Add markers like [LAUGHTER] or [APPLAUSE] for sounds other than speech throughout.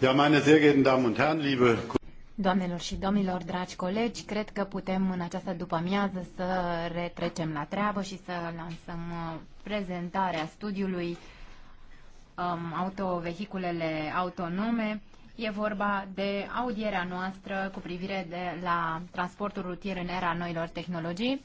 meine sehr geehrten Damen und Herren, liebe Doamnelor și domnilor, dragi colegi, cred că putem în această după-amiază să retrecem la treabă și să lansăm uh, prezentarea studiului um, autovehiculele autonome. E vorba de audierea noastră cu privire de la transportul rutier în era noilor tehnologii.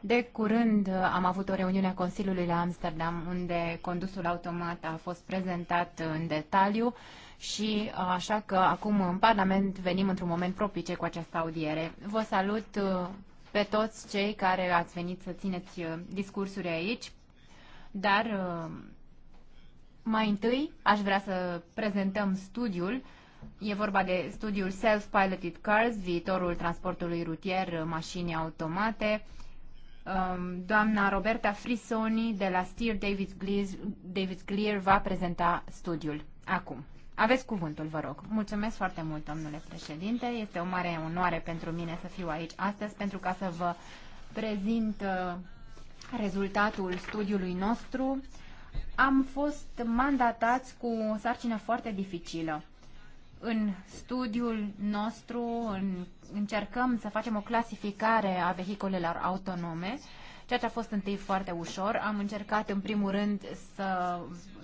De curând uh, am avut o reuniune a Consiliului la Amsterdam, unde condusul automat a fost prezentat în detaliu și uh, așa că acum în Parlament venim într-un moment propice cu această audiere. Vă salut uh, pe toți cei care ați venit să țineți discursuri aici, dar mai întâi aș vrea să prezentăm studiul. E vorba de studiul Self-Piloted Cars, viitorul transportului rutier, mașini automate, Um, doamna Roberta Frisoni de la Steer David Glear, David Glear va prezenta studiul acum. Aveți cuvântul, vă rog. Mulțumesc foarte mult, domnule președinte. Este o mare onoare pentru mine să fiu aici astăzi pentru ca să vă prezint uh, rezultatul studiului nostru. Am fost mandatați cu o sarcină foarte dificilă. În studiul nostru în, încercăm să facem o clasificare a vehiculelor autonome, ceea ce a fost întâi foarte ușor. Am încercat în primul rând să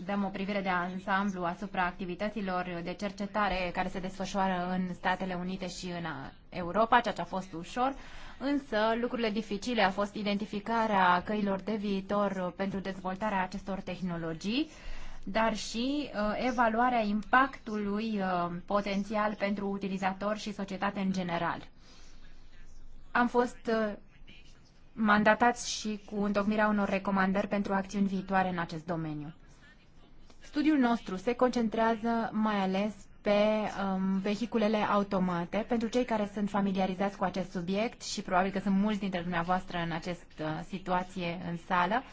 dăm o privire de ansamblu asupra activităților de cercetare care se desfășoară în Statele Unite și în Europa, ceea ce a fost ușor. Însă, lucrurile dificile a fost identificarea căilor de viitor pentru dezvoltarea acestor tehnologii dar și uh, evaluarea impactului uh, potențial pentru utilizator și societate în general. Am fost uh, mandatați și cu întocmirea unor recomandări pentru acțiuni viitoare în acest domeniu. Studiul nostru se concentrează mai ales pe um, vehiculele automate. Pentru cei care sunt familiarizați cu acest subiect și probabil că sunt mulți dintre dumneavoastră în această uh, situație în sală, uh,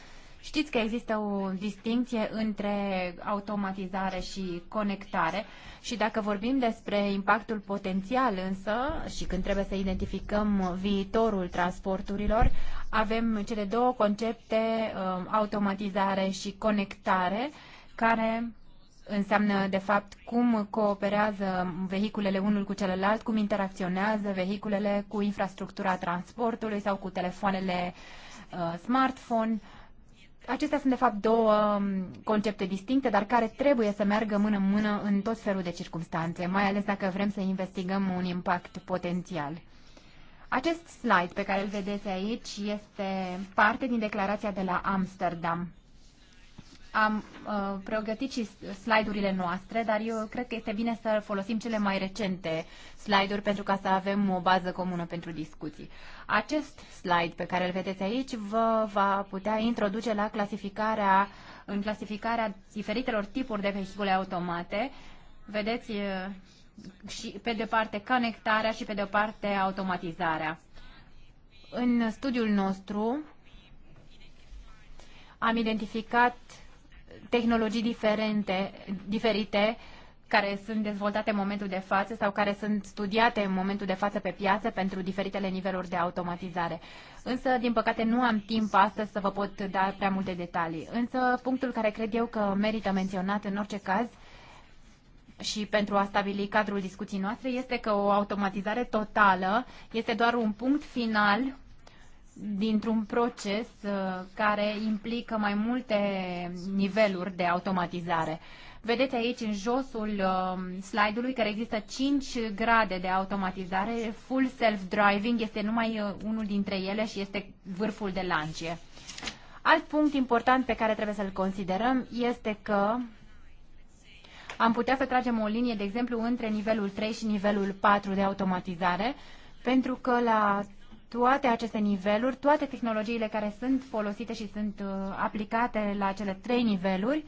Știți că există o distinție între automatizare și conectare și dacă vorbim despre impactul potențial însă și când trebuie să identificăm viitorul transporturilor, avem cele două concepte, um, automatizare și conectare, care înseamnă de fapt cum cooperează vehiculele unul cu celălalt, cum interacționează vehiculele cu infrastructura transportului sau cu telefoanele uh, smartphone. Acestea sunt, de fapt, două um, concepte distincte, dar care trebuie să meargă mână-mână în tot felul de circunstanțe, mai ales dacă vrem să investigăm un impact potențial. Acest slide pe care îl vedeți aici este parte din declarația de la Amsterdam. Am uh, pregătit și slide-urile noastre, dar eu cred că este bine să folosim cele mai recente slide-uri pentru ca să avem o bază comună pentru discuții. Acest slide pe care îl vedeți aici vă va putea introduce la clasificarea, în clasificarea diferitelor tipuri de vehicule automate. Vedeți uh, și pe de parte conectarea și pe de parte automatizarea. În studiul nostru am identificat tehnologii diferente, diferite care sunt dezvoltate în momentul de față sau care sunt studiate în momentul de față pe piață pentru diferitele niveluri de automatizare. Însă, din păcate, nu am timp astăzi să vă pot da prea multe detalii. Însă, punctul care cred eu că merită menționat în orice caz și pentru a stabili cadrul discuției noastre este că o automatizare totală este doar un punct final dintr-un proces uh, care implică mai multe niveluri de automatizare. Vedeți aici în josul uh, slide-ului care există 5 grade de automatizare. Full self-driving este numai uh, unul dintre ele și este vârful de lancie. Alt punct important pe care trebuie să-l considerăm este că am putea să tragem o linie, de exemplu, între nivelul 3 și nivelul 4 de automatizare, pentru că la toate aceste niveluri, toate tehnologiile care sunt folosite și sunt uh, aplicate la cele trei niveluri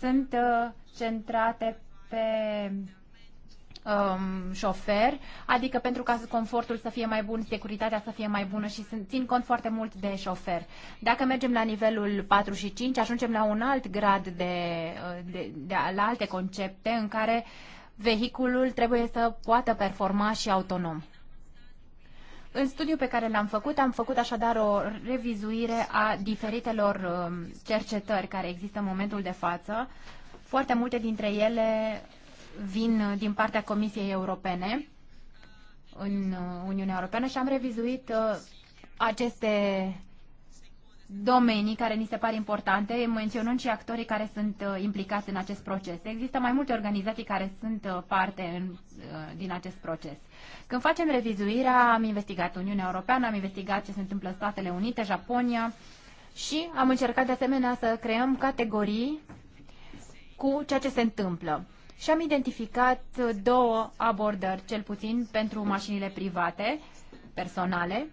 sunt uh, centrate pe um, șofer, adică pentru ca confortul să fie mai bun, securitatea să fie mai bună și sunt, țin cont foarte mult de șofer. Dacă mergem la nivelul 4 și 5, ajungem la un alt grad de, de, uh, de, de la alte concepte în care vehiculul trebuie să poată performa și autonom. În studiul pe care l-am făcut, am făcut așadar o revizuire a diferitelor um, cercetări care există în momentul de față. Foarte multe dintre ele vin uh, din partea Comisiei Europene în uh, Uniunea Europeană și am revizuit uh, aceste domenii care ni se par importante, menționând și actorii care sunt uh, implicați în acest proces. Există mai multe organizații care sunt uh, parte în, uh, din acest proces. Când facem revizuirea, am investigat Uniunea Europeană, am investigat ce se întâmplă în Statele Unite, Japonia și am încercat de asemenea să creăm categorii cu ceea ce se întâmplă. Și am identificat două abordări, cel puțin pentru mașinile private, personale,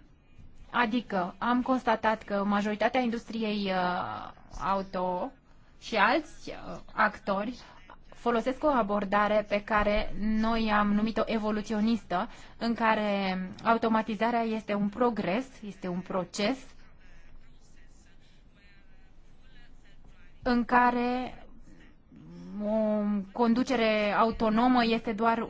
Adică am constatat că majoritatea industriei uh, auto și alți uh, actori folosesc o abordare pe care noi am numit-o evoluționistă, în care automatizarea este un progres, este un proces în care o conducere autonomă este doar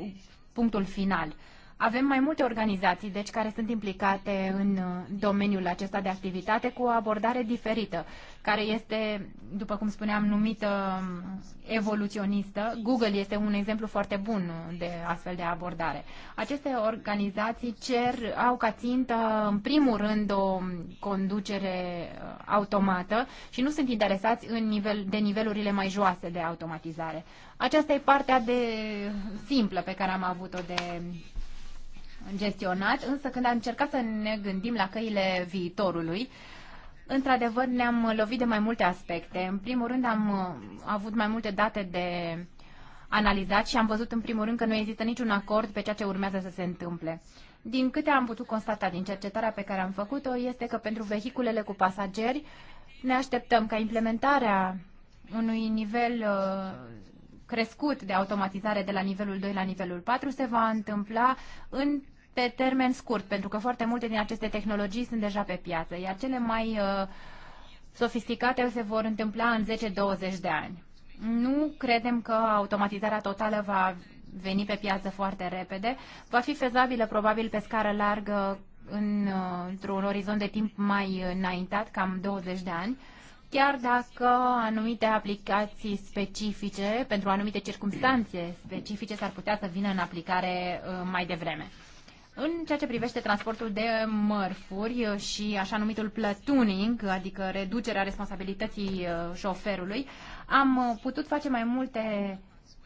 punctul final. Avem mai multe organizații, deci, care sunt implicate în uh, domeniul acesta de activitate cu o abordare diferită, care este, după cum spuneam, numită um, evoluționistă. Google este un exemplu foarte bun de astfel de abordare. Aceste organizații cer, au ca țintă, în primul rând, o conducere uh, automată și nu sunt interesați în nivel, de nivelurile mai joase de automatizare. Aceasta e partea de uh, simplă pe care am avut-o de gestionat, însă când am încercat să ne gândim la căile viitorului, într-adevăr ne-am lovit de mai multe aspecte. În primul rând uh, am avut mai multe date de analizat și am văzut în primul rând că nu există niciun acord pe ceea ce urmează să se întâmple. Din câte am putut constata din cercetarea pe care am făcut-o este că pentru vehiculele cu pasageri ne așteptăm ca implementarea unui nivel uh, crescut de automatizare de la nivelul 2 la nivelul 4 se va întâmpla în pe termen scurt, pentru că foarte multe din aceste tehnologii sunt deja pe piață, iar cele mai uh, sofisticate se vor întâmpla în 10-20 de ani. Nu credem că automatizarea totală va veni pe piață foarte repede. Va fi fezabilă probabil pe scară largă în, uh, într-un orizont de timp mai înaintat, cam 20 de ani, chiar dacă anumite aplicații specifice, pentru anumite circunstanțe specifice, s-ar putea să vină în aplicare uh, mai devreme. În ceea ce privește transportul de mărfuri și așa numitul platooning, adică reducerea responsabilității uh, șoferului, am putut face mai multe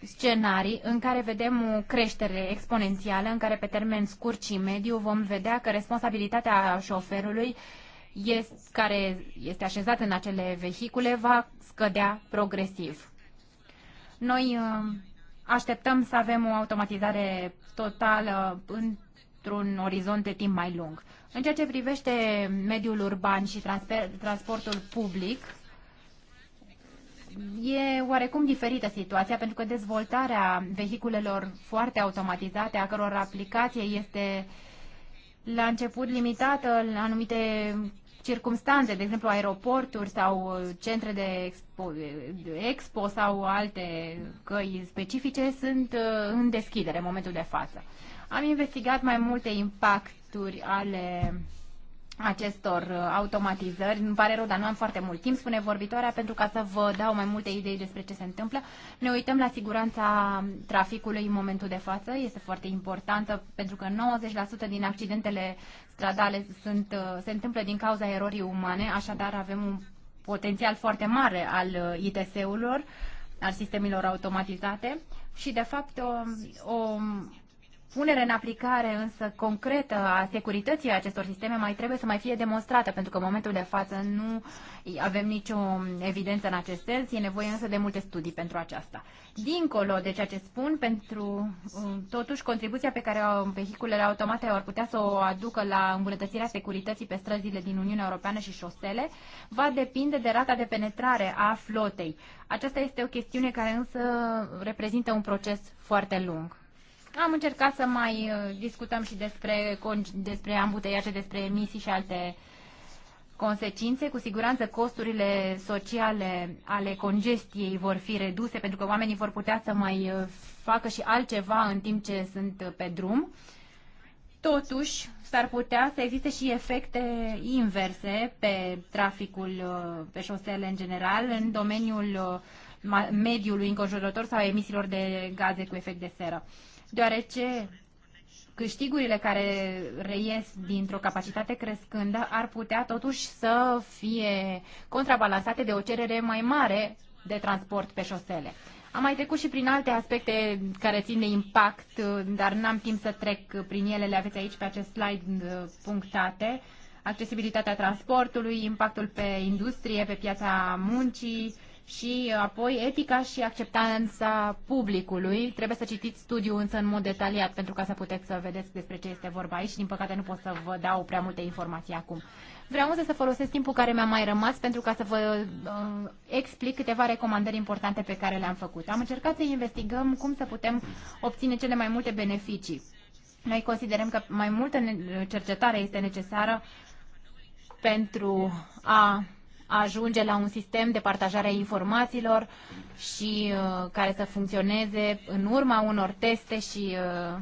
scenarii în care vedem o creștere exponențială, în care pe termen scurt și mediu vom vedea că responsabilitatea șoferului uh, este, care este așezat în acele vehicule va scădea progresiv. Noi uh, așteptăm să avem o automatizare totală într-un orizont de timp mai lung. În ceea ce privește mediul urban și transportul public, e oarecum diferită situația, pentru că dezvoltarea vehiculelor foarte automatizate, a căror aplicație este la început limitată la anumite circumstanțe, de exemplu aeroporturi sau uh, centre de expo, expo sau alte căi specifice sunt uh, în deschidere în momentul de față. Am investigat mai multe impacturi ale acestor uh, automatizări. Îmi pare rău, dar nu am foarte mult timp, spune vorbitoarea, pentru ca să vă dau mai multe idei despre ce se întâmplă. Ne uităm la siguranța traficului în momentul de față. Este foarte importantă pentru că 90% din accidentele stradale sunt, uh, se întâmplă din cauza erorii umane, așadar avem un potențial foarte mare al uh, ITS-urilor, al sistemelor automatizate și, de fapt, um, o, o Punere în aplicare însă concretă a securității acestor sisteme mai trebuie să mai fie demonstrată, pentru că în momentul de față nu avem nicio evidență în acest sens, e nevoie însă de multe studii pentru aceasta. Dincolo de ceea ce spun, pentru uh, totuși contribuția pe care vehiculele automate ar putea să o aducă la îmbunătățirea securității pe străzile din Uniunea Europeană și șosele, va depinde de rata de penetrare a flotei. Aceasta este o chestiune care însă reprezintă un proces foarte lung. Am încercat să mai uh, discutăm și despre, despre ambuteiaje, despre emisii și alte consecințe. Cu siguranță costurile sociale ale congestiei vor fi reduse pentru că oamenii vor putea să mai uh, facă și altceva în timp ce sunt uh, pe drum. Totuși, s-ar putea să existe și efecte inverse pe traficul pe șosele în general, în domeniul mediului înconjurător sau emisiilor de gaze cu efect de seră deoarece câștigurile care reies dintr-o capacitate crescândă ar putea totuși să fie contrabalansate de o cerere mai mare de transport pe șosele. Am mai trecut și prin alte aspecte care țin de impact, dar n-am timp să trec prin ele, le aveți aici pe acest slide uh, punctate. Accesibilitatea transportului, impactul pe industrie, pe piața muncii, și uh, apoi etica și acceptanța publicului. Trebuie să citiți studiul însă în mod detaliat pentru ca să puteți să vedeți despre ce este vorba aici. Din păcate nu pot să vă dau prea multe informații acum. Vreau însă să folosesc timpul care mi-a mai rămas pentru ca să vă uh, explic câteva recomandări importante pe care le-am făcut. Am încercat să investigăm cum să putem obține cele mai multe beneficii. Noi considerăm că mai multă cercetare este necesară pentru a ajunge la un sistem de partajare a informațiilor și uh, care să funcționeze în urma unor teste și uh,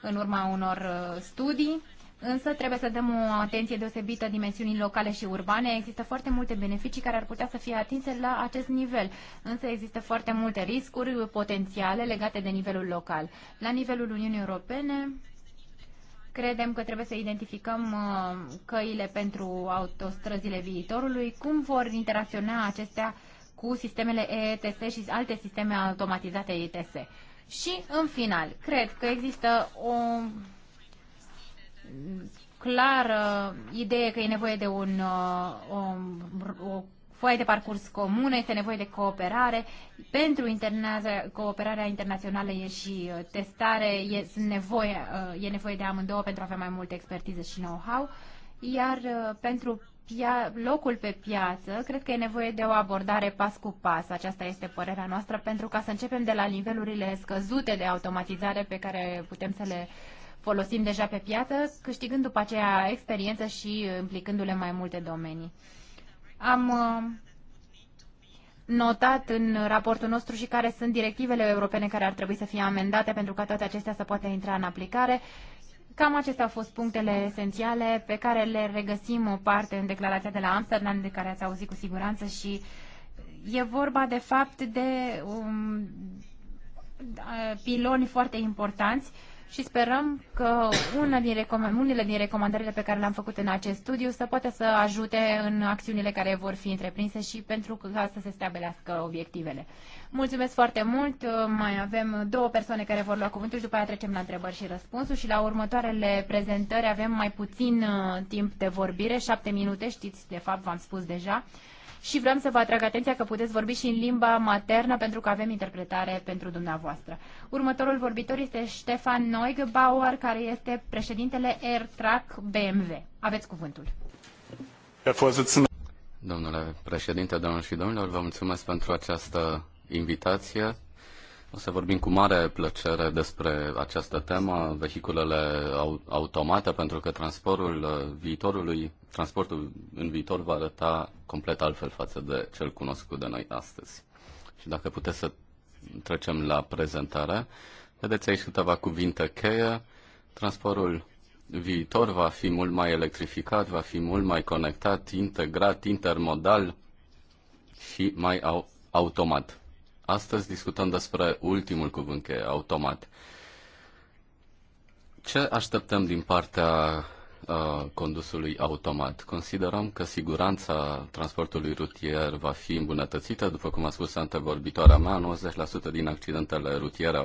în urma unor uh, studii. Însă trebuie să dăm o atenție deosebită dimensiunii locale și urbane. Există foarte multe beneficii care ar putea să fie atinse la acest nivel, însă există foarte multe riscuri potențiale legate de nivelul local. La nivelul Uniunii Europene, Credem că trebuie să identificăm uh, căile pentru autostrăzile viitorului. Cum vor interacționa acestea cu sistemele ETS și alte sisteme automatizate ETS? Și, în final, cred că există o clară idee că e nevoie de un, uh, o, o foaie de parcurs comună, este nevoie de cooperare. Pentru interna- cooperarea internațională și uh, testare e, sunt nevoie, uh, e nevoie de amândouă pentru a avea mai multe expertiză și know-how. Iar uh, pentru locul pe piață, cred că e nevoie de o abordare pas cu pas. Aceasta este părerea noastră, pentru ca să începem de la nivelurile scăzute de automatizare pe care putem să le folosim deja pe piață, câștigând după aceea experiență și implicându-le mai multe domenii. Am uh, notat în raportul nostru și care sunt directivele europene care ar trebui să fie amendate pentru ca toate acestea să poată intra în aplicare. Cam acestea au fost punctele esențiale pe care le regăsim o parte în declarația de la Amsterdam, de care ați auzit cu siguranță și e vorba de fapt de um, piloni foarte importanți și sperăm că una din unele din recomandările pe care le-am făcut în acest studiu să poată să ajute în acțiunile care vor fi întreprinse și pentru ca să se stabilească obiectivele. Mulțumesc foarte mult. Mai avem două persoane care vor lua cuvântul și după aia trecem la întrebări și răspunsuri și la următoarele prezentări avem mai puțin uh, timp de vorbire, șapte minute, știți, de fapt v-am spus deja și vreau să vă atrag atenția că puteți vorbi și în limba maternă pentru că avem interpretare pentru dumneavoastră. Următorul vorbitor este Ștefan Neugebauer, care este președintele AirTrack BMW. Aveți cuvântul. Domnule președinte, domnilor și domnilor, vă mulțumesc pentru această invitație o să vorbim cu mare plăcere despre această temă, vehiculele automate, pentru că transportul uh, viitorului, transportul în viitor va arăta complet altfel față de cel cunoscut de noi astăzi. Și dacă puteți să trecem la prezentare, vedeți aici câteva cuvinte cheie. Transportul viitor va fi mult mai electrificat, va fi mult mai conectat, integrat, intermodal și mai automat. Astăzi discutăm despre ultimul cuvânt cheie, automat. Ce așteptăm din partea uh, condusului automat. Considerăm că siguranța transportului rutier va fi îmbunătățită. După cum a spus antevorbitoarea mea, 90% din accidentele rutiere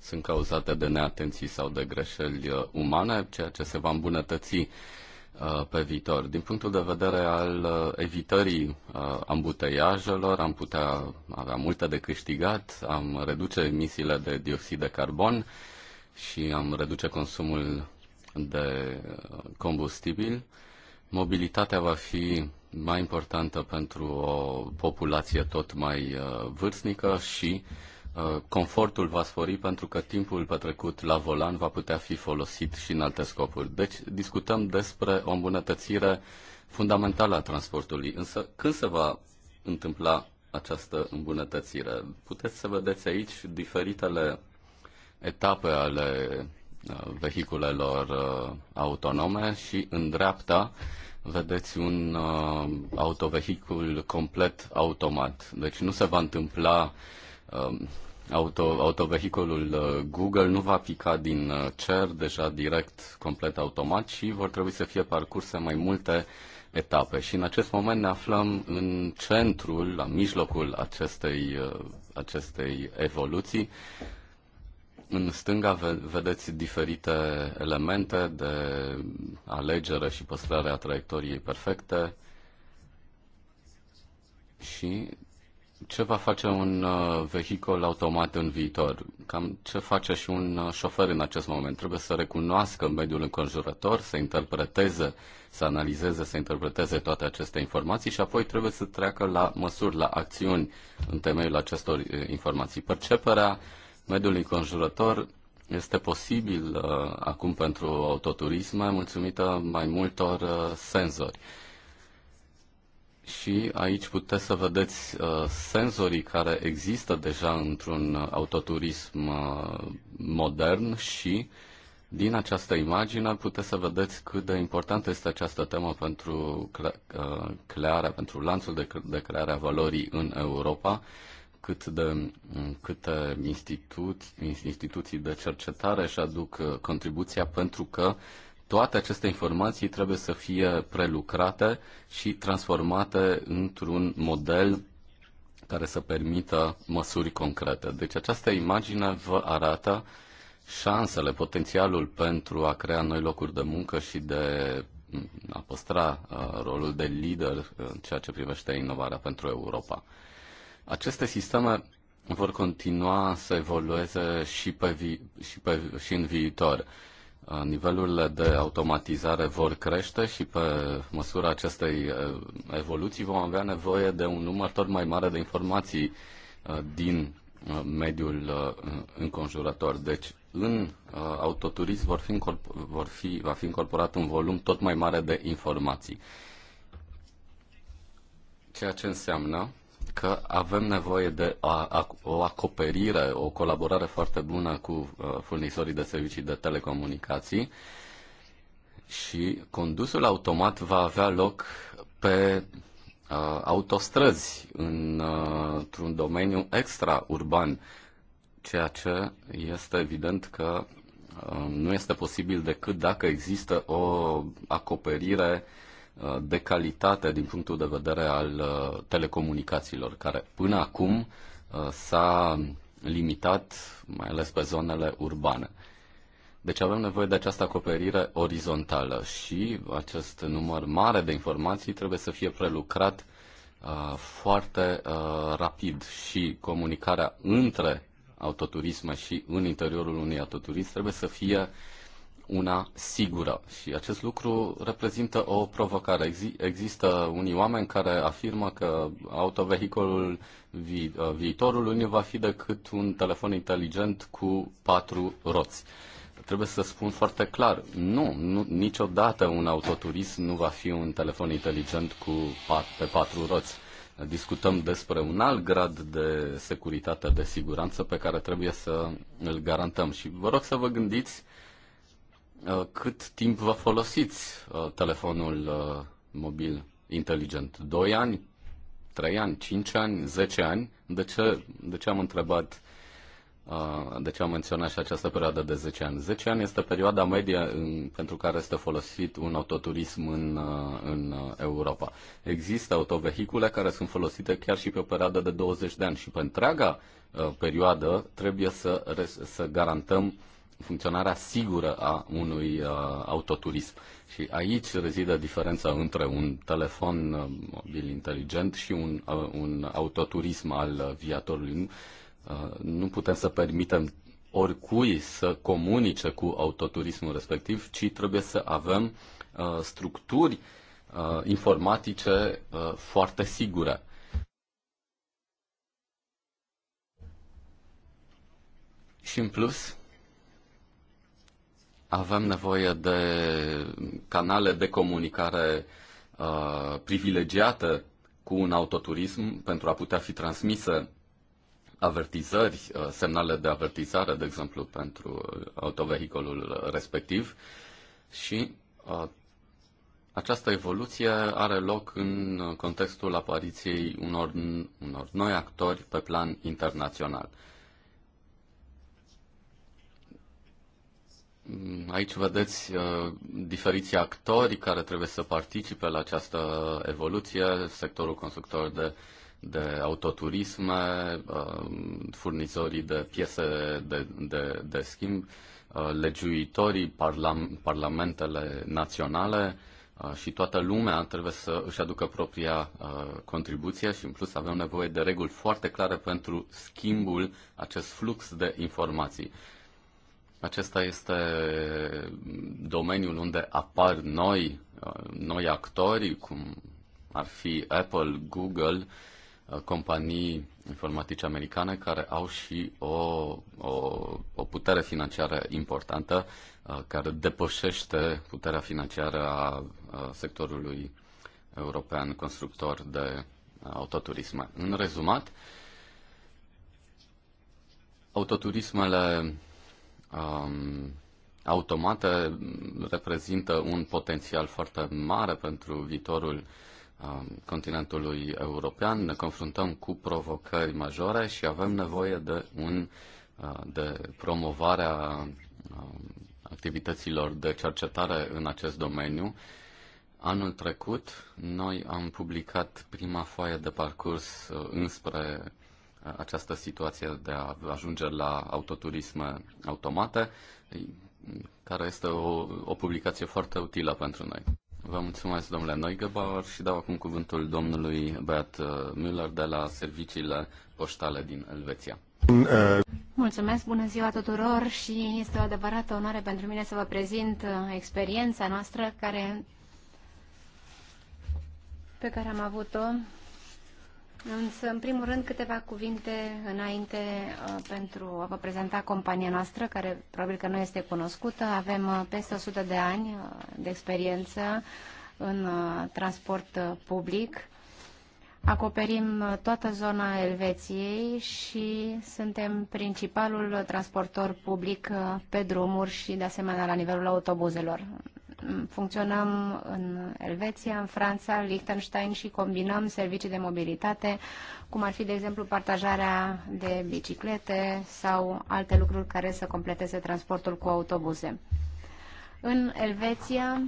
sunt cauzate de neatenții sau de greșeli uh, umane, ceea ce se va îmbunătăți Uh, pe viitor. Din punctul de vedere al uh, evitării uh, ambuteiajelor, am putea avea multe de câștigat, am reduce emisiile de dioxid de carbon și am reduce consumul de combustibil. Mobilitatea va fi mai importantă pentru o populație tot mai vârstnică și Uh, confortul va spori pentru că timpul petrecut la volan va putea fi folosit și în alte scopuri. Deci discutăm despre o îmbunătățire fundamentală a transportului. Însă când se va întâmpla această îmbunătățire? Puteți să vedeți aici diferitele etape ale uh, vehiculelor uh, autonome și în dreapta vedeți un uh, autovehicul complet automat. Deci nu se va întâmpla uh, auto, autovehiculul uh, Google nu va pica din uh, cer deja direct, complet automat și vor trebui să fie parcurse mai multe etape. Și în acest moment ne aflăm în centrul, la mijlocul acestei, uh, acestei evoluții. În stânga vedeți diferite elemente de alegere și păstrarea traiectoriei perfecte și ce va face un uh, vehicul automat în viitor? Cam ce face și un uh, șofer în acest moment? Trebuie să recunoască mediul înconjurător, să interpreteze, să analizeze, să interpreteze toate aceste informații și apoi trebuie să treacă la măsuri, la acțiuni în temeiul acestor uh, informații. Perceperea mediului înconjurător este posibil uh, acum pentru autoturisme mulțumită mai multor uh, senzori și aici puteți să vedeți uh, senzorii care există deja într-un autoturism uh, modern și din această imagine puteți să vedeți cât de importantă este această temă pentru cre- uh, crearea, pentru lanțul de, cre- de creare a valorii în Europa, cât de câte institu- instituții de cercetare și aduc uh, contribuția pentru că uh, toate aceste informații trebuie să fie prelucrate și transformate într-un model care să permită măsuri concrete. Deci această imagine vă arată șansele, potențialul pentru a crea noi locuri de muncă și de mm, a păstra uh, rolul de lider în ceea ce privește inovarea pentru Europa. Aceste sisteme vor continua să evolueze și, pe vi- și, pe, și în viitor nivelurile de automatizare vor crește și pe măsura acestei evoluții vom avea nevoie de un număr tot mai mare de informații din mediul înconjurător. Deci, în autoturism vor fi, vor fi, va fi incorporat un volum tot mai mare de informații. Ceea ce înseamnă că avem nevoie de a, a, o acoperire, o colaborare foarte bună cu uh, furnizorii de servicii de telecomunicații și condusul automat va avea loc pe uh, autostrăzi în, uh, într-un domeniu extraurban, ceea ce este evident că uh, nu este posibil decât dacă există o acoperire uh, Uh, de calitate din punctul de vedere al uh, telecomunicațiilor, care până acum uh, s-a limitat mai ales pe zonele urbane. Deci avem nevoie de această acoperire orizontală și acest număr mare de informații trebuie să fie prelucrat foarte rapid și comunicarea între autoturisme și în interiorul unui autoturism trebuie să fie uh, una sigură. Și acest lucru reprezintă o provocare. Există unii oameni care afirmă că autovehicolul vi- uh, viitorului nu va fi decât un telefon inteligent cu patru roți. Trebuie să spun foarte clar, nu, nu niciodată un autoturism nu va fi un telefon inteligent cu pat- pe patru roți. Discutăm despre un alt grad de securitate, de siguranță pe care trebuie să îl garantăm. Și vă rog să vă gândiți Uh, cât timp vă folosiți uh, telefonul uh, mobil inteligent? 2 ani? 3 ani? 5 ani? 10 ani? De ce, de ce am întrebat de ce am menționat și această perioadă de 10 ani. 10 ani este perioada medie în, pentru care este folosit un autoturism în, în Europa. Există autovehicule care sunt folosite chiar și pe o perioadă de 20 de ani și pe întreaga perioadă trebuie să, să garantăm uh, funcționarea sigură a unui uh, autoturism. Și aici rezidă diferența între un telefon uh, mobil inteligent și un, uh, un autoturism al uh, viatorului. Uh, nu putem să permitem oricui să comunice cu autoturismul respectiv, ci trebuie să avem uh, structuri uh, informatice uh, foarte sigure. Și în plus, avem nevoie de canale de comunicare uh, privilegiate cu un autoturism pentru a putea fi transmise avertizări, uh, semnale de avertizare, de exemplu, pentru uh, autovehicolul respectiv și uh, această evoluție are loc în contextul apariției unor, unor noi actori pe plan internațional. Mm, aici vedeți uh, diferiți actori care trebuie să participe la această evoluție, sectorul constructor de, de autoturisme, uh, furnizorii de piese de, de, de schimb, uh, legiuitorii, parlam, parlamentele naționale și toată lumea trebuie să își aducă propria contribuție și în plus avem nevoie de reguli foarte clare pentru schimbul acest flux de informații. Acesta este domeniul unde apar noi, noi actori, cum ar fi Apple, Google, companii informatice americane care au și o, o, o putere financiară importantă uh, care depășește puterea financiară a sectorului european constructor de autoturisme. În rezumat, autoturismele um, automate reprezintă un potențial foarte mare pentru viitorul um, continentului european. Ne confruntăm cu provocări majore și avem nevoie de, un, uh, de promovarea um, activităților de cercetare în acest domeniu. Anul trecut, noi am publicat prima foaie de parcurs uh, înspre această situație de a ajunge la autoturisme automate, care este o, o publicație foarte utilă pentru noi. Vă mulțumesc, domnule Neugebauer, și dau acum cuvântul domnului Beat uh, Müller de la Serviciile Poștale din Elveția. Mulțumesc, bună ziua tuturor și este o adevărată onoare pentru mine să vă prezint uh, experiența noastră care, pe care am avut-o Însă, în primul rând, câteva cuvinte înainte uh, pentru a vă prezenta compania noastră, care probabil că nu este cunoscută. Avem uh, peste 100 de ani uh, de experiență în transport public Acoperim uh, toată zona Elveției și suntem principalul transportor public uh, pe drumuri și de asemenea la nivelul autobuzelor. Mm, funcționăm în Elveția, în Franța, Liechtenstein și combinăm servicii de mobilitate, cum ar fi, de exemplu, partajarea de biciclete sau alte lucruri care să completeze transportul cu autobuze. În Elveția,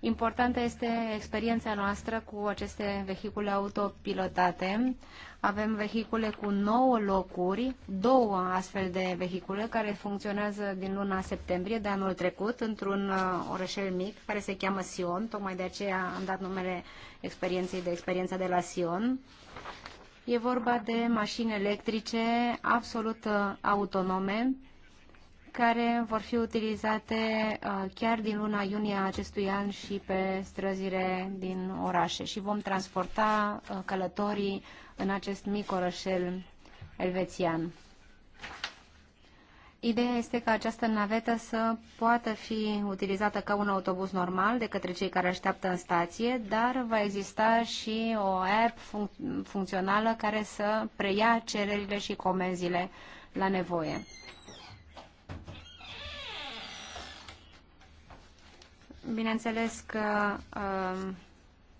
Importantă este experiența noastră cu aceste vehicule autopilotate. Avem vehicule cu 9 locuri, două astfel de vehicule care funcționează din luna septembrie de anul trecut într-un uh, orășel mic care se cheamă Sion. Tocmai de aceea am dat numele experienței de experiența de la Sion. E vorba de mașini electrice absolut uh, autonome care vor fi utilizate uh, chiar din luna iunie a acestui an și pe străzile din orașe și vom transporta uh, călătorii în acest mic orășel elvețian. Ideea este ca această navetă să poată fi utilizată ca un autobuz normal de către cei care așteaptă în stație, dar va exista și o app func funcțională care să preia cererile și comenzile la nevoie. Bineînțeles că um,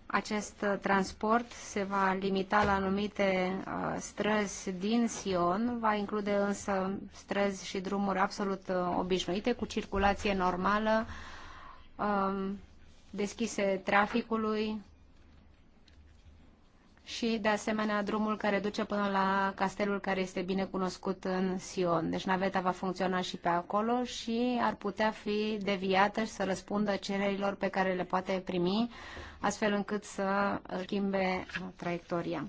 acest transport se va limita la anumite uh, străzi din Sion, va include însă străzi și drumuri absolut uh, obișnuite, cu circulație normală, um, deschise traficului, și, de asemenea, drumul care duce până la castelul care este bine cunoscut în Sion. Deci naveta va funcționa și pe acolo și ar putea fi deviată și să răspundă cererilor pe care le poate primi, astfel încât să schimbe traiectoria.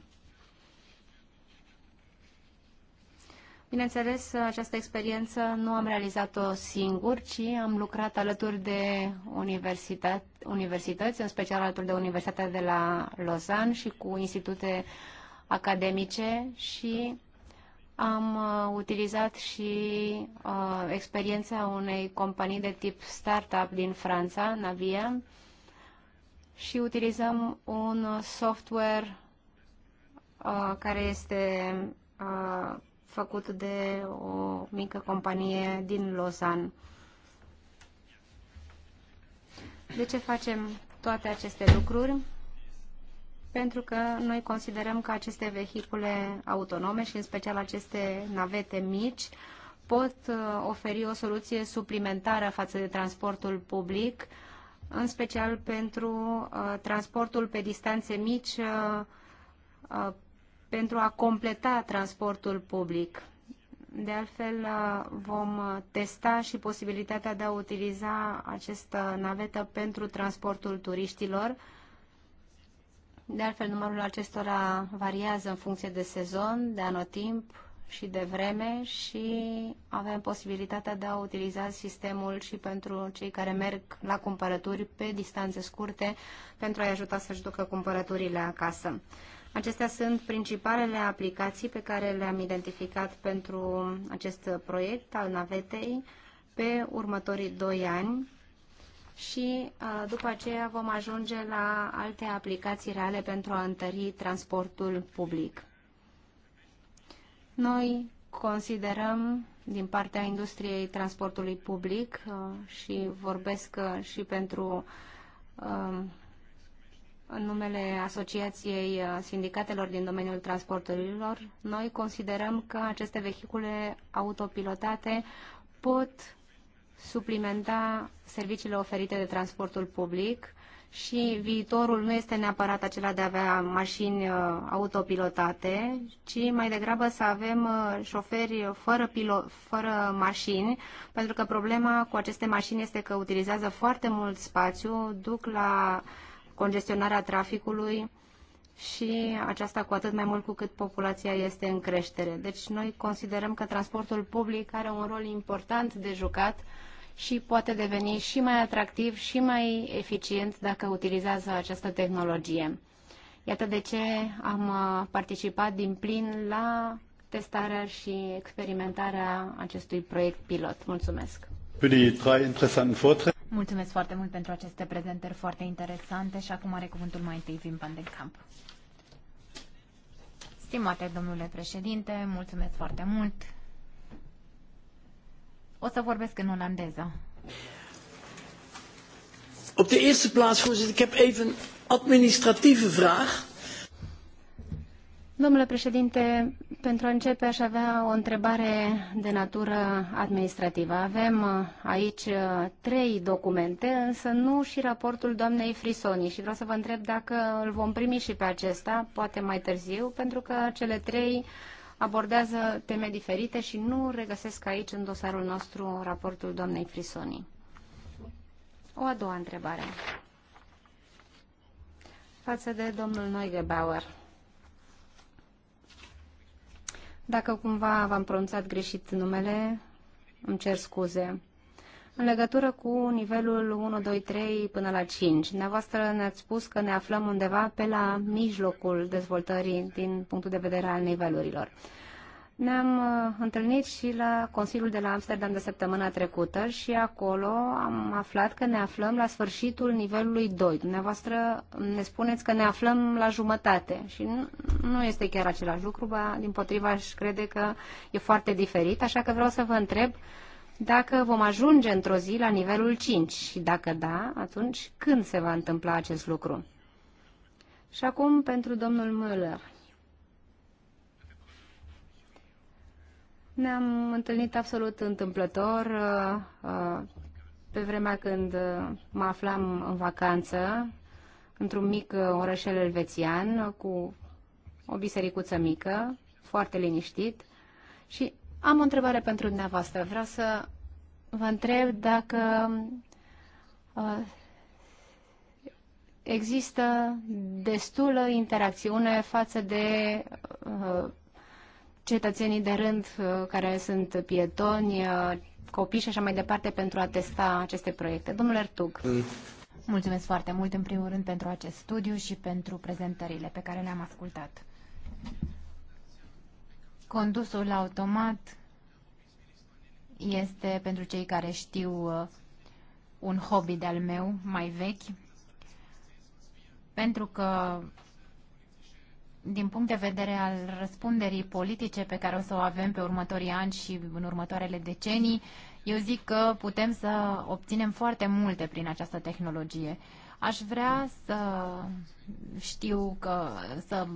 Bineînțeles, această experiență nu am realizat-o singur, ci am lucrat alături de universități, universități, în special alături de Universitatea de la Lausanne și cu institute academice și am uh, utilizat și uh, experiența unei companii de tip startup din Franța, Navia, și utilizăm un software uh, care este uh, făcut de o mică companie din Lausanne. De ce facem toate aceste lucruri? Pentru că noi considerăm că aceste vehicule autonome și în special aceste navete mici pot uh, oferi o soluție suplimentară față de transportul public, în special pentru uh, transportul pe distanțe mici uh, pentru a completa transportul public. De altfel, vom testa și posibilitatea de a utiliza această navetă pentru transportul turiștilor. De altfel, numărul acestora variază în funcție de sezon, de anotimp și de vreme și avem posibilitatea de a utiliza sistemul și pentru cei care merg la cumpărături pe distanțe scurte pentru a-i ajuta să-și ducă cumpărăturile acasă. Acestea sunt principalele aplicații pe care le-am identificat pentru acest proiect al navetei pe următorii 2 ani și după aceea vom ajunge la alte aplicații reale pentru a întări transportul public. Noi considerăm din partea industriei transportului public și vorbesc și pentru în numele Asociației uh, Sindicatelor din domeniul transporturilor, noi considerăm că aceste vehicule autopilotate pot suplimenta serviciile oferite de transportul public și viitorul nu este neapărat acela de a avea mașini uh, autopilotate, ci mai degrabă să avem uh, șoferi fără, pilo- fără mașini, pentru că problema cu aceste mașini este că utilizează foarte mult spațiu, duc la congestionarea traficului și aceasta cu atât mai mult cu cât populația este în creștere. Deci noi considerăm că transportul public are un rol important de jucat și poate deveni și mai atractiv și mai eficient dacă utilizează această tehnologie. Iată de ce am uh, participat din plin la testarea și experimentarea acestui proiect pilot. Mulțumesc! Mulțumesc foarte mult pentru aceste prezentări foarte interesante și acum are cuvântul mai întâi Vim Van den Camp. Stimate domnule președinte, mulțumesc foarte mult. O să vorbesc în olandeză. Op de eerste plaats, voorzitter, ik heb even administratieve vraag. Domnule președinte, pentru a începe aș avea o întrebare de natură administrativă. Avem aici uh, trei documente, însă nu și raportul doamnei Frisoni și vreau să vă întreb dacă îl vom primi și pe acesta, poate mai târziu, pentru că cele trei abordează teme diferite și nu regăsesc aici în dosarul nostru raportul doamnei Frisoni. O a doua întrebare față de domnul Neugebauer. Dacă cumva v-am pronunțat greșit numele, îmi cer scuze. În legătură cu nivelul 1, 2, 3 până la 5, dumneavoastră ne-ați spus că ne aflăm undeva pe la mijlocul dezvoltării din punctul de vedere al nivelurilor. Ne-am uh, întâlnit și la Consiliul de la Amsterdam de săptămâna trecută și acolo am aflat că ne aflăm la sfârșitul nivelului 2. Dumneavoastră ne spuneți că ne aflăm la jumătate și nu, nu este chiar același lucru, ba din potriva aș crede că e foarte diferit, așa că vreau să vă întreb dacă vom ajunge într-o zi la nivelul 5 și dacă da, atunci când se va întâmpla acest lucru? Și acum pentru domnul Müller. Ne-am întâlnit absolut întâmplător uh, uh, pe vremea când uh, mă aflam în vacanță într-un mic orășel elvețian cu o bisericuță mică, foarte liniștit și am o întrebare pentru dumneavoastră. Vreau să vă întreb dacă există destulă interacțiune față de cetățenii de rând uh, care sunt pietoni, uh, copii și așa mai departe pentru a testa aceste proiecte. Domnul Ertug. Mulțumesc foarte mult, în primul rând, pentru acest studiu și pentru prezentările pe care le-am ascultat. Condusul automat este, pentru cei care știu, uh, un hobby de-al meu mai vechi, pentru că din punct de vedere al răspunderii politice pe care o să o avem pe următorii ani și în următoarele decenii, eu zic că putem să obținem foarte multe prin această tehnologie. Aș vrea să știu că să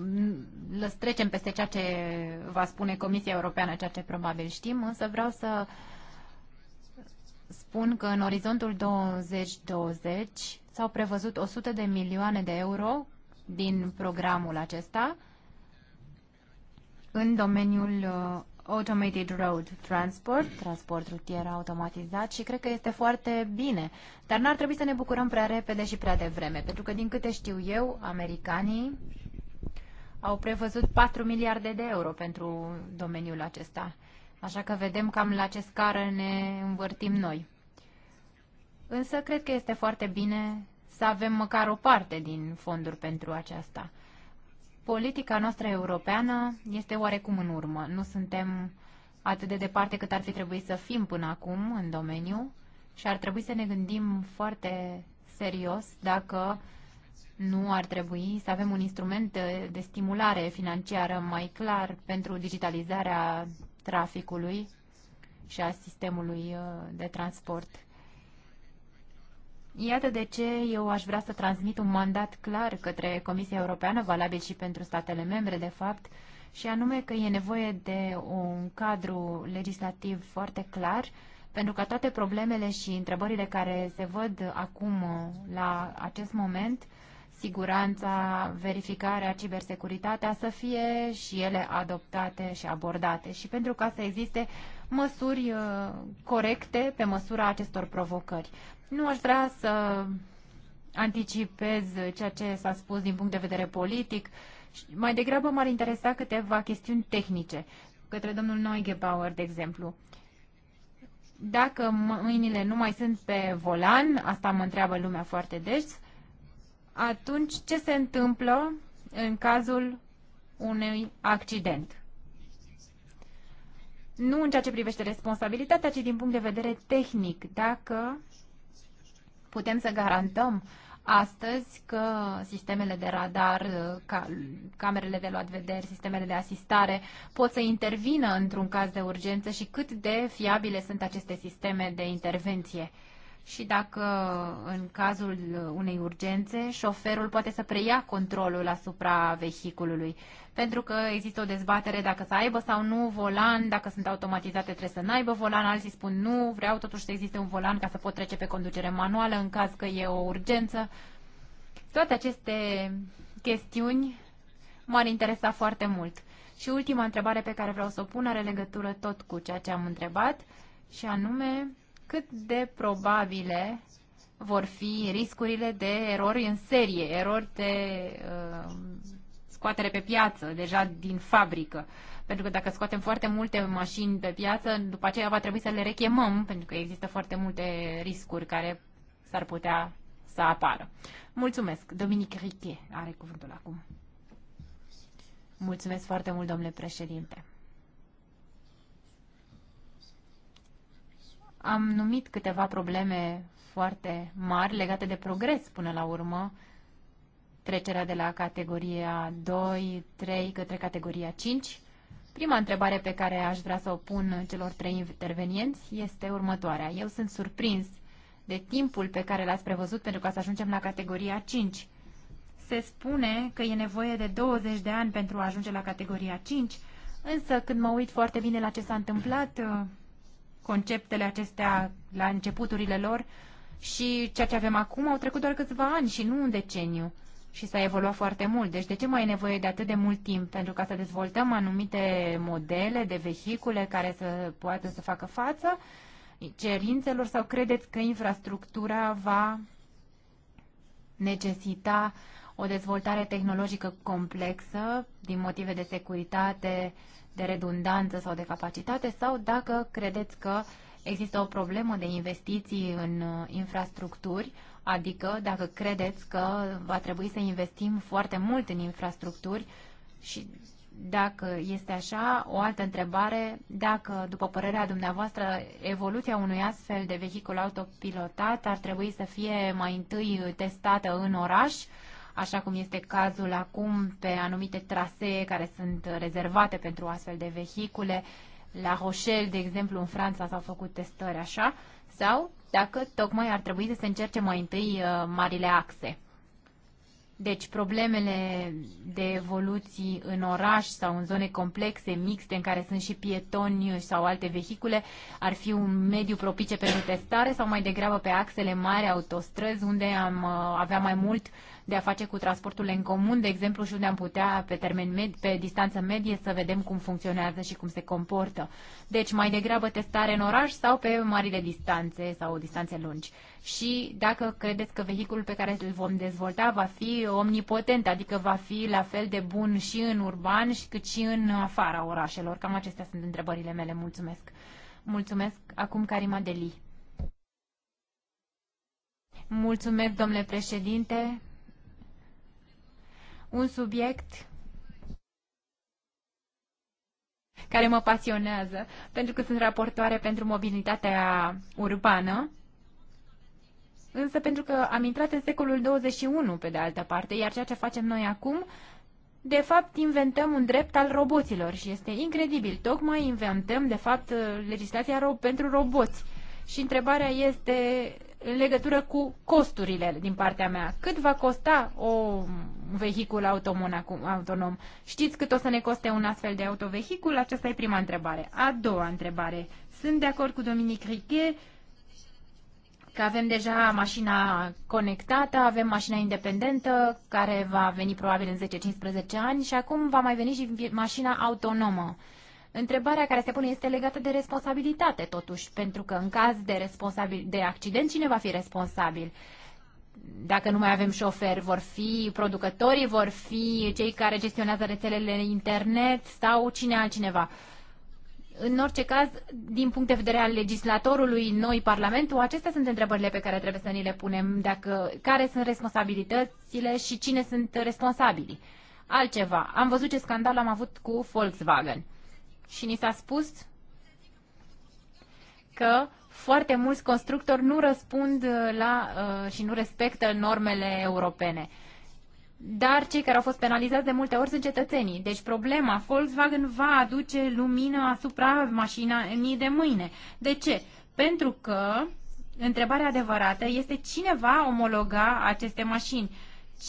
trecem peste ceea ce va spune Comisia Europeană, ceea ce probabil știm, însă vreau să spun că în orizontul 2020 s-au prevăzut 100 de milioane de euro din programul acesta în domeniul uh, Automated Road Transport, transport rutier automatizat și cred că este foarte bine. Dar n-ar trebui să ne bucurăm prea repede și prea devreme, pentru că din câte știu eu, americanii au prevăzut 4 miliarde de euro pentru domeniul acesta. Așa că vedem cam la ce scară ne învârtim noi. Însă cred că este foarte bine să avem măcar o parte din fonduri pentru aceasta. Politica noastră europeană este oarecum în urmă. Nu suntem atât de departe cât ar fi trebuit să fim până acum în domeniu și ar trebui să ne gândim foarte serios dacă nu ar trebui să avem un instrument de, de stimulare financiară mai clar pentru digitalizarea traficului și a sistemului uh, de transport Iată de ce eu aș vrea să transmit un mandat clar către Comisia Europeană, valabil și pentru statele membre, de fapt, și anume că e nevoie de un cadru legislativ foarte clar pentru ca toate problemele și întrebările care se văd acum uh, la acest moment, siguranța, verificarea, cibersecuritatea, să fie și ele adoptate și abordate și pentru ca să existe măsuri uh, corecte pe măsura acestor provocări. Nu aș vrea să anticipez ceea ce s-a spus din punct de vedere politic. Mai degrabă m-ar interesa câteva chestiuni tehnice către domnul Neugebauer, de exemplu. Dacă mâinile nu mai sunt pe volan, asta mă întreabă lumea foarte des, atunci ce se întâmplă în cazul unui accident? Nu în ceea ce privește responsabilitatea, ci din punct de vedere tehnic. Dacă Putem să garantăm astăzi că sistemele de radar, ca, camerele de luat vederi, sistemele de asistare pot să intervină într-un caz de urgență și cât de fiabile sunt aceste sisteme de intervenție și dacă în cazul unei urgențe șoferul poate să preia controlul asupra vehiculului. Pentru că există o dezbatere dacă să aibă sau nu volan, dacă sunt automatizate trebuie să n-aibă volan, alții spun nu, vreau totuși să existe un volan ca să pot trece pe conducere manuală în caz că e o urgență. Toate aceste chestiuni m-ar interesa foarte mult. Și ultima întrebare pe care vreau să o pun are legătură tot cu ceea ce am întrebat și anume cât de probabile vor fi riscurile de erori în serie, erori de uh, scoatere pe piață, deja din fabrică. Pentru că dacă scoatem foarte multe mașini pe piață, după aceea va trebui să le rechemăm, pentru că există foarte multe riscuri care s-ar putea să apară. Mulțumesc. Dominic Riche are cuvântul acum. Mulțumesc foarte mult, domnule președinte. Am numit câteva probleme foarte mari legate de progres până la urmă, trecerea de la categoria 2, 3 către categoria 5. Prima întrebare pe care aș vrea să o pun celor trei intervenienți este următoarea. Eu sunt surprins de timpul pe care l-ați prevăzut pentru ca să ajungem la categoria 5. Se spune că e nevoie de 20 de ani pentru a ajunge la categoria 5, însă când mă uit foarte bine la ce s-a întâmplat, conceptele acestea la începuturile lor și ceea ce avem acum au trecut doar câțiva ani și nu un deceniu și s-a evoluat foarte mult. Deci de ce mai e nevoie de atât de mult timp pentru ca să dezvoltăm anumite modele de vehicule care să poată să facă față cerințelor sau credeți că infrastructura va necesita uh, o dezvoltare tehnologică complexă din motive de securitate, de redundanță sau de capacitate sau dacă credeți că există o problemă de investiții în uh, infrastructuri, adică dacă credeți că va trebui să investim foarte mult în infrastructuri și dacă este așa, o altă întrebare, dacă, după părerea dumneavoastră, evoluția unui astfel de vehicul autopilotat ar trebui să fie mai întâi testată în oraș așa cum este cazul acum pe anumite trasee care sunt rezervate pentru astfel de vehicule. La Rochelle, de exemplu, în Franța s-au făcut testări așa, sau dacă tocmai ar trebui să se încerce mai întâi uh, marile axe. Deci problemele de evoluții în oraș sau în zone complexe, mixte, în care sunt și pietoni sau alte vehicule, ar fi un mediu propice pentru testare sau mai degrabă pe axele mari, autostrăzi, unde am uh, avea mai mult uh, de a face cu transportul în comun, de exemplu, și unde am putea pe termen med, pe distanță medie să vedem cum funcționează și cum se comportă. Deci mai degrabă testare în oraș sau pe marile distanțe sau distanțe lungi. Și dacă credeți că vehiculul pe care îl vom dezvolta va fi omnipotent, adică va fi la fel de bun și în urban și cât și în afara orașelor. Cam acestea sunt întrebările mele. Mulțumesc. Mulțumesc. Acum Karima Deli. Mulțumesc, domnule președinte un subiect care mă pasionează, pentru că sunt raportoare pentru mobilitatea urbană, însă pentru că am intrat în secolul 21 pe de altă parte, iar ceea ce facem noi acum, de fapt inventăm un drept al roboților și este incredibil. Tocmai inventăm, de fapt, legislația pentru roboți. Și întrebarea este în legătură cu costurile din partea mea. Cât va costa o vehicul autonom? Știți cât o să ne coste un astfel de autovehicul? Aceasta e prima întrebare. A doua întrebare. Sunt de acord cu Dominic Riche că avem deja mașina conectată, avem mașina independentă care va veni probabil în 10-15 ani și acum va mai veni și mașina autonomă. Întrebarea care se pune este legată de responsabilitate, totuși, pentru că în caz de, responsabil, de accident, cine va fi responsabil? Dacă nu mai avem șoferi, vor fi producătorii, vor fi cei care gestionează rețelele internet sau cine altcineva. În orice caz, din punct de vedere al legislatorului, noi, Parlamentul, acestea sunt întrebările pe care trebuie să ni le punem, dacă, care sunt responsabilitățile și cine sunt responsabili. Altceva, am văzut ce scandal am avut cu Volkswagen și ni s-a spus că foarte mulți constructori nu răspund uh, la uh, și nu respectă normele europene. Dar cei care au fost penalizați de multe ori sunt cetățenii. Deci problema Volkswagen va aduce lumină asupra mașinii de mâine. De ce? Pentru că întrebarea adevărată este cine va omologa aceste mașini?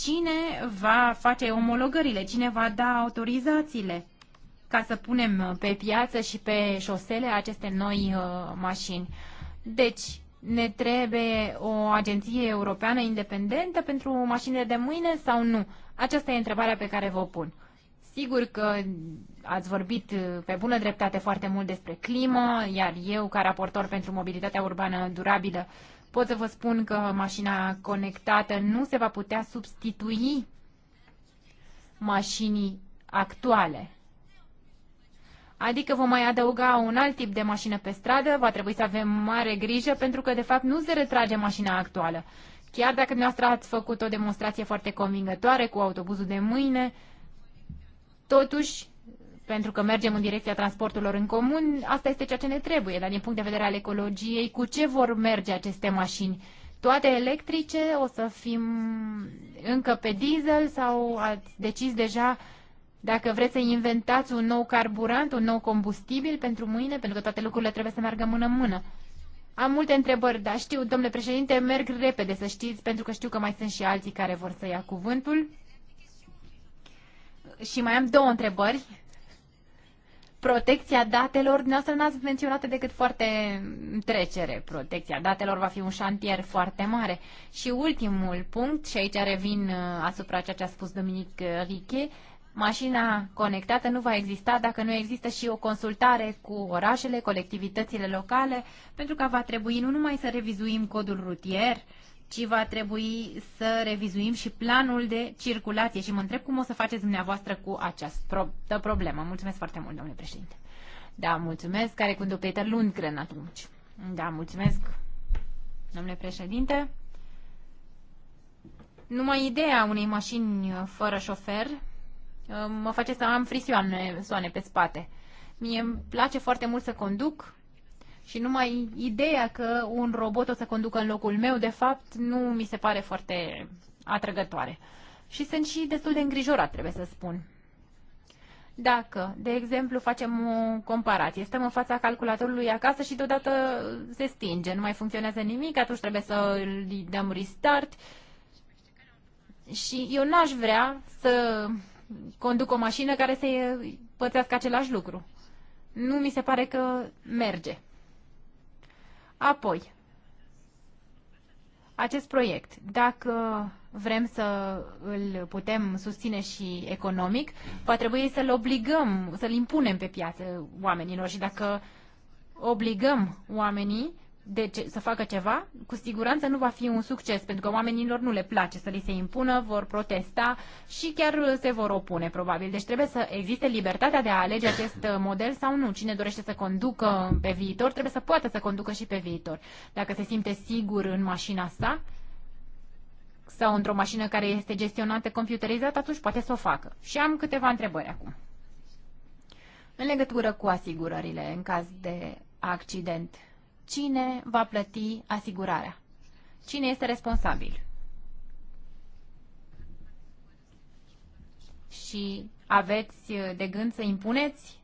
Cine va face omologările? Cine va da autorizațiile? ca să punem uh, pe piață și pe șosele aceste noi uh, mașini. Deci, ne trebuie o agenție europeană independentă pentru mașinile de mâine sau nu? Aceasta e întrebarea pe care vă pun. Sigur că ați vorbit uh, pe bună dreptate foarte mult despre climă, iar eu, ca raportor pentru mobilitatea urbană durabilă, pot să vă spun că mașina conectată nu se va putea substitui mașinii actuale. Adică vom mai adăuga un alt tip de mașină pe stradă, va trebui să avem mare grijă pentru că de fapt nu se retrage mașina actuală. Chiar dacă dumneavoastră ați făcut o demonstrație foarte convingătoare cu autobuzul de mâine, totuși, pentru că mergem în direcția transporturilor în comun, asta este ceea ce ne trebuie, dar din punct de vedere al ecologiei, cu ce vor merge aceste mașini? Toate electrice, o să fim încă pe diesel sau ați decis deja dacă vreți să inventați un nou carburant, un nou combustibil pentru mâine, pentru că toate lucrurile trebuie să meargă mână-mână. Am multe întrebări, dar știu, domnule președinte, merg repede, să știți, pentru că știu că mai sunt și alții care vor să ia cuvântul. Și mai am două întrebări. Protecția datelor, dumneavoastră n-ați menționat decât foarte trecere. Protecția datelor va fi un șantier foarte mare. Și ultimul punct, și aici revin uh, asupra ceea ce a spus Dominic Riche, mașina conectată nu va exista dacă nu există și o consultare cu orașele, colectivitățile locale, pentru că va trebui nu numai să revizuim codul rutier, ci va trebui să revizuim și planul de circulație și mă întreb cum o să faceți dumneavoastră cu această problemă. Mulțumesc foarte mult, domnule președinte. Da, mulțumesc. Care cu Peter Lundgren atunci? Da, mulțumesc, domnule președinte. Numai ideea unei mașini fără șofer mă face să am frisioane soane pe spate. Mie îmi place foarte mult să conduc și numai ideea că un robot o să conducă în locul meu, de fapt, nu mi se pare foarte atrăgătoare. Și sunt și destul de îngrijorat, trebuie să spun. Dacă, de exemplu, facem o comparație, stăm în fața calculatorului acasă și deodată se stinge, nu mai funcționează nimic, atunci trebuie să îi dăm restart. Și eu n-aș vrea să conduc o mașină care să uh, pățească același lucru. Nu mi se pare că merge. Apoi, acest proiect, dacă vrem să îl putem susține și economic, va trebui să-l obligăm, să-l impunem pe piață oamenilor și dacă obligăm oamenii, de ce, să facă ceva, cu siguranță nu va fi un succes, pentru că oamenilor nu le place să li se impună, vor protesta și chiar se vor opune, probabil. Deci trebuie să existe libertatea de a alege acest model sau nu. Cine dorește să conducă pe viitor, trebuie să poată să conducă și pe viitor. Dacă se simte sigur în mașina sa sau într-o mașină care este gestionată computerizată, atunci poate să o facă. Și am câteva întrebări acum. În legătură cu asigurările în caz de accident, cine va plăti asigurarea? Cine este responsabil? Și aveți de gând să impuneți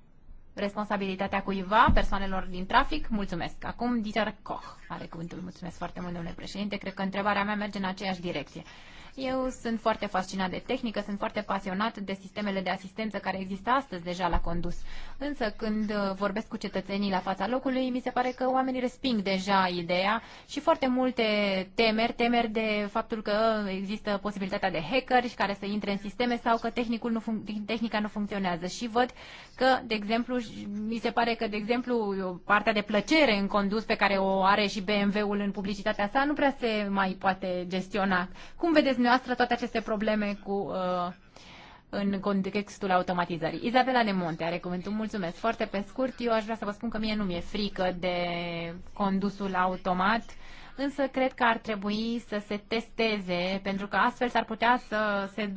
responsabilitatea cuiva, persoanelor din trafic? Mulțumesc. Acum Dieter Koch are cuvântul. Mulțumesc foarte mult, domnule președinte. Cred că întrebarea mea merge în aceeași direcție. Eu sunt foarte fascinat de tehnică, sunt foarte pasionat de sistemele de asistență care există astăzi deja la condus. Însă când uh, vorbesc cu cetățenii la fața locului, mi se pare că oamenii resping deja ideea și foarte multe temeri, temeri de faptul că există posibilitatea de și care să intre în sisteme sau că tehnicul nu tehnica nu funcționează. Și văd că, de exemplu, mi se pare că, de exemplu, partea de plăcere în condus pe care o are și BMW-ul în publicitatea sa nu prea se mai poate gestiona. Cum vedeți dumneavoastră toate aceste probleme cu, uh, în contextul automatizării. Izabela Nemonte are cuvântul. Mulțumesc. Foarte pe scurt, eu aș vrea să vă spun că mie nu mi-e frică de condusul automat, însă cred că ar trebui să se testeze, pentru că astfel s-ar putea să se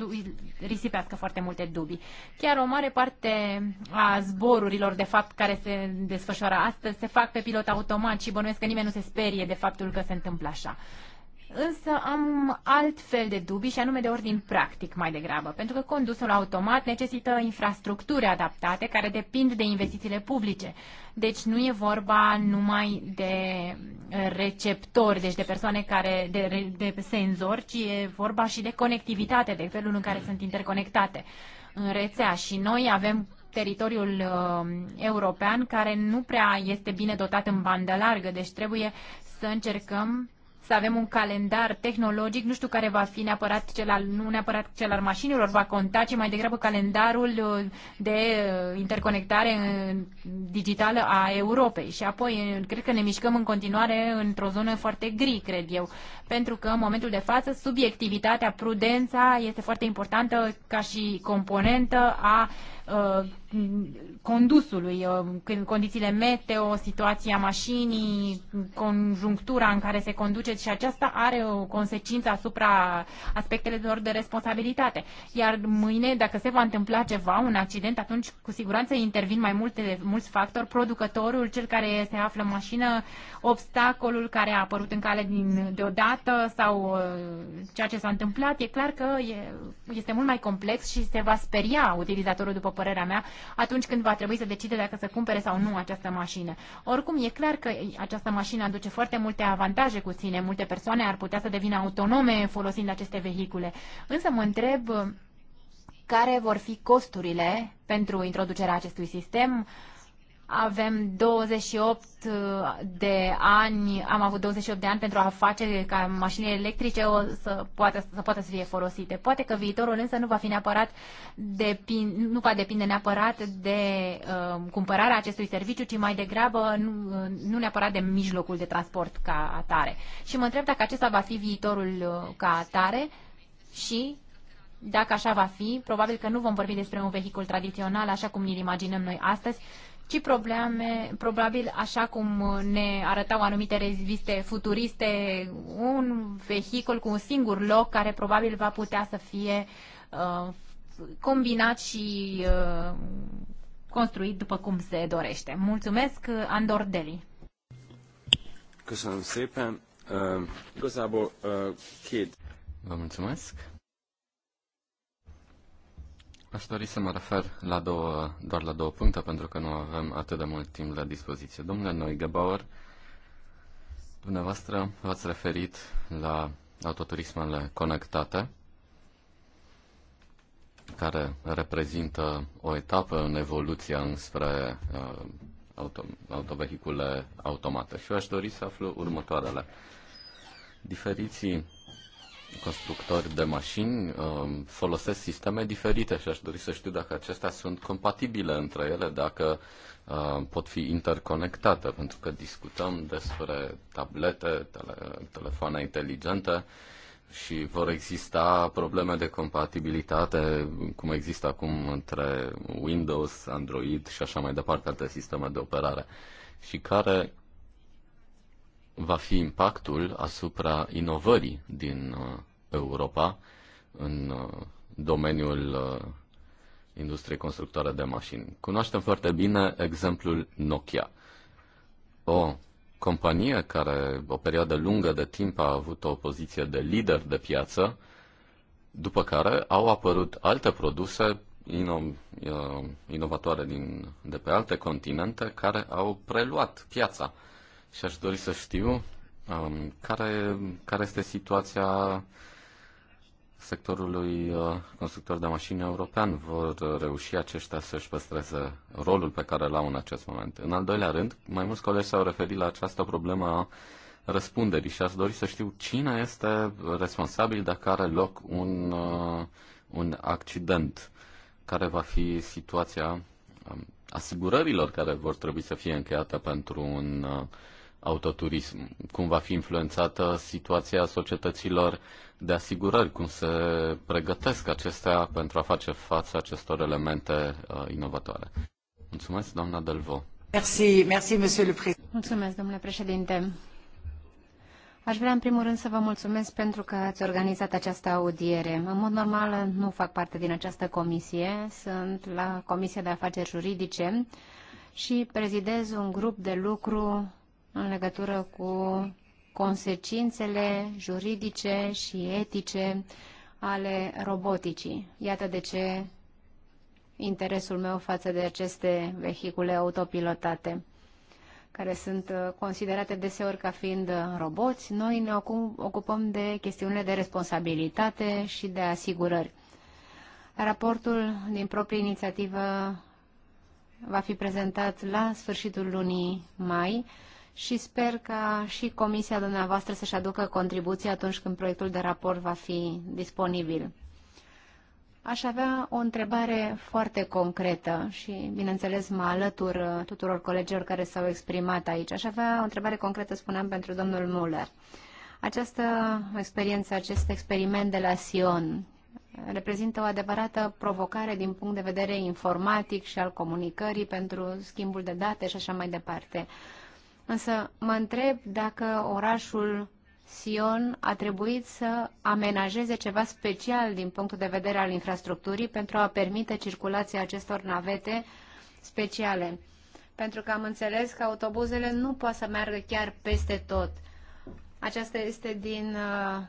risipească foarte multe dubii. Chiar o mare parte a zborurilor, de fapt, care se desfășoară astăzi, se fac pe pilot automat și bănuiesc că nimeni nu se sperie de faptul că se întâmplă așa. Însă am alt fel de dubii și anume de ordin practic mai degrabă, pentru că condusul automat necesită infrastructuri adaptate care depind de investițiile publice. Deci nu e vorba numai de receptori, deci de persoane care, de, de senzori, ci e vorba și de conectivitate, de felul în care sunt interconectate în rețea. Și noi avem teritoriul uh, european care nu prea este bine dotat în bandă largă, deci trebuie să încercăm să avem un calendar tehnologic, nu știu care va fi neapărat cel al, nu neapărat cel al mașinilor, va conta, ci mai degrabă calendarul uh, de uh, interconectare uh, digitală a Europei. Și apoi, cred că ne mișcăm în continuare într-o zonă foarte gri, cred eu, pentru că în momentul de față subiectivitatea, prudența este foarte importantă ca și componentă a Uh, condusului, uh, condițiile meteo, situația mașinii, conjunctura în care se conduce și aceasta are o consecință asupra aspectelor de responsabilitate. Iar mâine, dacă se va întâmpla ceva, un accident, atunci cu siguranță intervin mai multe, mulți factori, producătorul, cel care se află în mașină, obstacolul care a apărut în cale din, deodată sau uh, ceea ce s-a întâmplat. E clar că e, este mult mai complex și se va speria utilizatorul după părerea mea, atunci când va trebui să decide dacă să cumpere sau nu această mașină. Oricum, e clar că această mașină aduce foarte multe avantaje cu sine. Multe persoane ar putea să devină autonome folosind aceste vehicule. Însă mă întreb care vor fi costurile pentru introducerea acestui sistem, avem 28 uh, de ani, am avut 28 de ani pentru a face ca mașinile electrice o să poată să, poată să fie folosite. Poate că viitorul însă nu va fi neapărat depin, nu va depinde neapărat de uh, cumpărarea acestui serviciu, ci mai degrabă nu, uh, nu neapărat de mijlocul de transport ca atare. Și mă întreb dacă acesta va fi viitorul uh, ca atare și dacă așa va fi, probabil că nu vom vorbi despre un vehicul tradițional așa cum ne-l imaginăm noi astăzi, ci probleme, probabil, așa cum ne arătau anumite reviste futuriste, un vehicul cu un singur loc care probabil va putea să fie uh, combinat și uh, construit după cum se dorește. Mulțumesc, Andor Deli. Uh, uh, két... Vă mulțumesc. Aș dori să mă refer la două, doar la două puncte, pentru că nu avem atât de mult timp la dispoziție. Domnule Neugebauer, dumneavoastră v-ați referit la autoturismele conectate, care reprezintă o etapă în evoluția înspre uh, auto, autovehicule automate. Și aș dori să aflu următoarele. Diferiții constructori de mașini um, folosesc sisteme diferite și aș dori să știu dacă acestea sunt compatibile între ele, dacă uh, pot fi interconectate, pentru că discutăm despre tablete, tele, telefoane inteligente și vor exista probleme de compatibilitate, cum există acum între Windows, Android și așa mai departe, alte sisteme de operare. Și care va fi impactul asupra inovării din uh, Europa în uh, domeniul uh, industriei constructoare de mașini. Cunoaștem foarte bine exemplul Nokia. O companie care o perioadă lungă de timp a avut o poziție de lider de piață, după care au apărut alte produse ino- inovatoare din, de pe alte continente care au preluat piața. Și aș dori să știu um, care, care este situația sectorului uh, constructor de mașini european. Vor reuși aceștia să-și păstreze rolul pe care l-au în acest moment. În al doilea rând, mai mulți colegi s-au referit la această problemă a răspunderii și aș dori să știu cine este responsabil dacă are loc un, uh, un accident, care va fi situația um, asigurărilor care vor trebui să fie încheiate pentru un uh, autoturism, cum va fi influențată situația societăților de asigurări, cum se pregătesc acestea pentru a face față acestor elemente uh, inovatoare. Mulțumesc, doamna Delvo. Merci, merci, monsieur le président. Mulțumesc, domnule președinte. Aș vrea în primul rând să vă mulțumesc pentru că ați organizat această audiere. În mod normal nu fac parte din această comisie, sunt la Comisia de Afaceri Juridice și prezidez un grup de lucru în legătură cu consecințele juridice și etice ale roboticii. Iată de ce interesul meu față de aceste vehicule autopilotate care sunt uh, considerate deseori ca fiind uh, roboți, noi ne ocupăm de chestiunile de responsabilitate și de asigurări. Raportul din proprie inițiativă va fi prezentat la sfârșitul lunii mai și sper ca și comisia dumneavoastră să-și aducă contribuții atunci când proiectul de raport va fi disponibil. Aș avea o întrebare foarte concretă și, bineînțeles, mă alătur tuturor colegilor care s-au exprimat aici. Aș avea o întrebare concretă, spuneam, pentru domnul Muller. Această experiență, acest experiment de la Sion reprezintă o adevărată provocare din punct de vedere informatic și al comunicării pentru schimbul de date și așa mai departe. Uh, Însă mă întreb dacă orașul Sion a trebuit să amenajeze ceva special din punctul de vedere al infrastructurii pentru a permite circulația acestor navete speciale. Pentru că am înțeles că autobuzele nu pot să meargă chiar peste tot. Aceasta este din uh,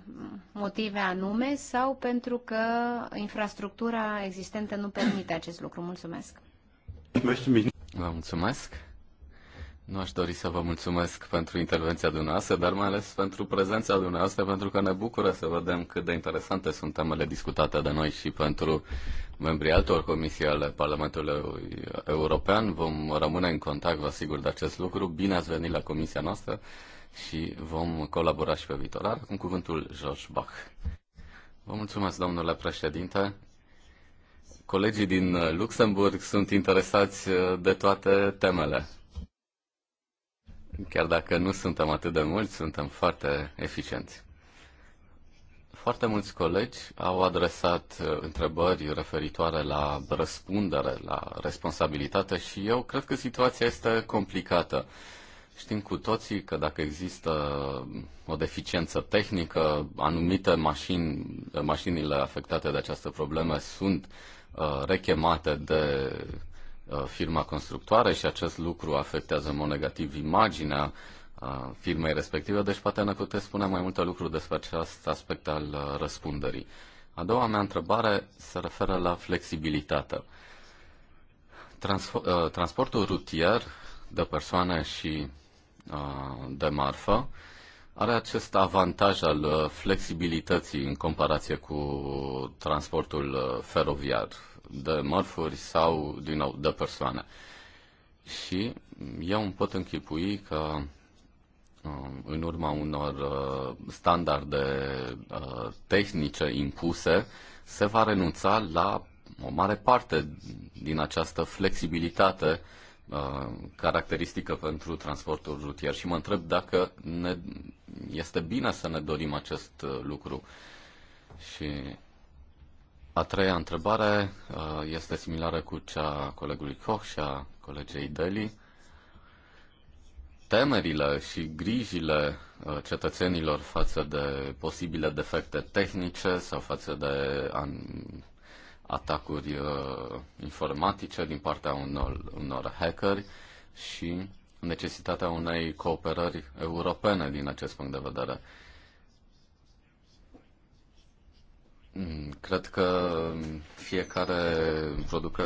motive anume sau pentru că infrastructura existentă nu permite acest lucru. Mulțumesc. Vă mulțumesc. Nu aș dori să vă mulțumesc pentru intervenția dumneavoastră, dar mai ales pentru prezența dumneavoastră, pentru că ne bucură să vedem cât de interesante sunt temele discutate de noi și pentru membrii altor comisii ale Parlamentului European. Vom rămâne în contact, vă asigur, de acest lucru. Bine ați venit la comisia noastră și vom colabora și pe viitor. În cuvântul George Bach. Vă mulțumesc, domnule președinte colegii din Luxemburg sunt interesați de toate temele. Chiar dacă nu suntem atât de mulți, suntem foarte eficienți. Foarte mulți colegi au adresat uh, întrebări referitoare la răspundere, la responsabilitate și eu cred că situația este complicată. Știm cu toții că dacă există o deficiență tehnică, anumite mașini, mașinile afectate de această problemă sunt uh, rechemate de Uh, firma constructoare și acest lucru afectează în mod negativ imaginea uh, firmei respective, deci poate ne puteți spune mai multe lucruri despre acest aspect al uh, răspunderii. A doua mea întrebare se referă la flexibilitate. Transportul rutier de persoane și de marfă are acest avantaj al flexibilității în comparație cu transportul feroviar de mărfuri sau, din nou, de persoane. Și eu îmi pot închipui că um, în urma unor uh, standarde uh, tehnice impuse, se va renunța la o mare parte din această flexibilitate uh, caracteristică pentru transportul rutier și mă întreb dacă ne, este bine să ne dorim acest lucru. Și a treia întrebare uh, este similară cu cea a colegului Koch și a colegei Deli. Temerile și grijile uh, cetățenilor față de posibile defecte tehnice sau față de atacuri uh, informatice din partea unor, unor hackeri și necesitatea unei cooperări europene din acest punct de vedere. Mm, cred că fiecare producă,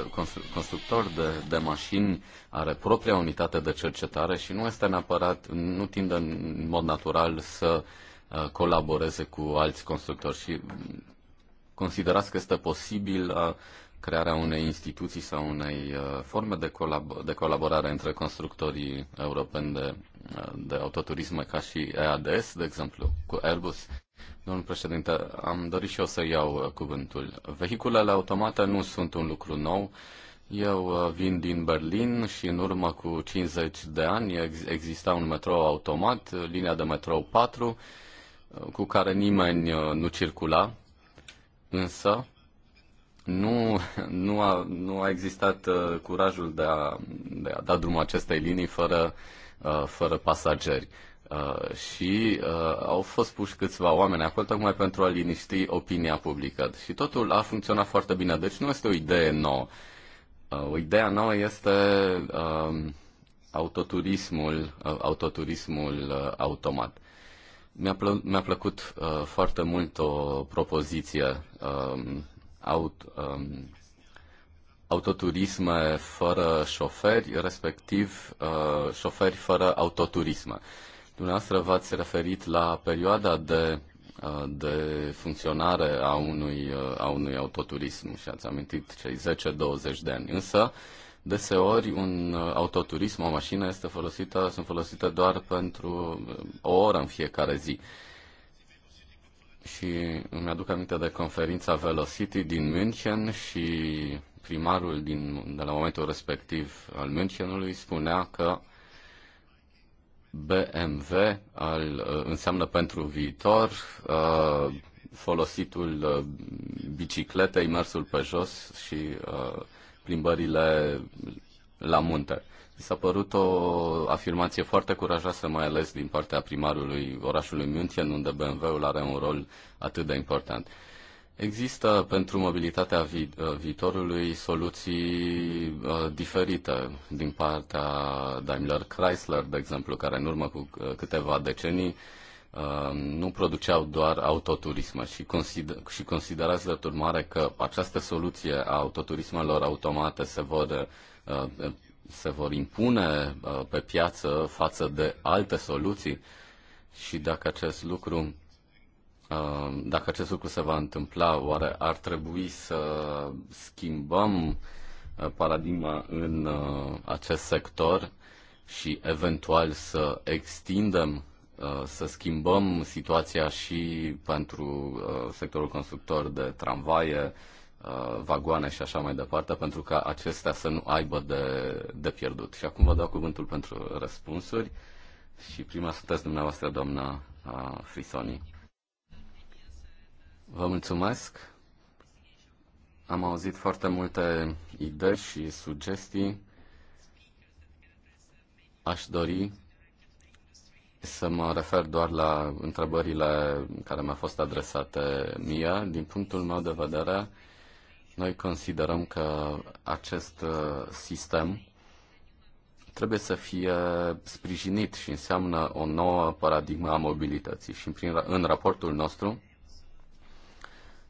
constructor de, de mașini are propria unitate de cercetare și nu este neapărat, nu tinde în mod natural să uh, colaboreze cu alți constructori și considerați că este posibil uh, crearea unei instituții sau unei uh, forme de, colab- de colaborare între constructorii europeni de, de autoturisme ca și EADS, de exemplu, cu Airbus? Domnul președinte, am dorit și eu să iau uh, cuvântul. Vehiculele automate nu sunt un lucru nou. Eu uh, vin din Berlin și în urmă cu 50 de ani exista un metrou automat, uh, linia de metrou 4, cu care nimeni nu circula, însă nu, [LAUGHS] nu, a, nu a existat curajul de a, de a da drumul acestei linii fără, fără pasageri. Uh, și uh, au fost puși câțiva oameni acolo tocmai pentru a liniști opinia publică. Și totul a funcționat foarte bine. Deci nu este o idee nouă. Uh, o idee nouă este uh, autoturismul, uh, autoturismul uh, automat. Mi-a, plă- mi-a plăcut uh, foarte mult o propoziție. Um, aut, um, autoturisme fără șoferi, respectiv uh, șoferi fără autoturisme. Uh, Dumneavoastră v-ați referit la perioada de, uh, de funcționare a unui, uh, a unui autoturism și ați amintit cei 10-20 de ani. Însă, deseori, un uh, autoturism, o mașină, este folosită, sunt folosite doar pentru o oră în fiecare zi. Și îmi aduc aminte de conferința Velocity din München și primarul din, de la momentul respectiv al Münchenului spunea că uh, BMW al, uh, înseamnă pentru viitor uh, folositul uh, bicicletei, mersul pe jos și plimbările la munte. Mi s-a părut o afirmație foarte curajoasă, mai ales din partea primarului orașului München, unde BMW-ul are un rol atât de important. Există pentru mobilitatea vi- uh, viitorului soluții uh, diferite din partea Daimler Chrysler, de exemplu, care în urmă cu uh, câteva decenii uh, nu produceau doar autoturisme și, consider- și considerați de urmare că această soluție a autoturismelor automate se vor, uh, se vor impune uh, pe piață față de alte soluții și dacă acest lucru Uh, dacă acest lucru se va întâmpla, oare ar trebui să schimbăm uh, paradigma în uh, acest sector și eventual să extindem, să schimbăm situația și pentru sectorul constructor de tramvaie, vagoane și așa mai departe, pentru ca acestea să nu aibă de, de pierdut. Și acum vă dau cuvântul pentru răspunsuri și prima sunteți dumneavoastră, doamna Frisoni. Vă mulțumesc. Am auzit foarte multe idei și sugestii. Aș dori să mă refer doar la întrebările care mi-au fost adresate mie. Din punctul meu de vedere, noi considerăm că acest uh, sistem trebuie să fie sprijinit și înseamnă o nouă paradigmă a mobilității. Și prin, în raportul nostru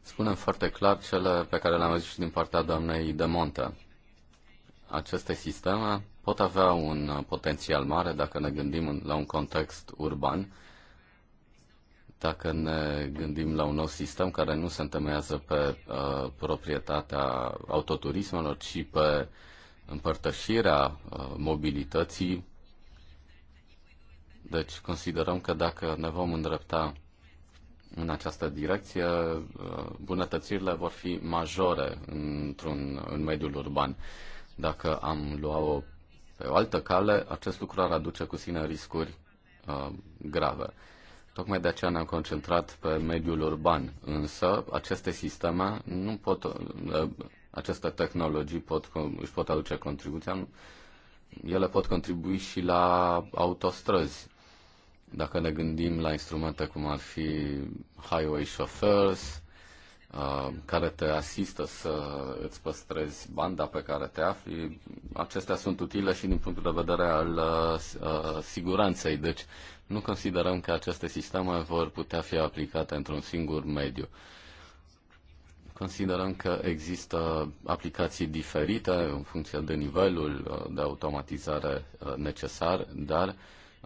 spunem foarte clar cele pe care le-am văzut și din partea doamnei de Monte. Aceste sisteme pot avea un potențial mare dacă ne gândim la un context urban, dacă ne gândim la un nou sistem care nu se întemeiază pe uh, proprietatea autoturismelor, ci pe împărtășirea uh, mobilității. Deci considerăm că dacă ne vom îndrepta în această direcție, uh, bunătățirile vor fi majore într-un în mediul urban. Dacă am luat-o pe o altă cale, acest lucru ar aduce cu sine riscuri uh, grave. Tocmai de aceea ne-am concentrat pe mediul urban, însă aceste sisteme nu pot, uh, aceste tehnologii pot, își pot aduce contribuția, ele pot contribui și la autostrăzi dacă ne gândim la instrumente cum ar fi highway chauffeurs, uh, care te asistă să îți păstrezi banda pe care te afli, acestea sunt utile și din punctul de vedere al uh, uh, siguranței. Deci nu considerăm că aceste sisteme vor putea fi aplicate într-un singur mediu. Considerăm că există aplicații diferite în funcție de nivelul de automatizare necesar, dar uh,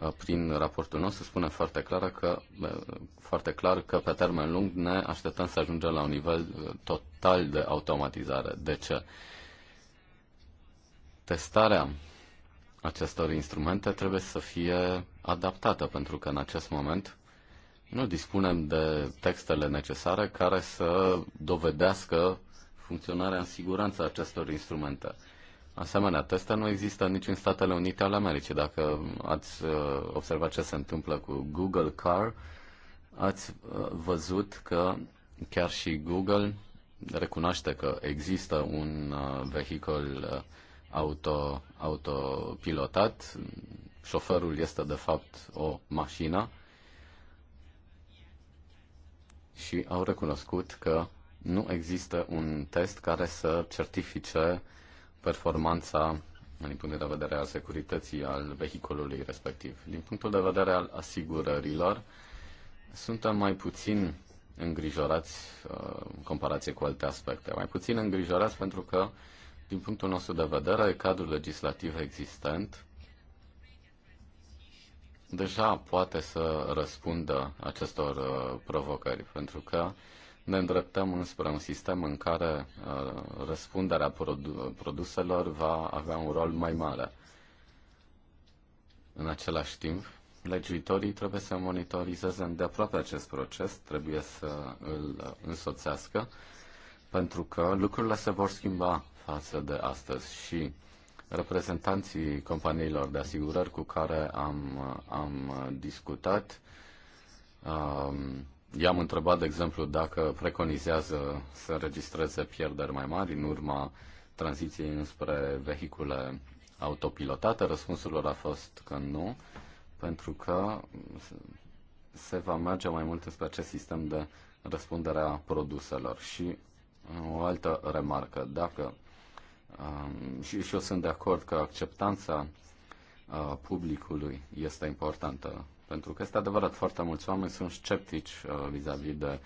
Uh, prin raportul nostru spune foarte clar că, uh, foarte clar că pe termen lung ne așteptăm să ajungem la un nivel uh, total de automatizare. De ce? Testarea acestor instrumente trebuie să fie adaptată, pentru că în acest moment nu dispunem de textele necesare care să dovedească funcționarea în siguranță a acestor instrumente. Asemenea, teste nu există nici în Statele Unite ale Americii. Dacă ați uh, observat ce se întâmplă cu Google Car, ați uh, văzut că chiar și Google recunoaște că există un uh, vehicul auto, autopilotat. Șoferul este de fapt o mașină și au recunoscut că nu există un test care să certifice performanța din punct de vedere al securității al vehiculului respectiv. Din punctul de vedere al asigurărilor, suntem mai puțin îngrijorați uh, în comparație cu alte aspecte. Mai puțin îngrijorați pentru că, din punctul nostru de vedere, cadrul legislativ existent deja poate să răspundă acestor uh, provocări, pentru că ne îndreptăm înspre un sistem în care uh, răspunderea produselor va avea un rol mai mare. În același timp, legiuitorii trebuie să monitorizeze îndeaproape acest proces, trebuie să îl însoțească, pentru că lucrurile se vor schimba față de astăzi și reprezentanții companiilor de asigurări cu care am, am discutat um, I-am întrebat, de exemplu, dacă preconizează să înregistreze pierderi mai mari în urma tranziției înspre vehicule autopilotate. Răspunsul lor a fost că nu, pentru că se va merge mai mult spre acest sistem de răspundere a produselor. Și uh, o altă remarcă, dacă um, și, și eu sunt de acord că acceptanța uh, publicului este importantă pentru că este adevărat, foarte mulți oameni sunt sceptici uh, vis-a-vis -vis de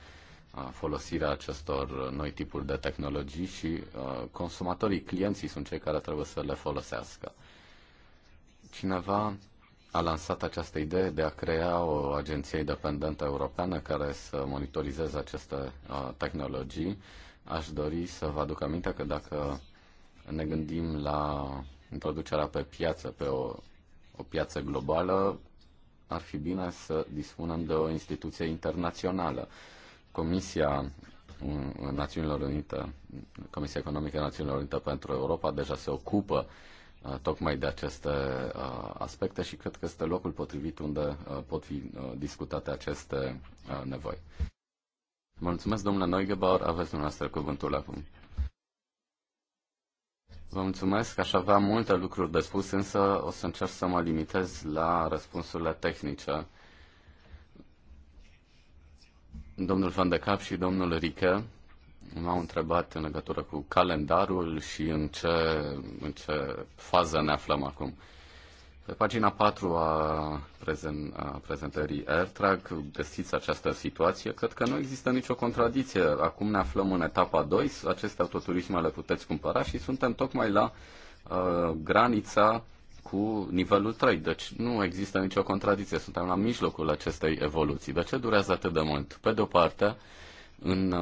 uh, folosirea acestor uh, noi tipuri de tehnologii și consumatorii, clienții sunt cei care trebuie să le folosească. Cineva a lansat această idee de a crea o agenție independentă europeană care să monitorizeze aceste tehnologii. Aș dori să vă aduc aminte că dacă ne gândim la introducerea pe piață, pe o, o piață globală, ar fi bine să dispunem de o instituție internațională. Comisia mm, Națiunilor Unite, Comisia Economică a Națiunilor Unite pentru Europa deja se ocupă uh, tocmai de aceste uh, aspecte și cred că este locul potrivit unde uh, pot fi discutate aceste nevoi. Mulțumesc, domnule Neugebauer, aveți dumneavoastră cuvântul acum. Vă mulțumesc, aș avea multe lucruri de spus, însă o să încerc să mă limitez la răspunsurile tehnice. Domnul Van de Cap și domnul Riche m-au întrebat în legătură cu calendarul și în ce, în ce fază ne aflăm acum. Pe pagina 4 a, prezen, a prezentării AirTrag găsiți această situație. Cred că nu există nicio contradicție. Acum ne aflăm în etapa 2, aceste autoturisme le puteți cumpăra și suntem tocmai la a, granița cu nivelul 3. Deci nu există nicio contradicție. Suntem la mijlocul acestei evoluții. De ce durează atât de mult? Pe de o parte, în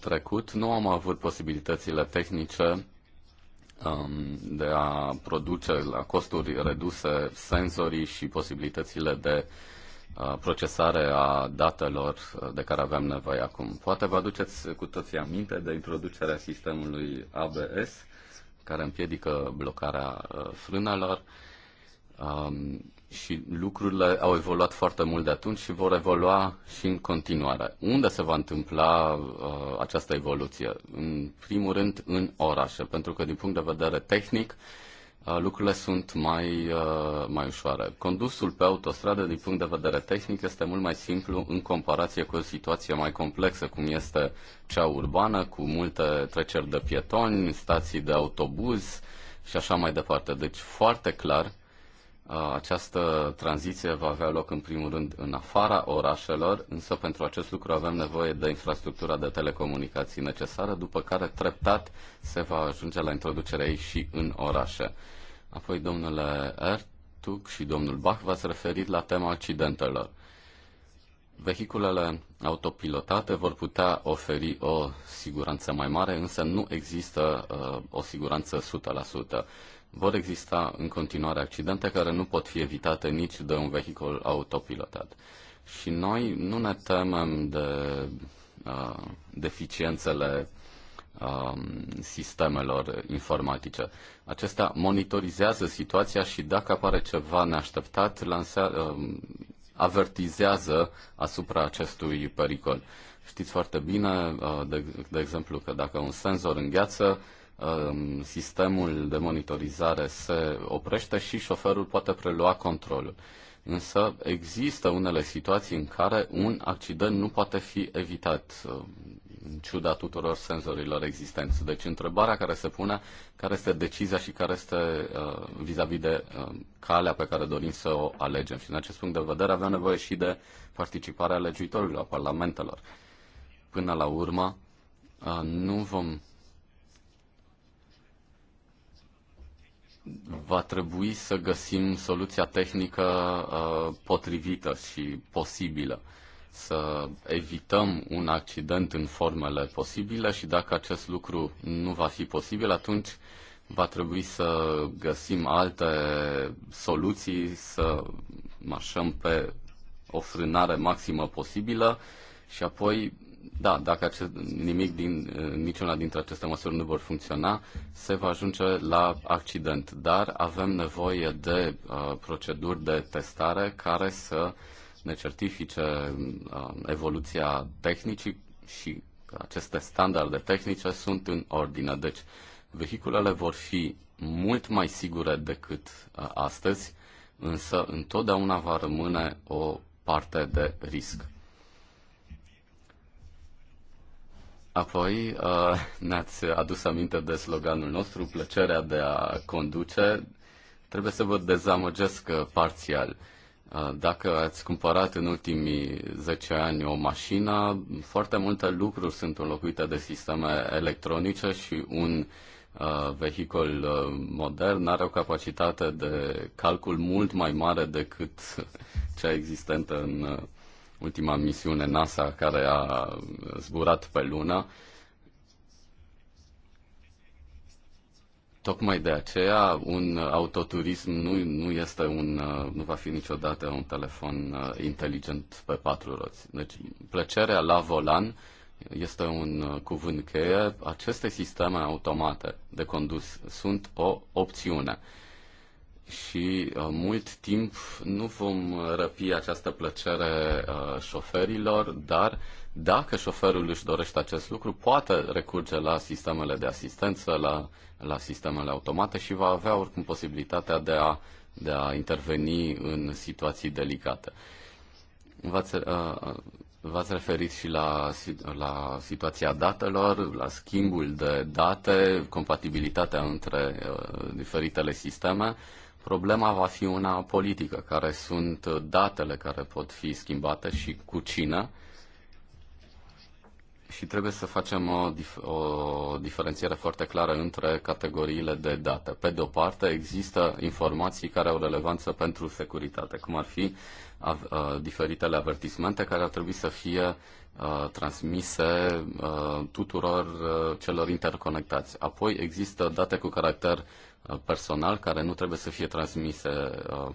trecut nu am avut posibilitățile tehnice Um, de a produce la costuri reduse senzorii și posibilitățile de uh, procesare a datelor uh, de care avem nevoie acum. Poate vă aduceți cu toții aminte de introducerea sistemului ABS, care împiedică blocarea uh, frânelor Um, și lucrurile au evoluat foarte mult de atunci și vor evolua și în continuare. Unde se va întâmpla uh, această evoluție? În primul rând în orașe, pentru că din punct de vedere tehnic uh, lucrurile sunt mai, uh, mai ușoare. Condusul pe autostradă din punct de vedere tehnic este mult mai simplu în comparație cu o situație mai complexă cum este cea urbană, cu multe treceri de pietoni, stații de autobuz și așa mai departe. Deci foarte clar această tranziție va avea loc în primul rând în afara orașelor, însă pentru acest lucru avem nevoie de infrastructura de telecomunicații necesară, după care treptat se va ajunge la introducerea ei și în orașe. Apoi, domnule Ertug și domnul Bach, v-ați referit la tema accidentelor. Vehiculele autopilotate vor putea oferi o siguranță mai mare, însă nu există uh, o siguranță 100% vor exista în continuare accidente care nu pot fi evitate nici de un vehicul autopilotat. Și noi nu ne temem de uh, deficiențele uh, sistemelor informatice. Acestea monitorizează situația și dacă apare ceva neașteptat, lansea, uh, um, avertizează asupra acestui pericol. Știți foarte bine, uh, de, de exemplu, că dacă un senzor îngheață, Ehm, sistemul de monitorizare se oprește și șoferul poate prelua controlul. Însă există unele situații în care un accident nu poate fi evitat, ehm, în ciuda tuturor senzorilor existenți. Deci întrebarea care se pune, care este decizia și care este ehm, vis-a-vis uh, -vis de uh, calea pe care dorim să o alegem. Și în acest punct de vedere avem nevoie și de participarea legiuitorilor, a parlamentelor. Până la urmă, uh, nu vom va trebui să găsim soluția tehnică uh, potrivită și posibilă să evităm un accident în formele posibile și dacă acest lucru nu va fi posibil, atunci va trebui să găsim alte soluții, să mașăm pe o frânare maximă posibilă și apoi da, dacă acest, nimic din, eh, niciuna dintre aceste măsuri nu vor funcționa, se va ajunge la accident. Dar avem nevoie de uh, proceduri de testare care să ne certifice uh, evoluția tehnicii și că aceste standarde tehnice sunt în ordine. Deci, vehiculele vor fi mult mai sigure decât uh, astăzi, însă întotdeauna va rămâne o parte de risc. Apoi uh, ne-ați adus aminte de sloganul nostru, plăcerea de a conduce. Trebuie să vă dezamăgesc uh, parțial. Uh, dacă ați cumpărat în ultimii 10 ani o mașină, foarte multe lucruri sunt înlocuite de sisteme electronice și un uh, vehicul uh, modern are o capacitate de calcul mult mai mare decât [LAUGHS] cea existentă în ultima misiune NASA care a zburat pe lună. Tocmai de aceea un autoturism nu, nu este un, nu va fi niciodată un telefon uh, inteligent pe patru roți. Deci plăcerea la volan este un uh, cuvânt cheie. Aceste sisteme automate de condus sunt o opțiune și uh, mult timp nu vom răpi această plăcere uh, șoferilor, dar dacă șoferul își dorește acest lucru, poate recurge la sistemele de asistență, la, la sistemele automate și va avea oricum posibilitatea de a, de a interveni în situații delicate. V-ați, uh, uh V-ați referit și la, la situația datelor, la schimbul de date, compatibilitatea între uh, diferitele sisteme. Uh, Problema va fi una politică, care sunt datele care pot fi schimbate și cu cine. Și trebuie să facem o, dif- o diferențiere foarte clară între categoriile de date. Pe de o parte, există informații care au relevanță pentru securitate, cum ar fi av- uh, diferitele avertismente care ar trebui să fie uh, transmise uh, tuturor uh, celor interconectați. Apoi există date cu caracter Uh, personal care nu trebuie să fie transmise uh,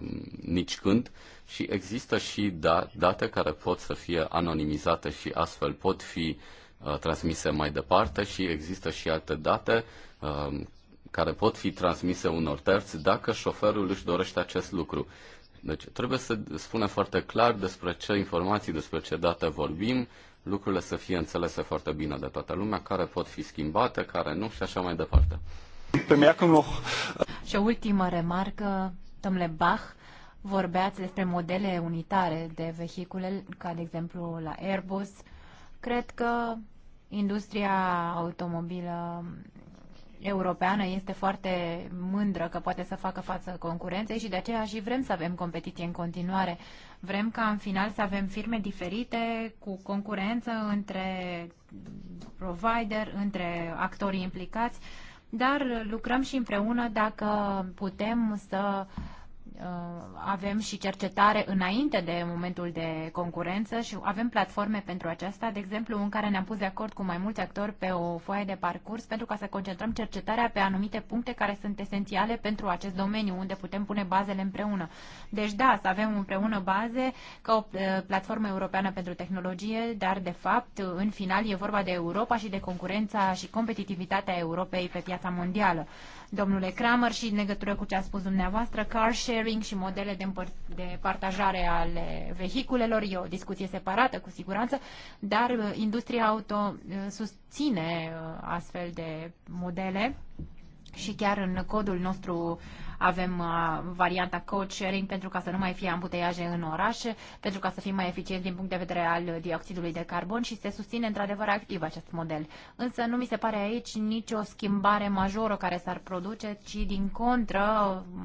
nici când și există și da- date care pot să fie anonimizate și astfel pot fi uh, transmise mai departe și există și alte date uh, care pot fi transmise unor terți dacă șoferul își dorește acest lucru. Deci trebuie să spunem foarte clar despre ce informații, despre ce date vorbim, lucrurile să fie înțelese foarte bine de toată lumea, care pot fi schimbate, care nu și așa mai departe. Și o ultimă remarcă, domnule Bach, vorbeați despre modele unitare de vehicule, ca de exemplu la Airbus. Cred că industria automobilă europeană este foarte mândră că poate să facă față concurenței și de aceea și vrem să avem competiție în continuare. Vrem ca în final să avem firme diferite cu concurență între provider, între actorii implicați dar lucrăm și împreună dacă putem să Uh, avem și cercetare înainte de momentul de concurență și avem platforme pentru aceasta, de exemplu, în care ne-am pus de acord cu mai mulți actori pe o foaie de parcurs pentru ca să concentrăm cercetarea pe anumite puncte care sunt esențiale pentru acest domeniu, unde putem pune bazele împreună. Deci, da, să avem împreună baze ca o uh, platformă europeană pentru tehnologie, dar, de fapt, în final e vorba de Europa și de concurența și competitivitatea Europei pe piața mondială domnule Kramer și în legătură cu ce a spus dumneavoastră, car sharing și modele de, de partajare ale vehiculelor, e o discuție separată cu siguranță, dar uh, industria auto uh, susține uh, astfel de modele și chiar în codul nostru avem uh, varianta coach sharing pentru ca să nu mai fie ambuteiaje în orașe, pentru ca să fim mai eficienți din punct de vedere al dioxidului de carbon și se susține într-adevăr activ acest model. Însă nu mi se pare aici nicio schimbare majoră care s-ar produce, ci din contră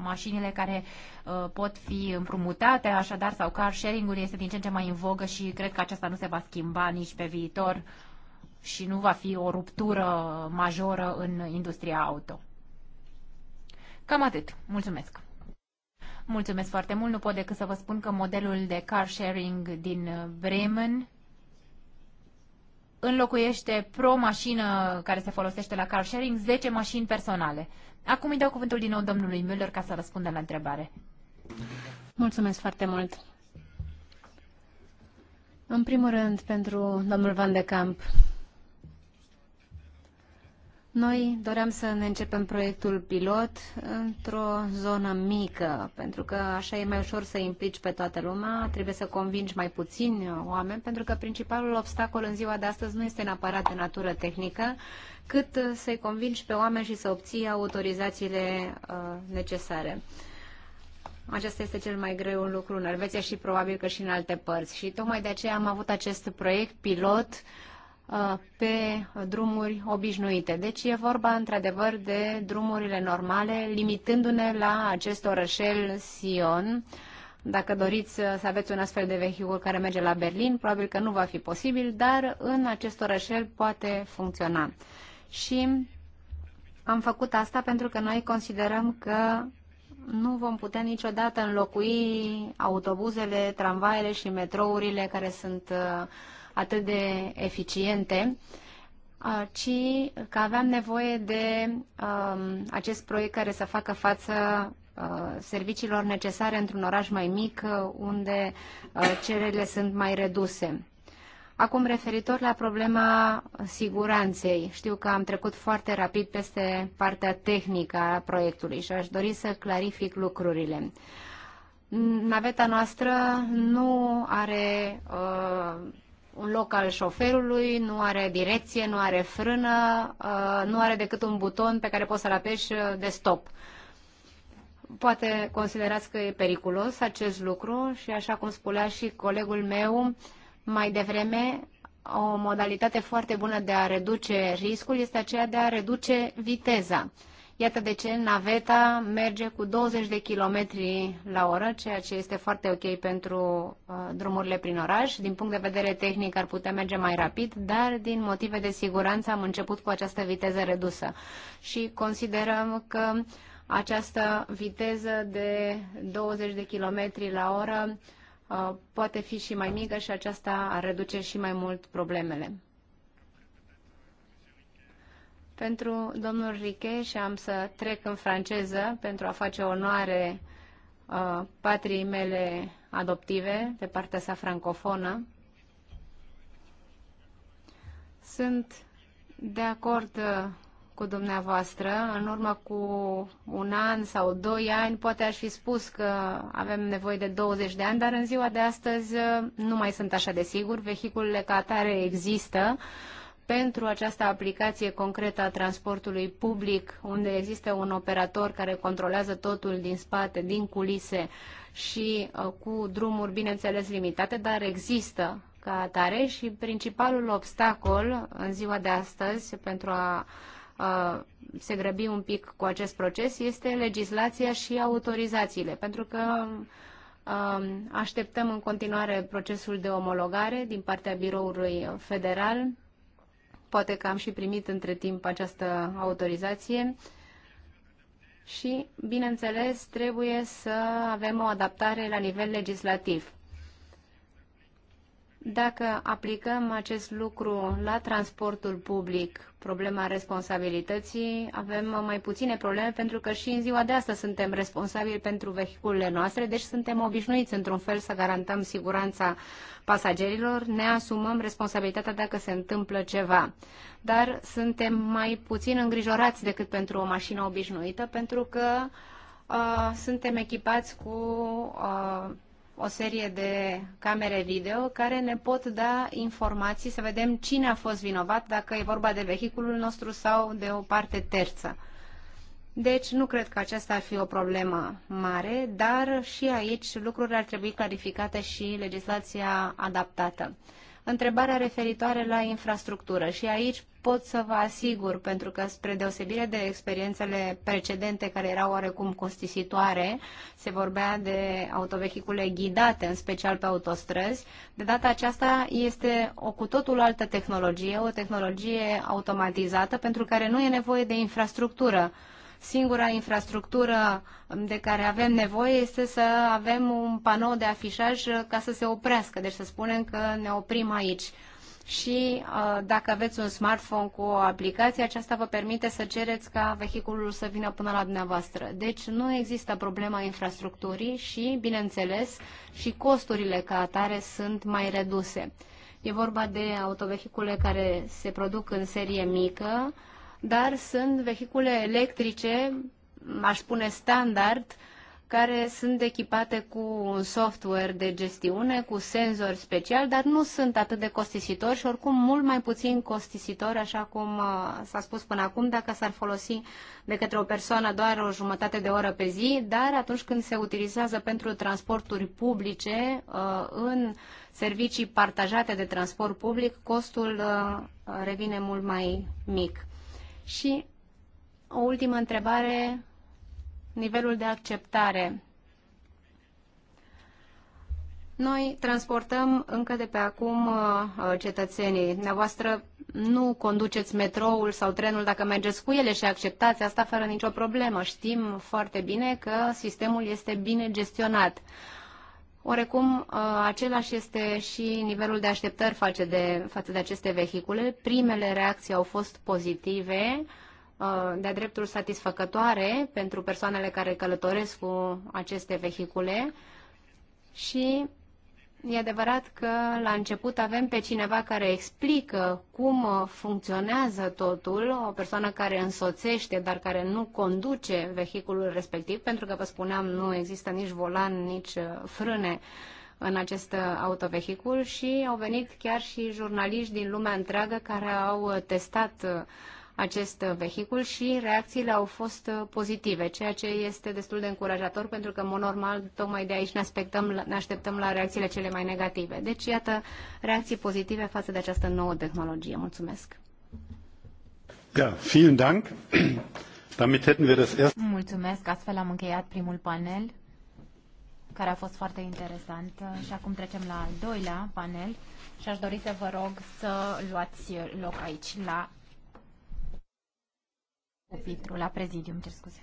mașinile care uh, pot fi împrumutate, așadar, sau car sharing-ul este din ce în ce mai în vogă și cred că aceasta nu se va schimba nici pe viitor și nu va fi o ruptură majoră în industria auto. Cam atât. Mulțumesc! Mulțumesc foarte mult. Nu pot decât să vă spun că modelul de car sharing din Bremen înlocuiește pro mașină care se folosește la car sharing 10 mașini personale. Acum îi dau cuvântul din nou domnului Müller ca să răspundă la întrebare. Mulțumesc foarte mult. În primul rând, pentru domnul Van de Camp, noi doream să ne începem proiectul pilot într-o zonă mică, pentru că așa e mai ușor să implici pe toată lumea, trebuie să convingi mai puțini oameni, pentru că principalul obstacol în ziua de astăzi nu este neapărat de natură tehnică, cât să-i convingi pe oameni și să obții autorizațiile uh, necesare. Acesta este cel mai greu lucru în Elveția și probabil că și în alte părți. Și tocmai de aceea am avut acest proiect pilot uh, Uh, pe drumuri obișnuite. Deci e vorba într-adevăr de drumurile normale, limitându-ne la acest orășel Sion. Dacă doriți să aveți un astfel de vehicul care merge la Berlin, probabil că nu va fi posibil, dar în acest orășel poate funcționa. Și am făcut asta pentru că noi considerăm că nu vom putea niciodată înlocui autobuzele, tramvaiele și metrourile care sunt uh, atât de eficiente, uh, ci că aveam nevoie de um, acest proiect care să facă față uh, serviciilor necesare într-un oraș mai mic, uh, unde cererile sunt mai reduse. Acum, referitor la problema siguranței, știu că am trecut foarte rapid peste partea tehnică a proiectului și aș dori să clarific lucrurile. Naveta noastră nu are uh, un loc al șoferului, nu are direcție, nu are frână, uh, nu are decât un buton pe care poți să-l apeși uh, de stop. Poate considerați că e periculos acest lucru și așa cum spunea și colegul meu mai devreme, o modalitate foarte bună de a reduce riscul este aceea de a reduce viteza. Iată de ce naveta merge cu 20 de kilometri la oră, ceea ce este foarte ok pentru uh, drumurile prin oraș. Din punct de vedere tehnic ar putea merge mai rapid, dar din motive de siguranță am început cu această viteză redusă. Și considerăm că această viteză de 20 de kilometri la oră uh, poate fi și mai mică și aceasta ar reduce și mai mult problemele pentru domnul Riche și am să trec în franceză pentru a face onoare uh, patriei mele adoptive, pe partea sa francofonă. Sunt de acord uh, cu dumneavoastră. În urmă cu un an sau doi ani, poate aș fi spus că avem nevoie de 20 de ani, dar în ziua de astăzi uh, nu mai sunt așa de sigur. Vehiculele ca atare există. Uh, pentru această aplicație concretă a transportului public, unde există un operator care controlează totul din spate, din culise și uh, cu drumuri, bineînțeles, limitate, dar există ca atare și principalul obstacol în ziua de astăzi pentru a, uh, se grăbi un pic cu acest proces este legislația și autorizațiile, pentru că um, așteptăm în continuare procesul de omologare din partea Biroului Federal Poate că am și primit între timp această autorizație. Și, bineînțeles, trebuie să avem o adaptare la nivel legislativ. Dacă aplicăm acest lucru la transportul public, problema responsabilității, avem mai puține probleme pentru că și în ziua de astăzi suntem responsabili pentru vehiculele noastre, deci suntem obișnuiți într-un fel să garantăm siguranța pasagerilor, ne asumăm responsabilitatea dacă se întâmplă ceva. Dar suntem mai puțin îngrijorați decât pentru o mașină obișnuită pentru că uh, suntem echipați cu uh, o serie de camere video care ne pot da informații să vedem cine a fost vinovat, dacă e vorba de vehiculul nostru sau de o parte terță. Deci nu cred că aceasta ar fi o problemă mare, dar și aici lucrurile ar trebui clarificate și legislația adaptată întrebarea referitoare la infrastructură și aici pot să vă asigur, pentru că spre deosebire de experiențele precedente care erau oarecum costisitoare, se vorbea de autovehicule ghidate, în special pe autostrăzi, de data aceasta este o cu totul altă tehnologie, o tehnologie automatizată pentru care nu e nevoie de infrastructură singura infrastructură de care avem nevoie este să avem un panou de afișaj ca să se oprească, deci să spunem că ne oprim aici. Și uh, dacă aveți un smartphone cu o aplicație, aceasta vă permite să cereți ca vehiculul să vină până la dumneavoastră. Deci nu există problema infrastructurii și, bineînțeles, și costurile ca atare sunt mai reduse. E vorba de autovehicule care se produc în serie mică, dar sunt vehicule electrice, aș spune standard, care sunt echipate cu un software de gestiune, cu senzori special, dar nu sunt atât de costisitori și oricum mult mai puțin costisitori, așa cum uh, s-a spus până acum, dacă s-ar folosi de către o persoană doar o jumătate de oră pe zi, dar atunci când se utilizează pentru transporturi publice, uh, în servicii partajate de transport public, costul uh, revine mult mai mic. Și o ultimă întrebare, nivelul de acceptare. Noi transportăm încă de pe acum uh, cetățenii. Dumneavoastră nu conduceți metroul sau trenul dacă mergeți cu ele și acceptați asta fără nicio problemă. Știm foarte bine că sistemul este bine gestionat. Orecum, uh, același este și nivelul de așteptări față de, față de aceste vehicule. Primele reacții au fost pozitive, uh, de-a dreptul satisfăcătoare pentru persoanele care călătoresc cu aceste vehicule și E adevărat că la început avem pe cineva care explică cum funcționează totul, o persoană care însoțește, dar care nu conduce vehiculul respectiv, pentru că, vă spuneam, nu există nici volan, nici uh, frâne în acest uh, autovehicul și au venit chiar și jurnaliști din lumea întreagă care au uh, testat uh, acest vehicul și reacțiile au fost pozitive, ceea ce este destul de încurajator pentru că, în mod normal, tocmai de aici ne, aspectăm, ne așteptăm la reacțiile cele mai negative. Deci, iată, reacții pozitive față de această nouă tehnologie. Mulțumesc! Ja, vielen Dank. Damit hätten wir das erste. Mulțumesc, astfel am încheiat primul panel care a fost foarte interesant. Și acum trecem la al doilea panel și aș dori să vă rog să luați loc aici la Petru la prezidium, cer scuze.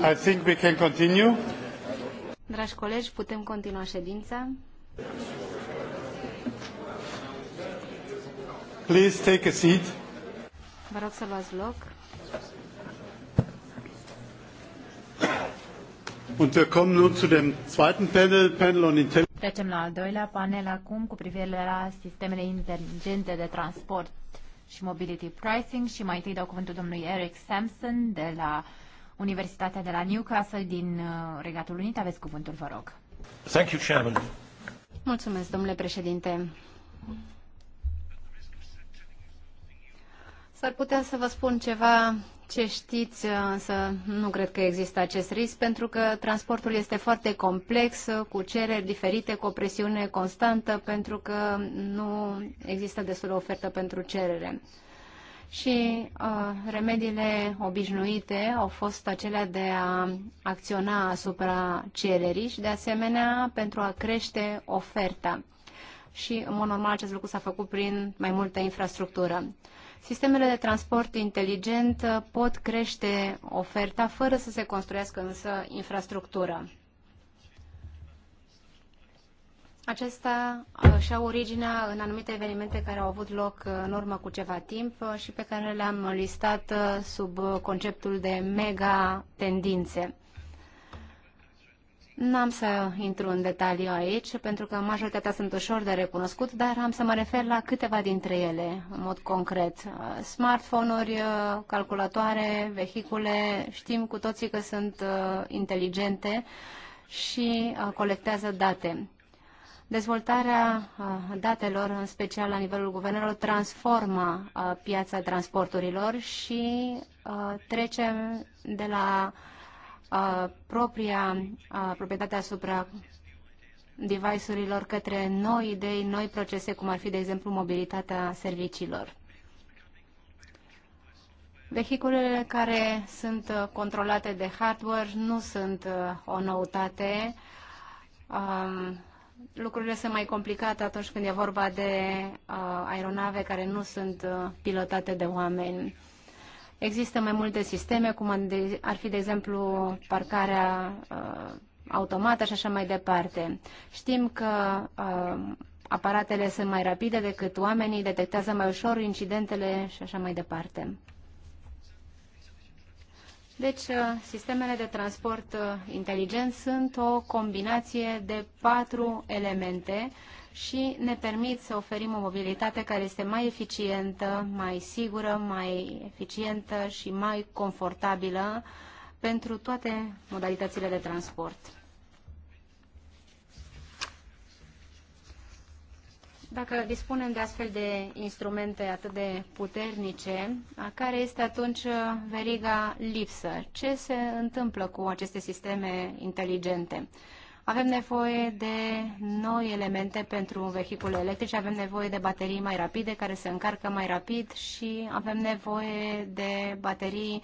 I think we can continue. Dragi colegi, putem continua ședința. Please take a seat. Vă rog să luați loc. Und wir kommen nun zu dem zweiten Panel, Panel on Intelligence. Trecem la al doilea panel acum cu privire la sistemele inteligente de transport și mobility pricing și mai întâi dau cuvântul domnului Eric Sampson de la Universitatea de la Newcastle din uh, Regatul Unit. Aveți cuvântul, vă rog. Thank you, Chairman. Mulțumesc, domnule președinte. S-ar putea să vă spun ceva ce știți, însă nu cred că există acest risc, pentru că transportul este foarte complex, cu cereri diferite, cu o presiune constantă, pentru că nu există destul de ofertă pentru cerere și uh, remediile obișnuite au fost acelea de a acționa asupra cererii și de asemenea pentru a crește oferta. Și, în mod normal, acest lucru s-a făcut prin mai multă infrastructură. Sistemele de transport inteligent pot crește oferta fără să se construiască însă infrastructură. Acesta uh, și-a originea în anumite evenimente care au avut loc uh, în urmă cu ceva timp uh, și pe care le-am listat sub conceptul de mega tendințe. N-am să intru în detaliu aici, pentru că majoritatea sunt ușor de recunoscut, dar am să mă refer la câteva dintre ele, în mod concret. Smartphone-uri, calculatoare, vehicule, știm cu toții că sunt inteligente și colectează date. Dezvoltarea uh, datelor, în special la nivelul guvernelor, transformă uh, piața transporturilor și uh, trece de la propria proprietate asupra device-urilor către noi idei, noi procese, cum ar fi, de exemplu, mobilitatea serviciilor. Vehiculele care sunt controlate de hardware nu sunt o noutate. Um, lucrurile sunt mai complicate atunci când e vorba de uh, aeronave care nu sunt uh, pilotate de oameni. Există mai multe sisteme, cum ar fi, de exemplu, parcarea uh, automată și așa mai departe. Știm că uh, aparatele sunt mai rapide decât oamenii, detectează mai ușor incidentele și așa mai departe. Deci, uh, sistemele de transport uh, inteligent sunt o combinație de patru elemente și ne permit să oferim o mobilitate care este mai eficientă, mai sigură, mai eficientă și mai confortabilă pentru toate modalitățile de transport. Dacă dispunem de astfel de instrumente atât de puternice, care este atunci veriga lipsă? Ce se întâmplă cu aceste sisteme inteligente? Avem nevoie de noi elemente pentru vehicule electrice, avem nevoie de baterii mai rapide care se încarcă mai rapid și avem nevoie de baterii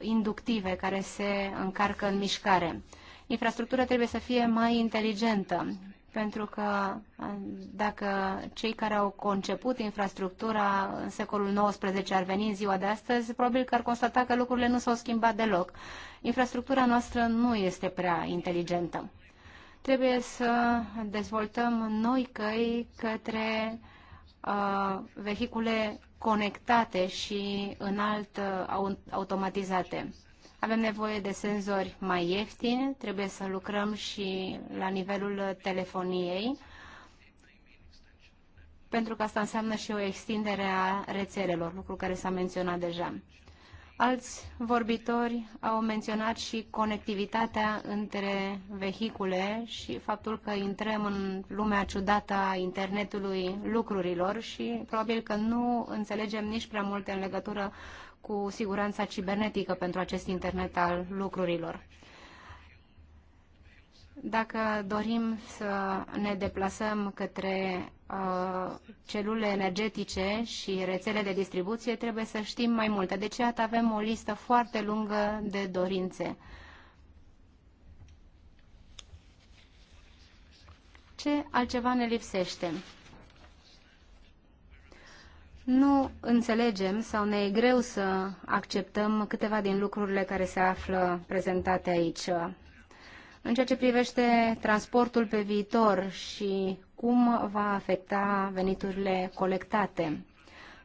inductive care se încarcă în mișcare. Infrastructura trebuie să fie mai inteligentă pentru că dacă cei care au conceput infrastructura în secolul XIX ar veni în ziua de astăzi, probabil că ar constata că lucrurile nu s-au schimbat deloc. Infrastructura noastră nu este prea inteligentă. Trebuie să dezvoltăm noi căi către uh, vehicule conectate și înalt uh, automatizate. Avem nevoie de senzori mai ieftini, trebuie să lucrăm și la nivelul telefoniei, pentru că asta înseamnă și o extindere a rețelelor, lucru care s-a menționat deja. Alți vorbitori au menționat și conectivitatea între vehicule și faptul că intrăm în lumea ciudată a internetului lucrurilor și probabil că nu înțelegem nici prea multe în legătură cu siguranța cibernetică pentru acest internet al lucrurilor. Dacă dorim să ne deplasăm către uh, celule energetice și rețele de distribuție, trebuie să știm mai multe. Deci, ce avem o listă foarte lungă de dorințe. Ce altceva ne lipsește? nu înțelegem sau ne e greu să acceptăm câteva din lucrurile care se află prezentate aici. În ceea ce privește transportul pe viitor și cum va afecta veniturile colectate.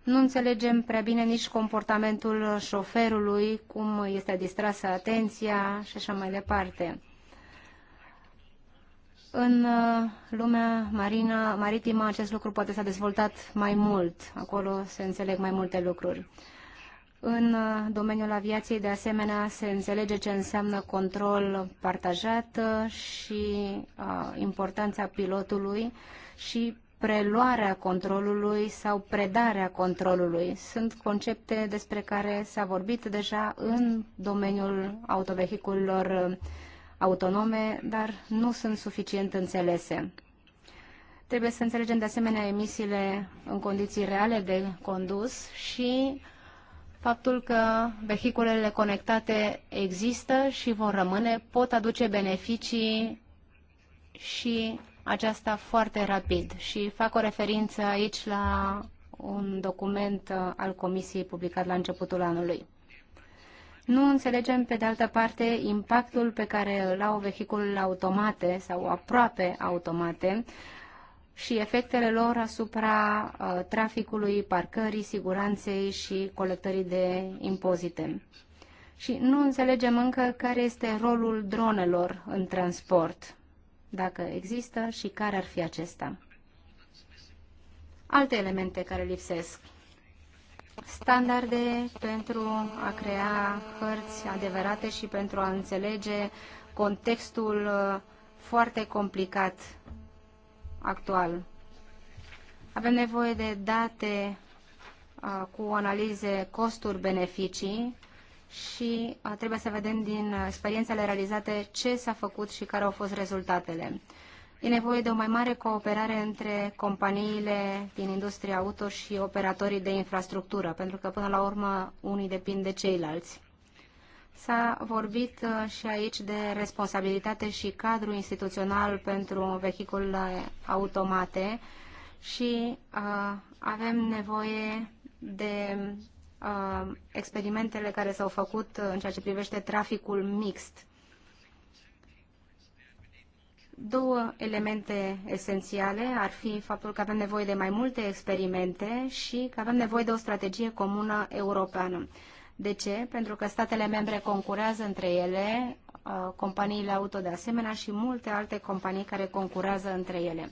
Nu înțelegem prea bine nici comportamentul șoferului, cum este distrasă atenția și așa mai departe. În uh, lumea marina, maritimă acest lucru poate s-a dezvoltat mai mult. Acolo se înțeleg mai multe lucruri. În uh, domeniul aviației, de asemenea, se înțelege ce înseamnă control partajat uh, și a, importanța pilotului și preluarea controlului sau predarea controlului. Sunt concepte despre care s-a vorbit deja în domeniul autovehiculelor autonome, dar nu sunt suficient înțelese. Trebuie să înțelegem de asemenea emisiile în condiții reale de condus și faptul că vehiculele conectate există și vor rămâne, pot aduce beneficii și aceasta foarte rapid. Și fac o referință aici la un document al Comisiei publicat la începutul anului. Nu înțelegem, pe de altă parte, impactul pe care îl au vehiculele automate sau aproape automate și efectele lor asupra uh, traficului, parcării, siguranței și colectării de impozite. Și nu înțelegem încă care este rolul dronelor în transport, dacă există și care ar fi acesta. Alte elemente care lipsesc standarde pentru a crea hărți adevărate și pentru a înțelege contextul uh, foarte complicat actual. Avem nevoie de date uh, cu analize costuri-beneficii și uh, trebuie să vedem din experiențele realizate ce s-a făcut și care au fost rezultatele. E nevoie de o mai mare cooperare între companiile din industria auto și operatorii de infrastructură, pentru că până la urmă unii depind de ceilalți. S-a vorbit uh, și aici de responsabilitate și cadru instituțional pentru vehiculele automate și uh, avem nevoie de uh, experimentele care s-au făcut uh, în ceea ce privește traficul mixt Două elemente esențiale ar fi faptul că avem nevoie de mai multe experimente și că avem nevoie de o strategie comună europeană. De ce? Pentru că statele membre concurează între ele, uh, companiile auto de asemenea și multe alte companii care concurează între ele.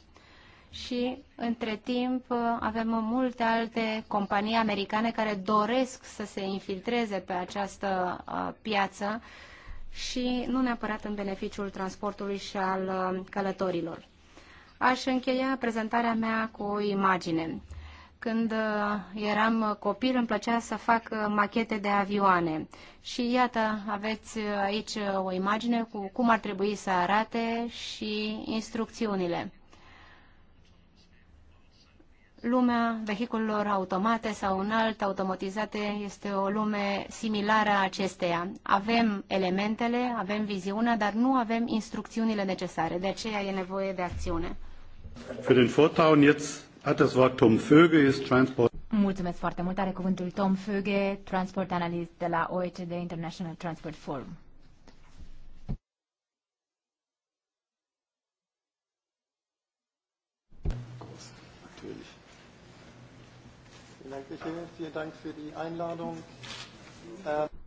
Și între timp uh, avem multe alte companii americane care doresc să se infiltreze pe această uh, piață și nu neapărat în beneficiul transportului și al uh, călătorilor. Aș încheia prezentarea mea cu o imagine. Când uh, eram copil, îmi plăcea să fac uh, machete de avioane. Și iată, aveți aici o imagine cu cum ar trebui să arate și instrucțiunile lumea vehiculelor automate sau înalt automatizate este o lume similară a acesteia. Avem elementele, avem viziunea, dar nu avem instrucțiunile necesare. De aceea e nevoie de acțiune. Mulțumesc foarte mult. Are cuvântul Tom Föge, transport analyst de la OECD International Transport Forum.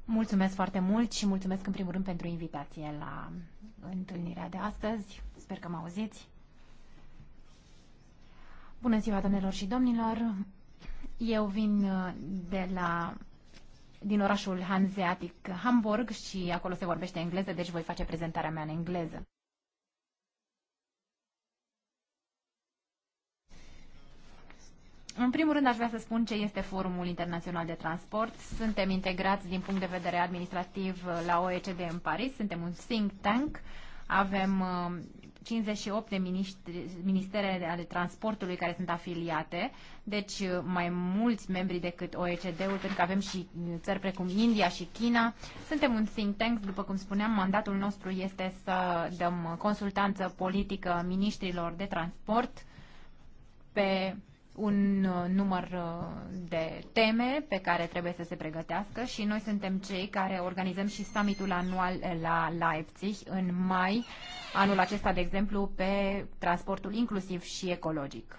Mulțumesc foarte mult și mulțumesc în primul rând pentru invitație la întâlnirea de astăzi. Sper că mă auziți. Bună ziua, domnilor și domnilor! Eu vin uh, de la, din orașul hanzeatic Hamburg și acolo se vorbește engleză, deci voi face prezentarea mea în engleză. În primul rând aș vrea să spun ce este Forumul Internațional de Transport. Suntem integrați din punct de vedere administrativ la OECD în Paris, suntem un think tank, avem 58 uh, de ministere ale transportului care sunt afiliate, deci uh, mai mulți membri decât OECD-ul, pentru că avem și uh, țări precum India și China. Suntem un think tank, după cum spuneam, mandatul nostru este să dăm consultanță politică ministrilor de transport pe un uh, număr uh, de teme pe care trebuie să se pregătească și noi suntem cei care organizăm și summitul anual la Leipzig în mai, anul acesta, de exemplu, pe transportul inclusiv și ecologic.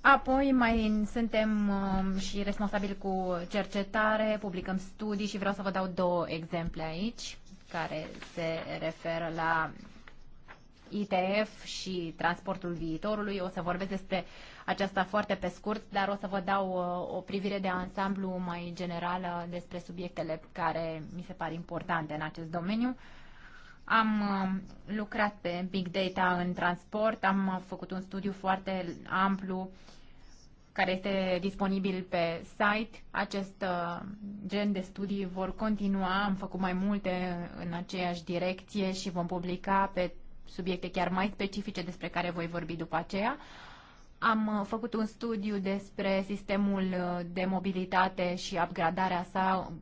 Apoi mai suntem um, și responsabili cu cercetare, publicăm studii și vreau să vă dau două exemple aici care se referă la ITF și transportul viitorului. O să vorbesc despre aceasta foarte pe scurt, dar o să vă dau uh, o privire de ansamblu mai generală despre subiectele care mi se par importante în acest domeniu. Am uh, lucrat pe big data în transport, am făcut un studiu foarte amplu care este disponibil pe site. Acest uh, gen de studii vor continua. Am făcut mai multe în aceeași direcție și vom publica pe subiecte chiar mai specifice despre care voi vorbi după aceea. Am uh, făcut un studiu despre sistemul uh, de mobilitate și upgradarea sa um,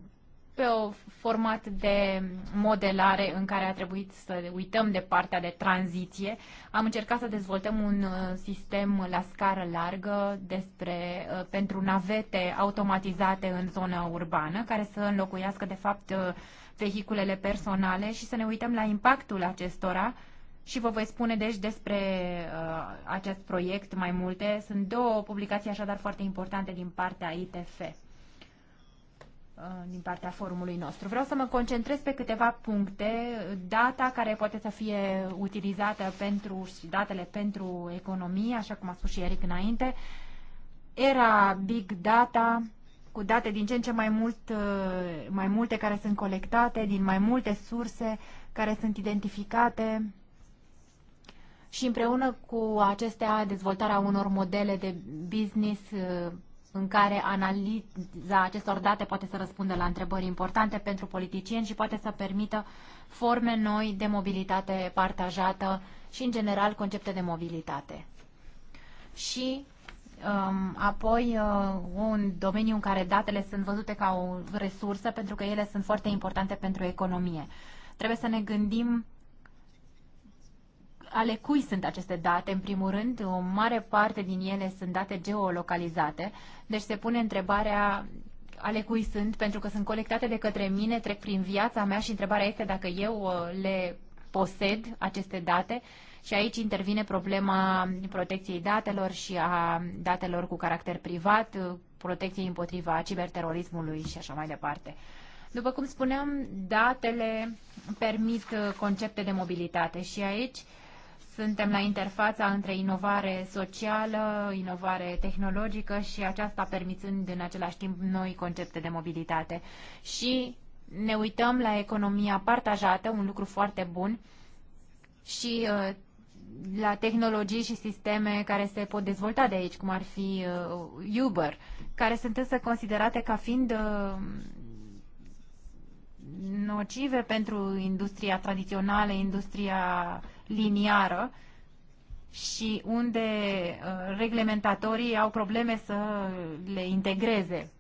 pe o format de modelare în care a trebuit să uităm de partea de tranziție. Am încercat să dezvoltăm un uh, sistem la scară largă despre, pentru navete automatizate în zona urbană, care să înlocuiască, de fapt, vehiculele personale și să ne uităm la impactul acestora și vă voi spune deci despre uh, acest proiect mai multe. Sunt două publicații așadar foarte importante din partea ITF, uh, din partea forumului nostru. Vreau să mă concentrez pe câteva puncte, data care poate să fie utilizată pentru și datele pentru economie, așa cum a spus și Eric înainte, era big data, cu date din ce în ce mai, mult, uh, mai multe care sunt colectate, din mai multe surse care sunt identificate, și împreună cu acestea dezvoltarea unor modele de business uh, în care analiza acestor date poate să răspundă la întrebări importante pentru politicieni și poate să permită forme noi de mobilitate partajată și, în general, concepte de mobilitate. Și um, apoi uh, un domeniu în care datele sunt văzute ca o resursă pentru că ele sunt foarte importante pentru economie. Trebuie să ne gândim ale cui sunt aceste date, în primul rând. O mare parte din ele sunt date geolocalizate, deci se pune întrebarea ale cui sunt, pentru că sunt colectate de către mine, trec prin viața mea și întrebarea este dacă eu uh, le posed aceste date și aici intervine problema protecției datelor și a datelor cu caracter privat, uh, protecției împotriva ciberterorismului și așa mai departe. După cum spuneam, datele permit uh, concepte de mobilitate și aici suntem la interfața între inovare socială, inovare tehnologică și aceasta permițând în același timp noi concepte de mobilitate. Și ne uităm la economia partajată, un lucru foarte bun, și uh, la tehnologii și sisteme care se pot dezvolta de aici, cum ar fi uh, Uber, care sunt însă considerate ca fiind uh, nocive pentru industria tradițională, industria uh, liniară și unde uh, reglementatorii au probleme să le integreze.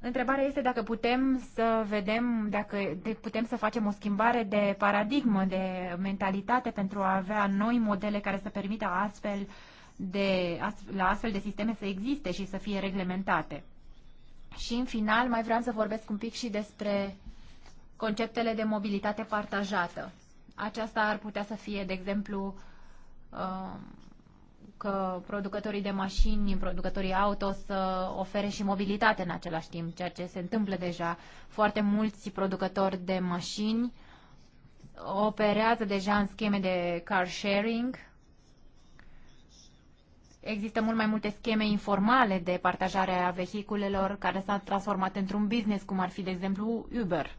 Întrebarea este dacă putem să vedem, dacă putem să facem o schimbare de paradigmă, de mentalitate pentru a avea noi modele care să permită astfel de, la astfel de sisteme să existe și să fie reglementate. Și în final mai vreau să vorbesc un pic și despre conceptele de mobilitate partajată. Aceasta ar putea să fie, de exemplu, um, că producătorii de mașini, producătorii auto să ofere și mobilitate în același timp, ceea ce se întâmplă deja. Foarte mulți producători de mașini operează deja în scheme de car sharing. Există mult mai multe scheme informale de partajare a vehiculelor care s-au transformat într-un business, cum ar fi, de exemplu, Uber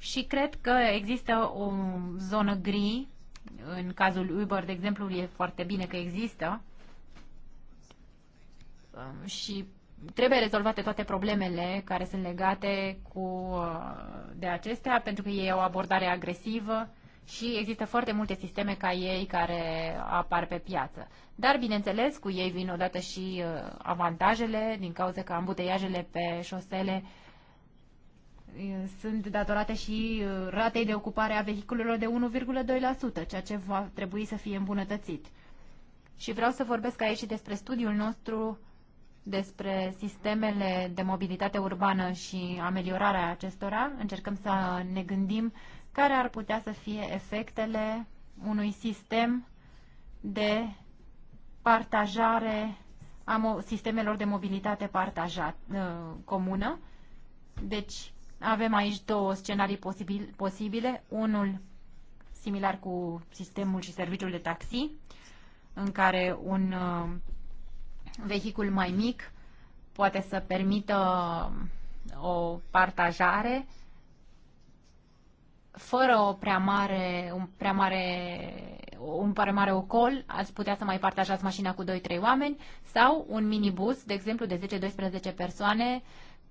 și cred că există o zonă gri, în cazul Uber, de exemplu, e foarte bine că există um, și trebuie rezolvate toate problemele care sunt legate cu, uh, de acestea, pentru că ei au o abordare agresivă și există foarte multe sisteme ca ei care apar pe piață. Dar, bineînțeles, cu ei vin odată și uh, avantajele din cauza că ambuteiajele pe șosele uh, sunt datorate și uh, ratei de ocupare a vehiculelor de 1,2%, ceea ce va trebui să fie îmbunătățit. Și vreau să vorbesc aici și despre studiul nostru despre sistemele de mobilitate urbană și ameliorarea acestora. Încercăm să ne gândim care ar putea să fie efectele unui sistem de partajare a sistemelor de mobilitate partajat, uh, comună. Deci, avem aici două scenarii posibil, posibile, unul similar cu sistemul și serviciul de taxi, în care un uh, vehicul mai mic poate să permită uh, o partajare fără o prea mare, un prea mare, un prea mare ocol, ați putea să mai partajați mașina cu 2-3 oameni sau un minibus, de exemplu, de 10-12 persoane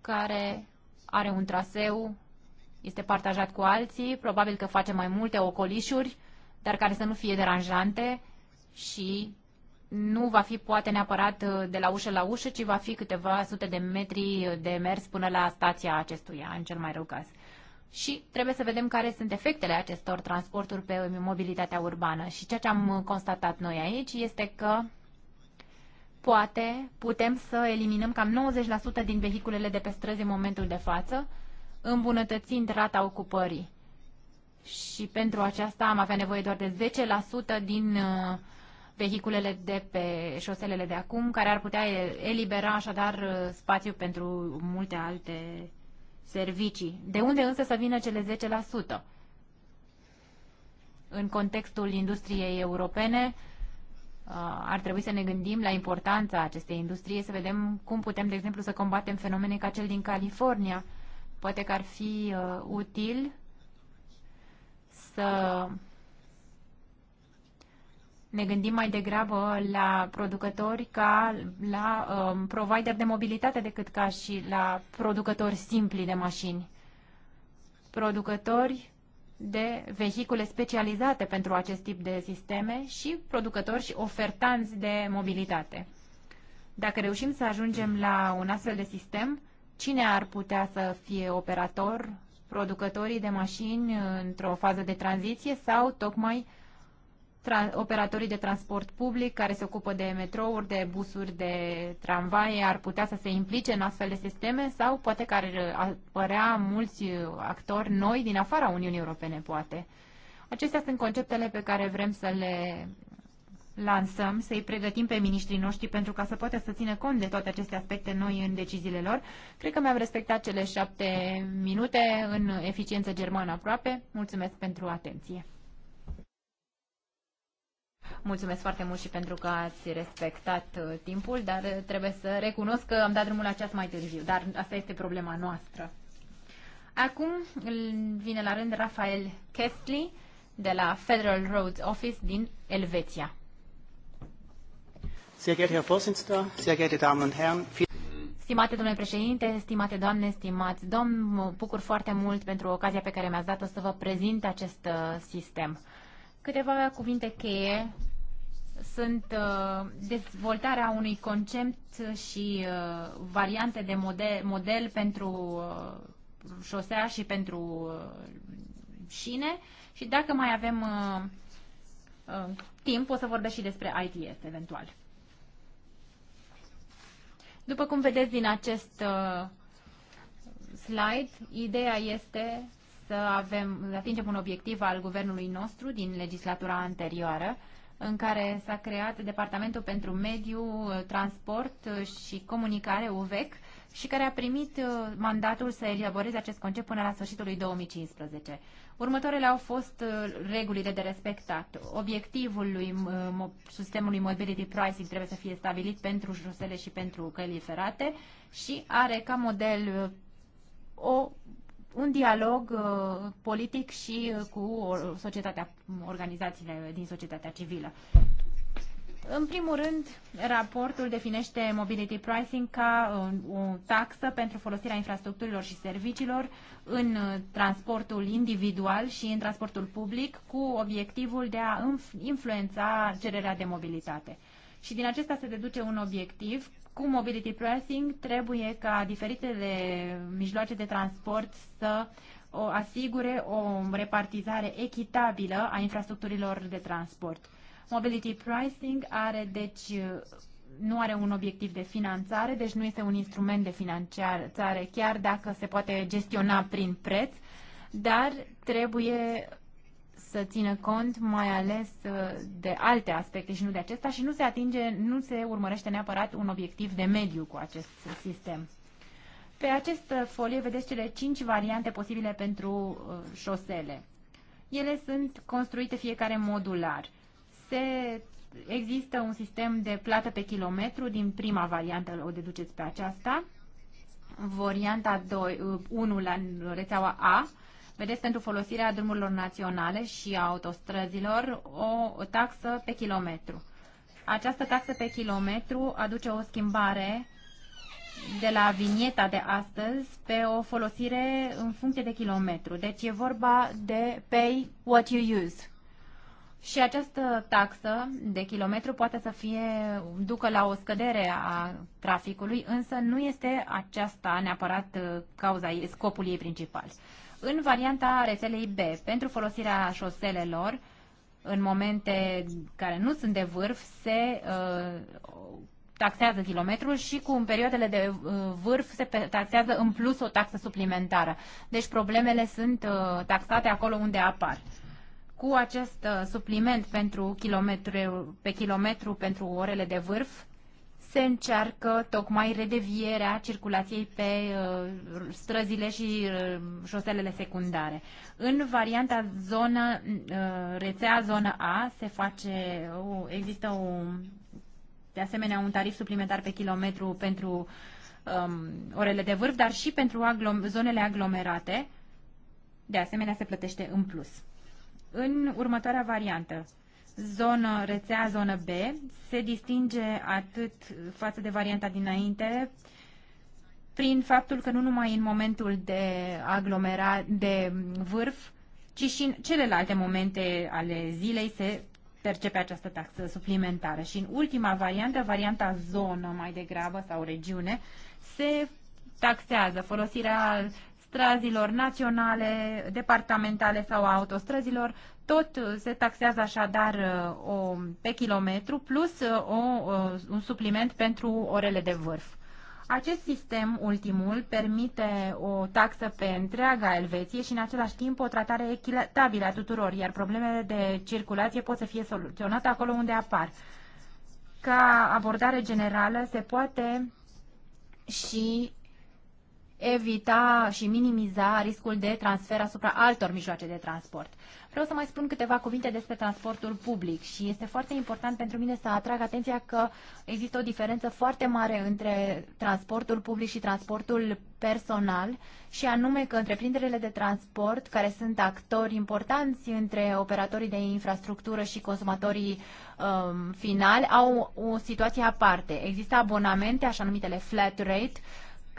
care are un traseu, este partajat cu alții, probabil că face mai multe ocolișuri, dar care să nu fie deranjante și nu va fi poate neapărat uh, de la ușă la ușă, ci va fi câteva sute de metri de mers până la stația acestuia, în cel mai rău caz. Și trebuie să vedem care sunt efectele acestor transporturi pe mobilitatea urbană. Și ceea ce am uh, constatat noi aici este că poate putem să eliminăm cam 90% din vehiculele de pe străzi în momentul de față, îmbunătățind rata ocupării. Și pentru aceasta am avea nevoie doar de 10% din uh, vehiculele de pe șoselele de acum, care ar putea elibera așadar uh, spațiu pentru multe alte servicii. De unde însă să vină cele 10%? În contextul industriei europene, Uh, ar trebui să ne gândim la importanța acestei industrie, să vedem cum putem, de exemplu, să combatem fenomene ca cel din California. Poate că ar fi uh, util să ne gândim mai degrabă la producători ca la uh, provider de mobilitate decât ca și la producători simpli de mașini. Producători de vehicule specializate pentru acest tip de sisteme și producători și ofertanți de mobilitate. Dacă reușim să ajungem la un astfel de sistem, cine ar putea să fie operator, producătorii de mașini într-o fază de tranziție sau tocmai uh, operatorii de transport public care se ocupă de metrouri, de busuri, de tramvaie ar putea să se implice în astfel de sisteme sau poate că ar apărea mulți actori noi din afara Uniunii Europene, poate. Acestea sunt conceptele pe care vrem să le lansăm, să-i pregătim pe miniștrii noștri pentru ca să poată să țină cont de toate aceste aspecte noi în deciziile lor. Cred că mi-am respectat cele șapte minute în eficiență germană aproape. Mulțumesc pentru atenție. Mulțumesc foarte mult și pentru că ați respectat uh, timpul, dar uh, trebuie să recunosc că am dat drumul la ceas mai târziu, dar asta este problema noastră. Acum vine la rând Rafael Kestli de la Federal Roads Office din Elveția. Stimate domnule președinte, stimate doamne, stimați domn, mă bucur foarte mult pentru ocazia pe care mi-ați dat-o să vă prezint acest uh, sistem. Câteva cuvinte cheie sunt uh, dezvoltarea unui concept și uh, variante de model, model pentru uh, șosea și pentru șine și dacă mai avem timp o să vorbesc și despre ITS eventual. După cum vedeți din acest slide, ideea este să avem, să atingem un obiectiv al guvernului nostru din legislatura anterioară, în care s-a creat Departamentul pentru Mediu, Transport și Comunicare, UVEC, și care a primit uh, mandatul să elaboreze acest concept până la sfârșitul lui 2015. Următoarele au fost uh, regulile de respectat. Obiectivul lui uh, sistemului Mobility Pricing trebuie să fie stabilit pentru josele și pentru căile ferate și are ca model o un dialog uh, politic și uh, cu uh, societatea, organizațiile din societatea civilă. În primul rând, raportul definește mobility pricing ca uh, o taxă pentru folosirea infrastructurilor și serviciilor în uh, transportul individual și în transportul public cu obiectivul de a influența cererea de mobilitate și din acesta se deduce un obiectiv. Cu mobility pricing trebuie ca diferitele mijloace de transport să o asigure o repartizare echitabilă a infrastructurilor de transport. Mobility pricing are deci nu are un obiectiv de finanțare, deci nu este un instrument de finanțare, chiar dacă se poate gestiona prin preț, dar trebuie să țină cont mai ales uh, de alte aspecte și nu de acesta și nu se atinge, nu se urmărește neapărat un obiectiv de mediu cu acest sistem. Pe acest uh, folie vedeți cele cinci variante posibile pentru uh, șosele. Ele sunt construite fiecare modular. Se, există un sistem de plată pe kilometru din prima variantă, o deduceți pe aceasta, varianta 1 la rețeaua A, vedeți pentru folosirea drumurilor naționale și a autostrăzilor o taxă pe kilometru. Această taxă pe kilometru aduce o schimbare de la vinieta de astăzi pe o folosire în funcție de kilometru. Deci e vorba de pay what you use. Și această taxă de kilometru poate să fie ducă la o scădere a traficului, însă nu este aceasta neapărat uh, cauza, scopul ei principal în varianta rețelei B pentru folosirea șoselelor în momente care nu sunt de vârf se uh, taxează kilometrul și cu în perioadele de uh, vârf se taxează în plus o taxă suplimentară. Deci problemele sunt uh, taxate acolo unde apar. Cu acest uh, supliment pentru kilometru, pe kilometru pentru orele de vârf, se încearcă tocmai redevierea circulației pe uh, străzile și uh, șoselele secundare. În varianta zonă, uh, rețea zonă A se face, uh, există o, de asemenea un tarif suplimentar pe kilometru pentru um, orele de vârf, dar și pentru aglom- zonele aglomerate. De asemenea, se plătește în plus. În următoarea variantă, zonă rețea, zonă B, se distinge atât față de varianta dinainte, prin faptul că nu numai în momentul de aglomera, de vârf, ci și în celelalte momente ale zilei se percepe această taxă suplimentară. Și în ultima variantă, varianta zonă mai degrabă sau regiune, se taxează folosirea străzilor naționale, departamentale sau a autostrăzilor, tot uh, se taxează așadar uh, o, pe kilometru plus uh, o, un supliment pentru orele de vârf. Acest sistem, ultimul, permite o taxă pe întreaga Elveție și în același timp o tratare echitabilă a tuturor, iar problemele de circulație pot să fie soluționate acolo unde apar. Ca abordare generală se poate și evita și minimiza riscul de transfer asupra altor mijloace de transport. Vreau să mai spun câteva cuvinte despre transportul public și este foarte important pentru mine să atrag atenția că există o diferență foarte mare între transportul public și transportul personal și anume că întreprinderile de transport, care sunt actori importanți între operatorii de infrastructură și consumatorii um, finali, au o situație aparte. Există abonamente, așa numitele flat rate,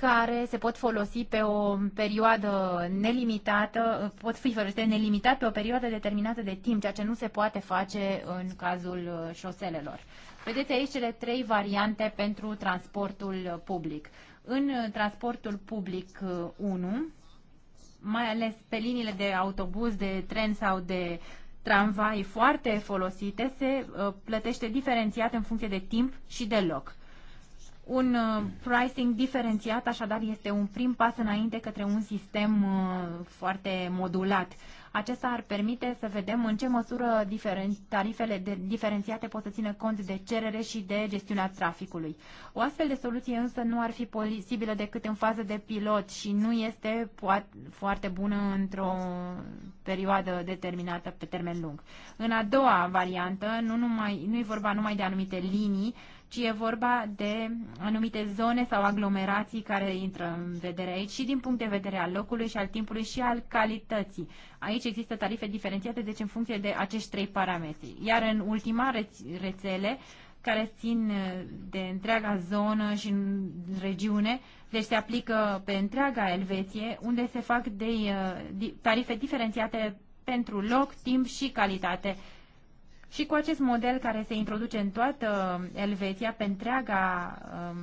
care se pot folosi pe o perioadă nelimitată, pot fi folosite nelimitat pe o perioadă determinată de timp, ceea ce nu se poate face în cazul uh, șoselelor. Vedeți aici cele trei variante pentru transportul public. În uh, transportul public 1, uh, mai ales pe liniile de autobuz, de tren sau de tramvai foarte folosite, se plătește diferențiat în funcție de timp și de loc. Un uh, pricing diferențiat, așadar, este un prim pas înainte către un sistem uh, foarte modulat. Acesta ar permite să vedem în ce măsură tarifele de, diferențiate pot să țină cont de cerere și de gestiunea traficului. O astfel de soluție însă nu ar fi posibilă decât în fază de pilot și nu este foarte bună într-o perioadă determinată pe termen lung. În a doua variantă, nu, nu e vorba numai de anumite linii, ci e vorba de anumite zone sau aglomerații care intră în vedere aici și din punct de vedere al locului și al timpului și al calității. Aici există tarife diferențiate, deci în funcție de acești trei parametri. Iar în ultima rețele, care țin uh, de întreaga zonă și în regiune, deci se aplică pe întreaga Elveție, unde se fac de uh, tarife diferențiate pentru loc, timp și calitate și cu acest model care se introduce în toată uh, Elveția, pe întreaga um,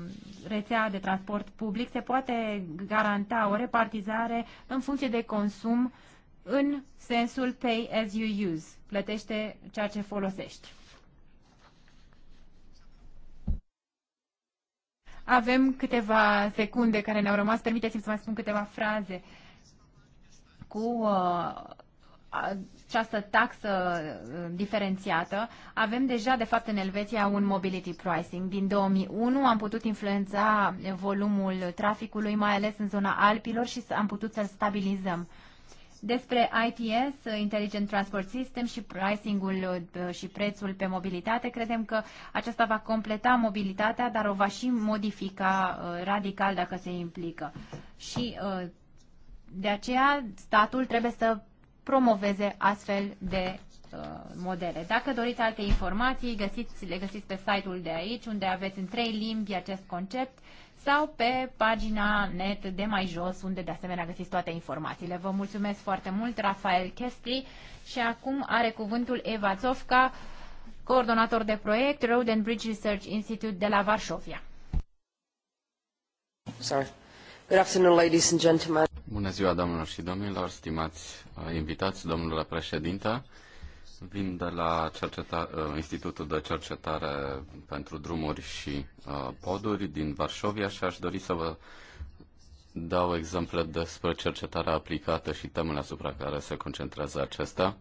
rețea de transport public, se poate garanta o repartizare în funcție de consum în sensul pay as you use, plătește ceea ce folosești. Avem câteva secunde care ne-au rămas. Permiteți-mi să mai spun câteva fraze. Cu uh, această taxă uh, diferențiată, avem deja, de fapt, în Elveția un mobility pricing. Din 2001 am putut influența volumul traficului, mai ales în zona Alpilor și am putut să-l stabilizăm. Despre ITS, uh, Intelligent Transport System și pricing-ul uh, și prețul pe mobilitate, credem că acesta va completa mobilitatea, dar o va și modifica radical dacă se implică. Și de aceea statul trebuie să promoveze astfel de uh, modele. Dacă doriți alte informații, găsiți, le găsiți pe site-ul de aici, unde aveți în trei limbi acest concept, sau pe pagina net de mai jos, unde de asemenea găsiți toate informațiile. Vă mulțumesc foarte mult, Rafael Chestri, și acum are cuvântul Eva Zofka, coordonator de proiect Road and Bridge Research Institute de la Varșovia. Sorry. Good afternoon, ladies and gentlemen. Bună ziua, doamnelor și domnilor, stimați uh, invitați, domnule președinte. Vin de la uh, Institutul de Cercetare pentru Drumuri și uh, Poduri din Varșovia și aș dori să vă dau exemple despre cercetarea aplicată și temele asupra care se concentrează acesta.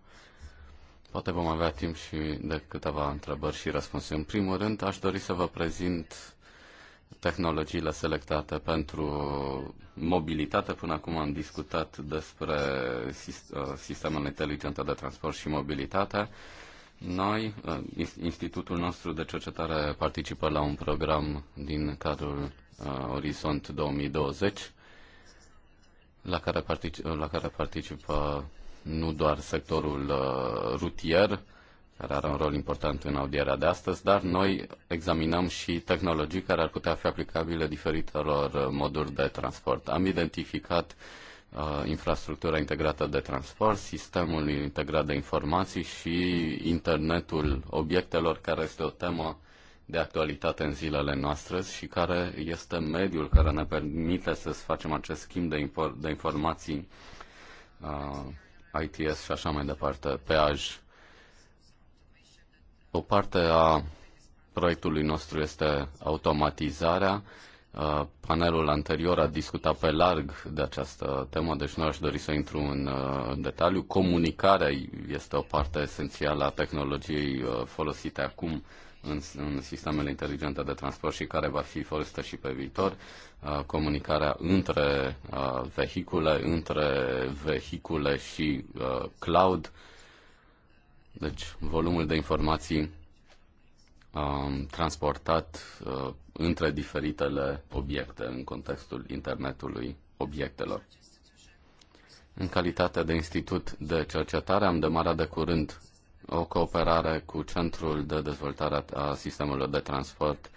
Poate vom avea timp și de câteva întrebări și răspunsuri. În primul rând, aș dori să vă prezint tehnologiile selectate pentru mobilitate. Până acum am discutat despre uh, sistemele inteligente de transport și mobilitate. Noi, uh, institutul nostru de cercetare participă la un program din cadrul uh, Orizont 2020, la care, particip, la care participă nu doar sectorul rutier, care are un rol important în audierea de astăzi, dar noi examinăm și tehnologii care ar putea fi aplicabile diferitelor moduri de transport. Am identificat uh, infrastructura integrată de transport, sistemul integrat de informații și internetul obiectelor, care este o temă de actualitate în zilele noastre și care este mediul care ne permite să facem acest schimb de, de informații uh, ITS și așa mai departe, peaj. O parte a proiectului nostru este automatizarea. Uh, panelul anterior a discutat pe larg de această temă, deci nu aș dori să intru în, uh, în detaliu. Comunicarea este o parte esențială a tehnologiei uh, folosite acum în, în sistemele inteligente de transport și care va fi folosită și pe viitor. Comunicarea între vehicule, între vehicule și cloud deci, volumul de informații um, transportat uh, între diferitele obiecte în contextul internetului obiectelor. În calitate de institut de cercetare am demarat de curând o cooperare cu Centrul de Dezvoltare a Sistemelor de Transport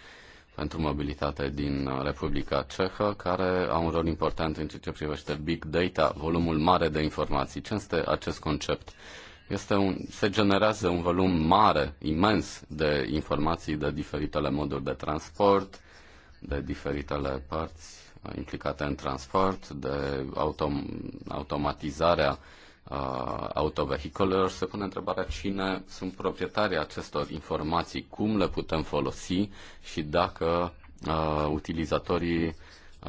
pentru Mobilitate din uh, Republica Cehă, care au un rol important în ceea ce privește big data, volumul mare de informații. Ce este acest concept? este un, se generează un volum mare, imens de informații de diferitele moduri de transport, de diferitele părți implicate în transport, de autom- automatizarea uh, autovehiculelor, se pune întrebarea cine sunt proprietarii acestor informații, cum le putem folosi și dacă uh, utilizatorii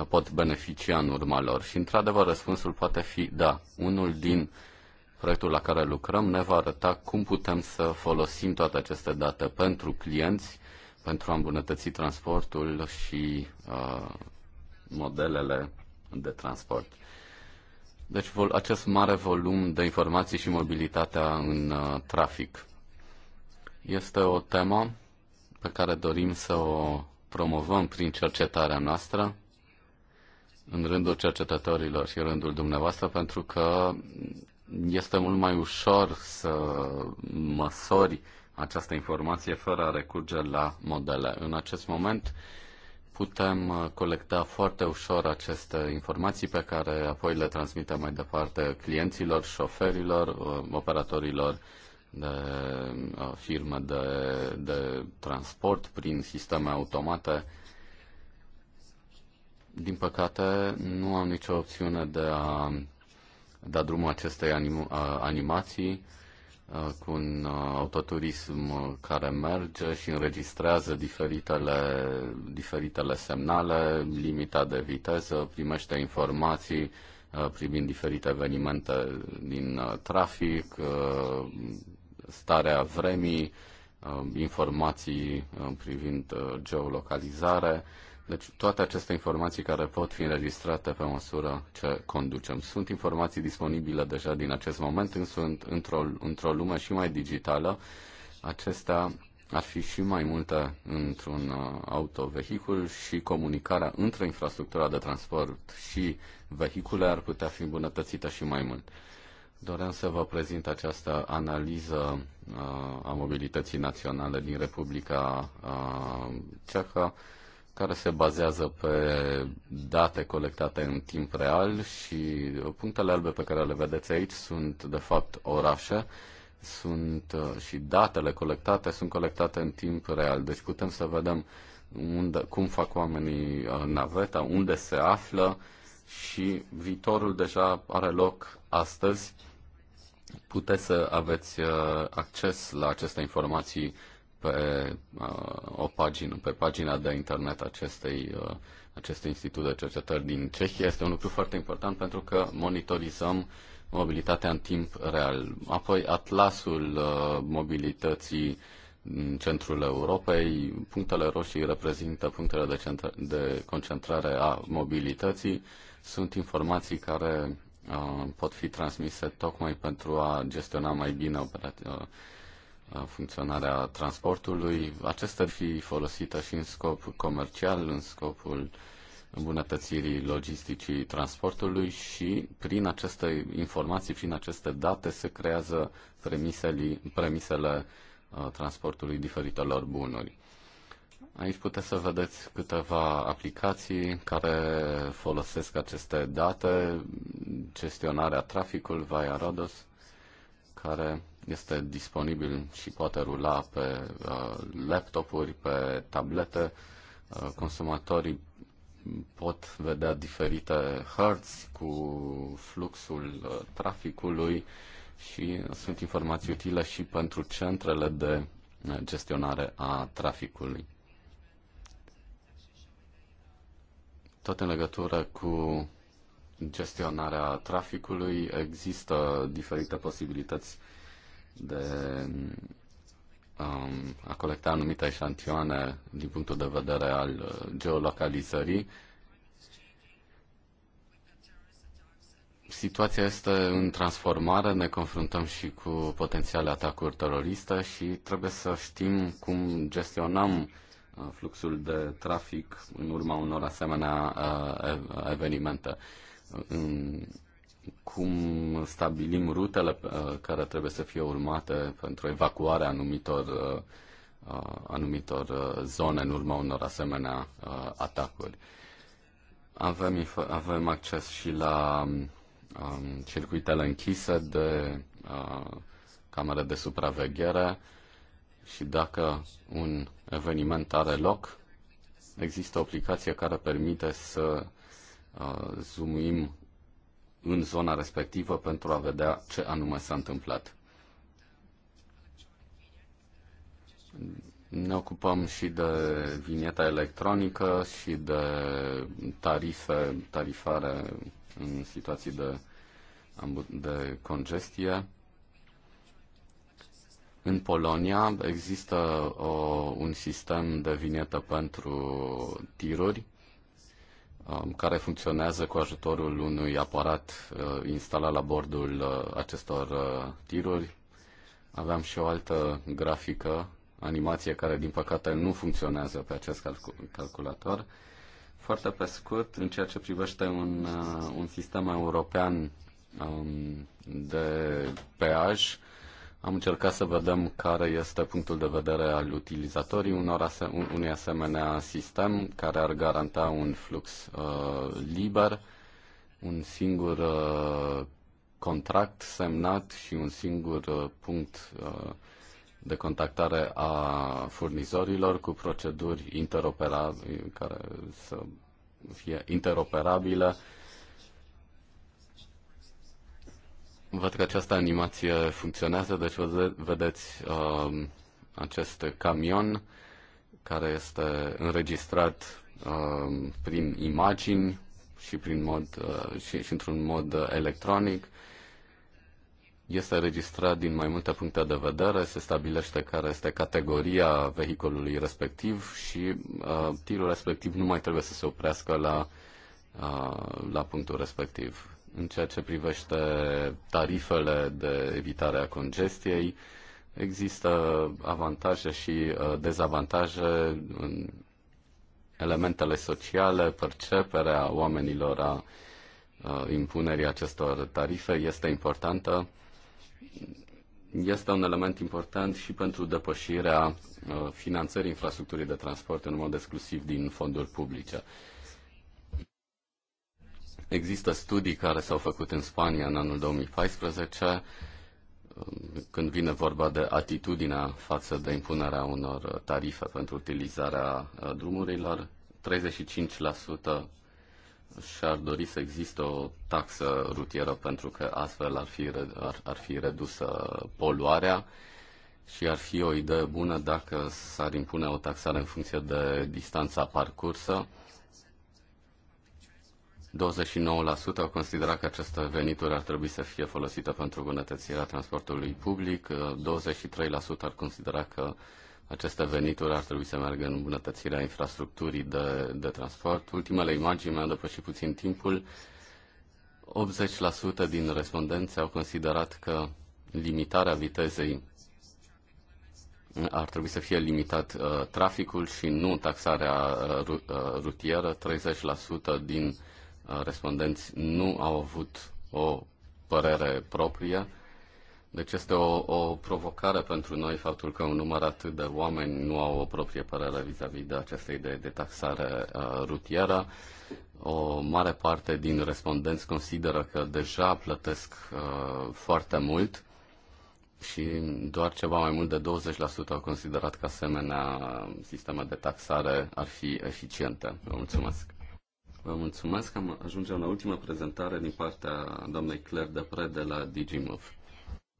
pot beneficia în urma lor. Și, într-adevăr, răspunsul poate fi da. Unul din uh, proiectul la care lucrăm ne va arăta cum putem să folosim toate aceste date pentru clienți, pentru a îmbunătăți transportul și uh, modelele de transport. Deci acest mare volum de informații și mobilitatea în uh, trafic este o temă pe care dorim să o promovăm prin cercetarea noastră, în rândul cercetătorilor și în rândul dumneavoastră, pentru că este mult mai ușor să măsori această informație fără a recurge la modele. În acest moment putem uh, colecta foarte ușor aceste informații pe care apoi le transmitem mai departe clienților, șoferilor, uh, operatorilor de uh, firme de, de transport prin sisteme automate. Din păcate, nu am nicio opțiune de a da drumul acestei anim- animații cu un autoturism care merge și înregistrează diferitele, diferitele semnale, limita de viteză, primește informații privind diferite evenimente din trafic, starea vremii, informații privind geolocalizare. Deci toate aceste informații care pot fi înregistrate pe măsură ce conducem. Sunt informații disponibile deja din acest moment, însă într-o, într-o lume și mai digitală, acestea ar fi și mai multe într-un uh, autovehicul și comunicarea între infrastructura de transport și vehicule ar putea fi îmbunătățită și mai mult. Doream să vă prezint această analiză uh, a mobilității naționale din Republica uh, Cehă care se bazează pe date colectate în timp real și punctele albe pe care le vedeți aici sunt de fapt orașe sunt uh, și datele colectate sunt colectate în timp real. Deci putem să vedem unde, cum fac oamenii uh, naveta, unde se află și viitorul deja are loc astăzi. Puteți să aveți uh, acces la aceste informații pe uh, o pagină, pe pagina de internet acestei, uh, acestui institut de cercetări din Cehia. Este un lucru foarte important pentru că monitorizăm mobilitatea în timp real. Apoi atlasul uh, mobilității în centrul Europei, punctele roșii reprezintă punctele de, centra- de concentrare a mobilității. Sunt informații care uh, pot fi transmise tocmai pentru a gestiona mai bine Uh, funcționarea transportului. Acestea ar fi folosită și în scop comercial, în scopul îmbunătățirii logisticii transportului și prin aceste informații, prin aceste date se creează premisele, premisele uh, transportului diferitelor bunuri. Aici puteți să vedeți câteva aplicații care folosesc aceste date, gestionarea traficului via Rodos, care este disponibil și poate rula pe uh, laptopuri, pe tablete. Uh, consumatorii pot vedea diferite hărți cu fluxul uh, traficului și sunt informații utile și pentru centrele de uh, gestionare a traficului. Tot în legătură cu gestionarea traficului există diferite posibilități de um, a colecta anumite eșantioane din punctul de vedere al uh, geolocalizării, situația este în transformare, ne confruntăm și cu potențiale atacuri teroriste și trebuie să știm cum gestionăm uh, fluxul de trafic în urma unor asemenea uh, evenimente cum stabilim rutele uh, care trebuie să fie urmate pentru evacuarea anumitor, uh, uh, anumitor zone în urma unor asemenea atacuri. Avem, avem acces și la um, circuitele închise de uh, camere de supraveghere și dacă un eveniment are loc, există o aplicație care permite să uh, zoomim în zona respectivă pentru a vedea ce anume s-a întâmplat. Ne ocupăm și de vinieta electronică și de tarife, tarifare în situații de, de congestie. În Polonia există o, un sistem de vinietă pentru tiruri Um, care funcționează cu ajutorul unui aparat uh, instalat la bordul uh, acestor uh, tiruri. Aveam și o altă grafică, animație care din păcate nu funcționează pe acest calculator. Foarte pe scurt, în ceea ce privește un, un sistem european um, de peaj, am încercat să vedem care este punctul de vedere al utilizatorii unor ase- unui asemenea sistem care ar garanta un flux uh, liber, un singur uh, contract semnat și un singur uh, punct uh, de contactare a furnizorilor cu proceduri interoperabile, care să fie interoperabile Văd că această animație funcționează, deci vedeți uh, acest camion care este înregistrat uh, prin imagini și, prin mod, uh, și, și într-un mod uh, electronic. Este înregistrat din mai multe puncte de vedere, se stabilește care este categoria vehiculului respectiv și uh, tirul respectiv nu mai trebuie să se oprească la, uh, la punctul respectiv în ceea ce privește tarifele de evitare a congestiei. Există avantaje și uh, dezavantaje în elementele sociale, perceperea oamenilor a uh, impunerii acestor tarife este importantă. Este un element important și pentru depășirea uh, finanțării infrastructurii de transport în mod exclusiv din fonduri publice. Există studii care s-au făcut în Spania în anul 2014 um, când vine vorba de atitudinea față de impunerea unor tarife pentru utilizarea uh, drumurilor, 35% și-ar dori să existe o taxă rutieră pentru că astfel ar fi, ar, ar fi redusă poluarea și ar fi o idee bună dacă s-ar impune o taxare în funcție de distanța parcursă. 29% au considerat că aceste venituri ar trebui să fie folosite pentru bunătățirea transportului public, 23% ar considera că aceste venituri ar trebui să meargă în îmbunătățirea infrastructurii de, de transport. Ultimele imagini mi-au depășit puțin timpul. 80% din respondenți au considerat că limitarea vitezei ar trebui să fie limitat uh, traficul și nu taxarea uh, uh rutieră. 30% din uh, Uh, respondenți nu au avut o părere proprie. Deci este o, o provocare pentru noi faptul că un număr atât de oameni nu au o proprie părere vis-a-vis -vis de aceste idei de taxare uh, rutieră. O mare parte din respondenți consideră că deja plătesc uh, foarte mult și doar ceva mai mult de 20% au considerat că asemenea sisteme de taxare ar fi eficiente. Vă mulțumesc! Vă mulțumesc. Am ajungem la ultima prezentare din partea doamnei Claire Depre de la DigiMove.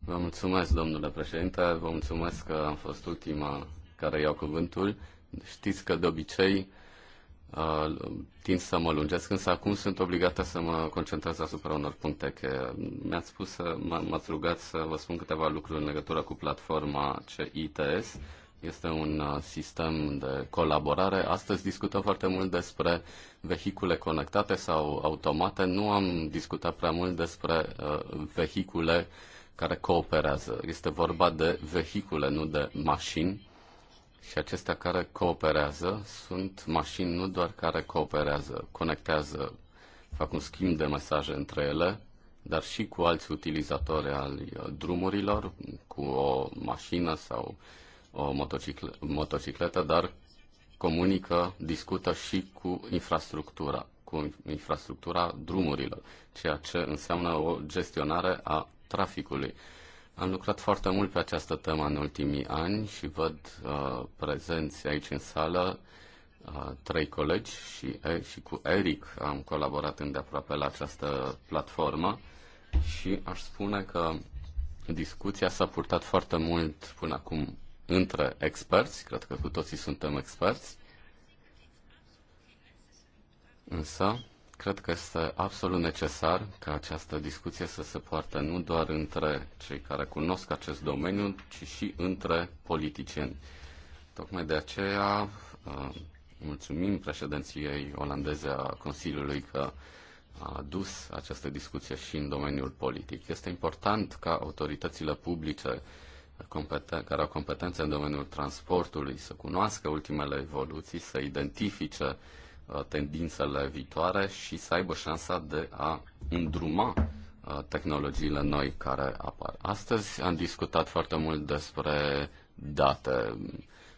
Vă mulțumesc, domnule președinte. Vă mulțumesc că am fost ultima care iau cuvântul. Știți că de obicei tind să mă lungesc, însă acum sunt obligată să mă concentrez asupra unor puncte. Că mi-ați spus, m-ați rugat să vă spun câteva lucruri în legătură cu platforma CITS. Este un sistem de colaborare. Astăzi discutăm foarte mult despre vehicule conectate sau automate, nu am discutat prea mult despre uh, vehicule care cooperează. Este vorba de vehicule, nu de mașini. Și acestea care cooperează sunt mașini nu doar care cooperează, conectează, fac un schimb de mesaje între ele, dar și cu alți utilizatori al uh, drumurilor, cu o mașină sau o motocicletă, dar comunică, discută și cu infrastructura, cu infrastructura drumurilor, ceea ce înseamnă o gestionare a traficului. Am lucrat foarte mult pe această temă în ultimii ani și văd uh, prezenți aici în sală uh, trei colegi și, e, și cu Eric am colaborat îndeaproape la această platformă și aș spune că discuția s-a purtat foarte mult până acum între experți, cred că cu toții suntem experți, însă cred că este absolut necesar ca această discuție să se poarte nu doar între cei care cunosc acest domeniu, ci și între politicieni. Tocmai de aceea uh, mulțumim președinției olandeze a Consiliului că a adus această discuție și în domeniul politic. Este important ca autoritățile publice care au competențe în domeniul transportului să cunoască ultimele evoluții, să identifice uh, tendințele viitoare și să aibă șansa de a îndruma uh, tehnologiile noi care apar. Astăzi am discutat foarte mult despre date.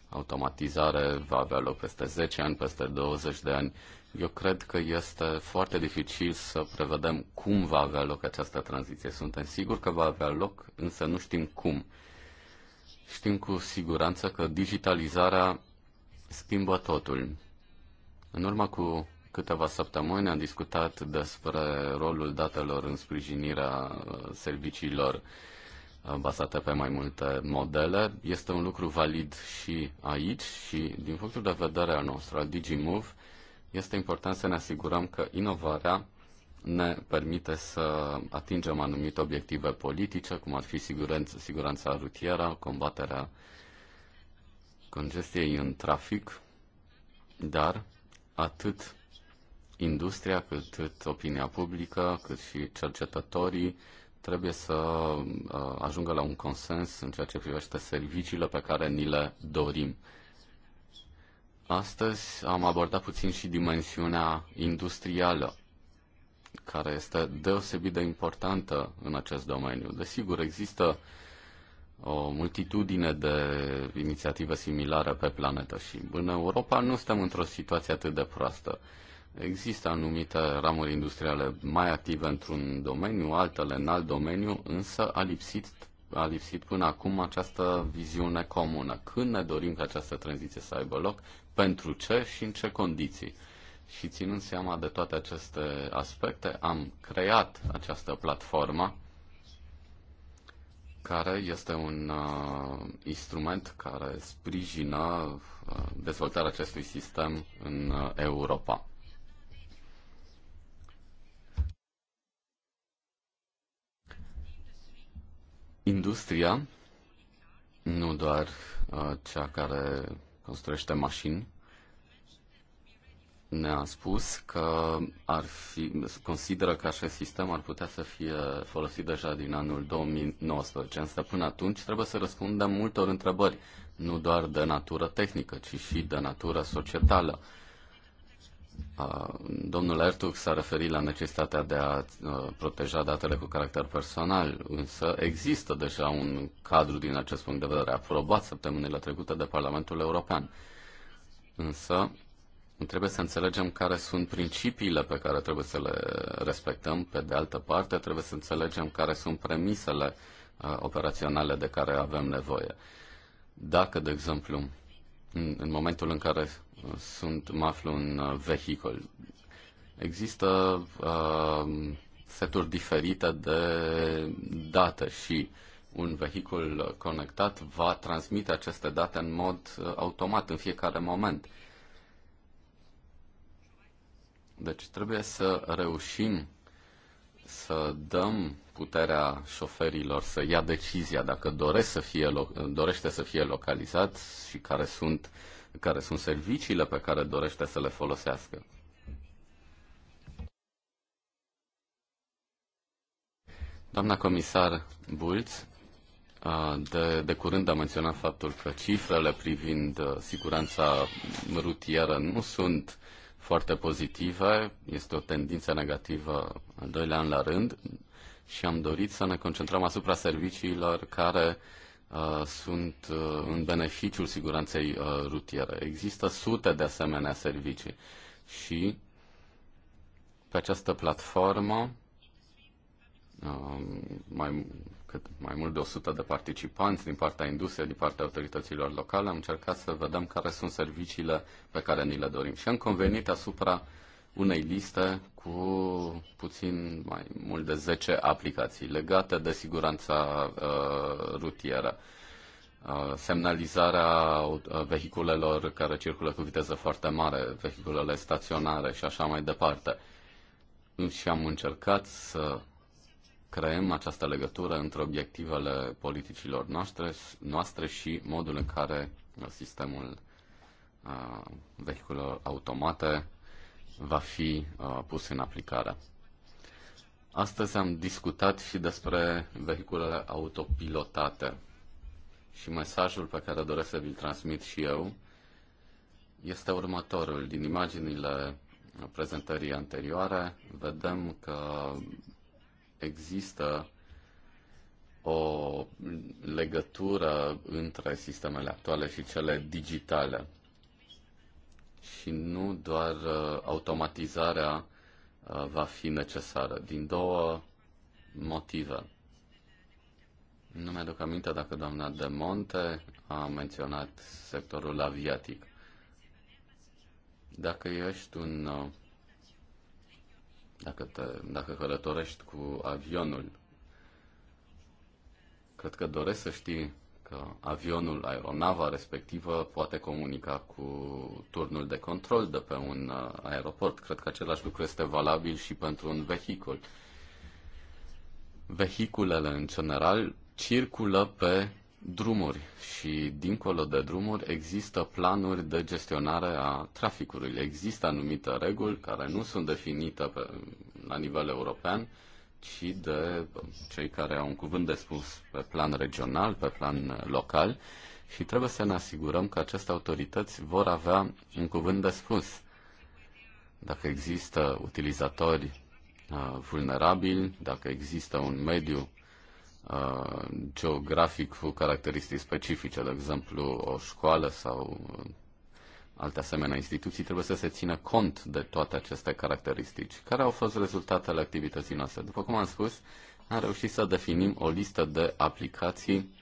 Automatizare va avea loc peste 10 ani, peste 20 de ani. Eu cred că este foarte dificil să prevedem cum va avea loc această tranziție. Suntem siguri că va avea loc, însă nu știm cum. Știm cu siguranță că digitalizarea schimbă totul. În urmă cu câteva săptămâni am discutat despre rolul datelor în sprijinirea uh, serviciilor uh, bazate pe mai multe modele. Este un lucru valid și aici și din punctul de vedere al nostru, al DigiMove, este important să ne asigurăm că inovarea ne permite să atingem anumite obiective politice, cum ar fi siguranța, siguranța rutieră, combaterea congestiei în trafic, dar atât industria, cât, cât opinia publică, cât și cercetătorii trebuie să uh, ajungă la un consens în ceea ce privește serviciile pe care ni le dorim. Astăzi am abordat puțin și dimensiunea industrială care este deosebit de importantă în acest domeniu. Desigur, există o multitudine de inițiative similare pe planetă și în Europa nu suntem într-o situație atât de proastă. Există anumite ramuri industriale mai active într-un domeniu, altele în alt domeniu, însă a lipsit, a lipsit până acum această viziune comună. Când ne dorim ca această tranziție să aibă loc, pentru ce și în ce condiții și ținând seama de toate aceste aspecte, am creat această platformă care este un uh, instrument care sprijină uh, dezvoltarea acestui sistem în uh, Europa. Industria, nu doar uh, cea care construiește mașini, ne-a spus că ar fi, consideră că acest sistem ar putea să fie folosit deja din anul 2019, însă până atunci trebuie să răspundem multor întrebări, nu doar de natură tehnică, ci și de natură societală. Domnul Ertug s-a referit la necesitatea de a proteja datele cu caracter personal, însă există deja un cadru din acest punct de vedere aprobat săptămânile trecute de Parlamentul European. Însă, trebuie să înțelegem care sunt principiile pe care trebuie să le respectăm. Pe de altă parte, trebuie să înțelegem care sunt premisele uh, operaționale de care avem nevoie. Dacă, de exemplu, în, în momentul în care uh, sunt, mă aflu în uh, vehicul, există uh, seturi diferite de date și un vehicul conectat va transmite aceste date în mod automat în fiecare moment. Deci trebuie să reușim să dăm puterea șoferilor să ia decizia dacă doresc să fie, dorește să fie localizat și care sunt, care sunt serviciile pe care dorește să le folosească. Doamna comisar Bulț, de, de curând a menționat faptul că cifrele privind uh, siguranța rutieră nu sunt foarte pozitive, este o tendință negativă în doilea an la rând și am dorit să ne concentrăm asupra serviciilor care uh, sunt uh, în beneficiul siguranței uh, rutiere. Există sute de asemenea servicii și pe această platformă uh, mai cât mai mult de 100 de participanți din partea industriei, din partea autorităților locale, am încercat să vedem care sunt serviciile pe care ni le dorim. Și am convenit asupra unei liste cu puțin mai mult de 10 aplicații legate de siguranța uh, rutieră uh, semnalizarea uh, vehiculelor care circulă cu viteză foarte mare, vehiculele staționare și așa mai departe. Și am încercat să creăm această legătură între obiectivele politicilor noastre, noastre și modul în care uh, sistemul uh, vehiculelor automate va fi uh, pus în aplicare. Astăzi am discutat și despre vehiculele autopilotate și mesajul pe care doresc să vi-l transmit și eu este următorul. Din imaginile prezentării anterioare vedem că există o legătură între sistemele actuale și cele digitale și nu doar uh, automatizarea uh, va fi necesară, din două motive. Nu mi-aduc aminte dacă doamna De Monte a menționat sectorul aviatic. Dacă ești un uh, dacă, te, dacă călătorești cu avionul. Cred că doresc să știi că avionul, aeronava respectivă poate comunica cu turnul de control de pe un uh, aeroport. Cred că același lucru este valabil și pentru un vehicul. Vehiculele, în general, circulă pe drumuri și dincolo de drumuri există planuri de gestionare a traficului. Există anumite reguli care nu sunt definite pe, la nivel european, ci de cei care au un cuvânt de spus pe plan regional, pe plan uh, local și trebuie să ne asigurăm că aceste autorități vor avea un cuvânt de spus. Dacă există utilizatori uh, vulnerabili, dacă există un mediu geografic cu caracteristici specifice, de exemplu o școală sau uh, alte asemenea instituții, trebuie să se țină cont de toate aceste caracteristici. Care au fost rezultatele activității noastre? După cum am spus, am reușit să definim o listă de aplicații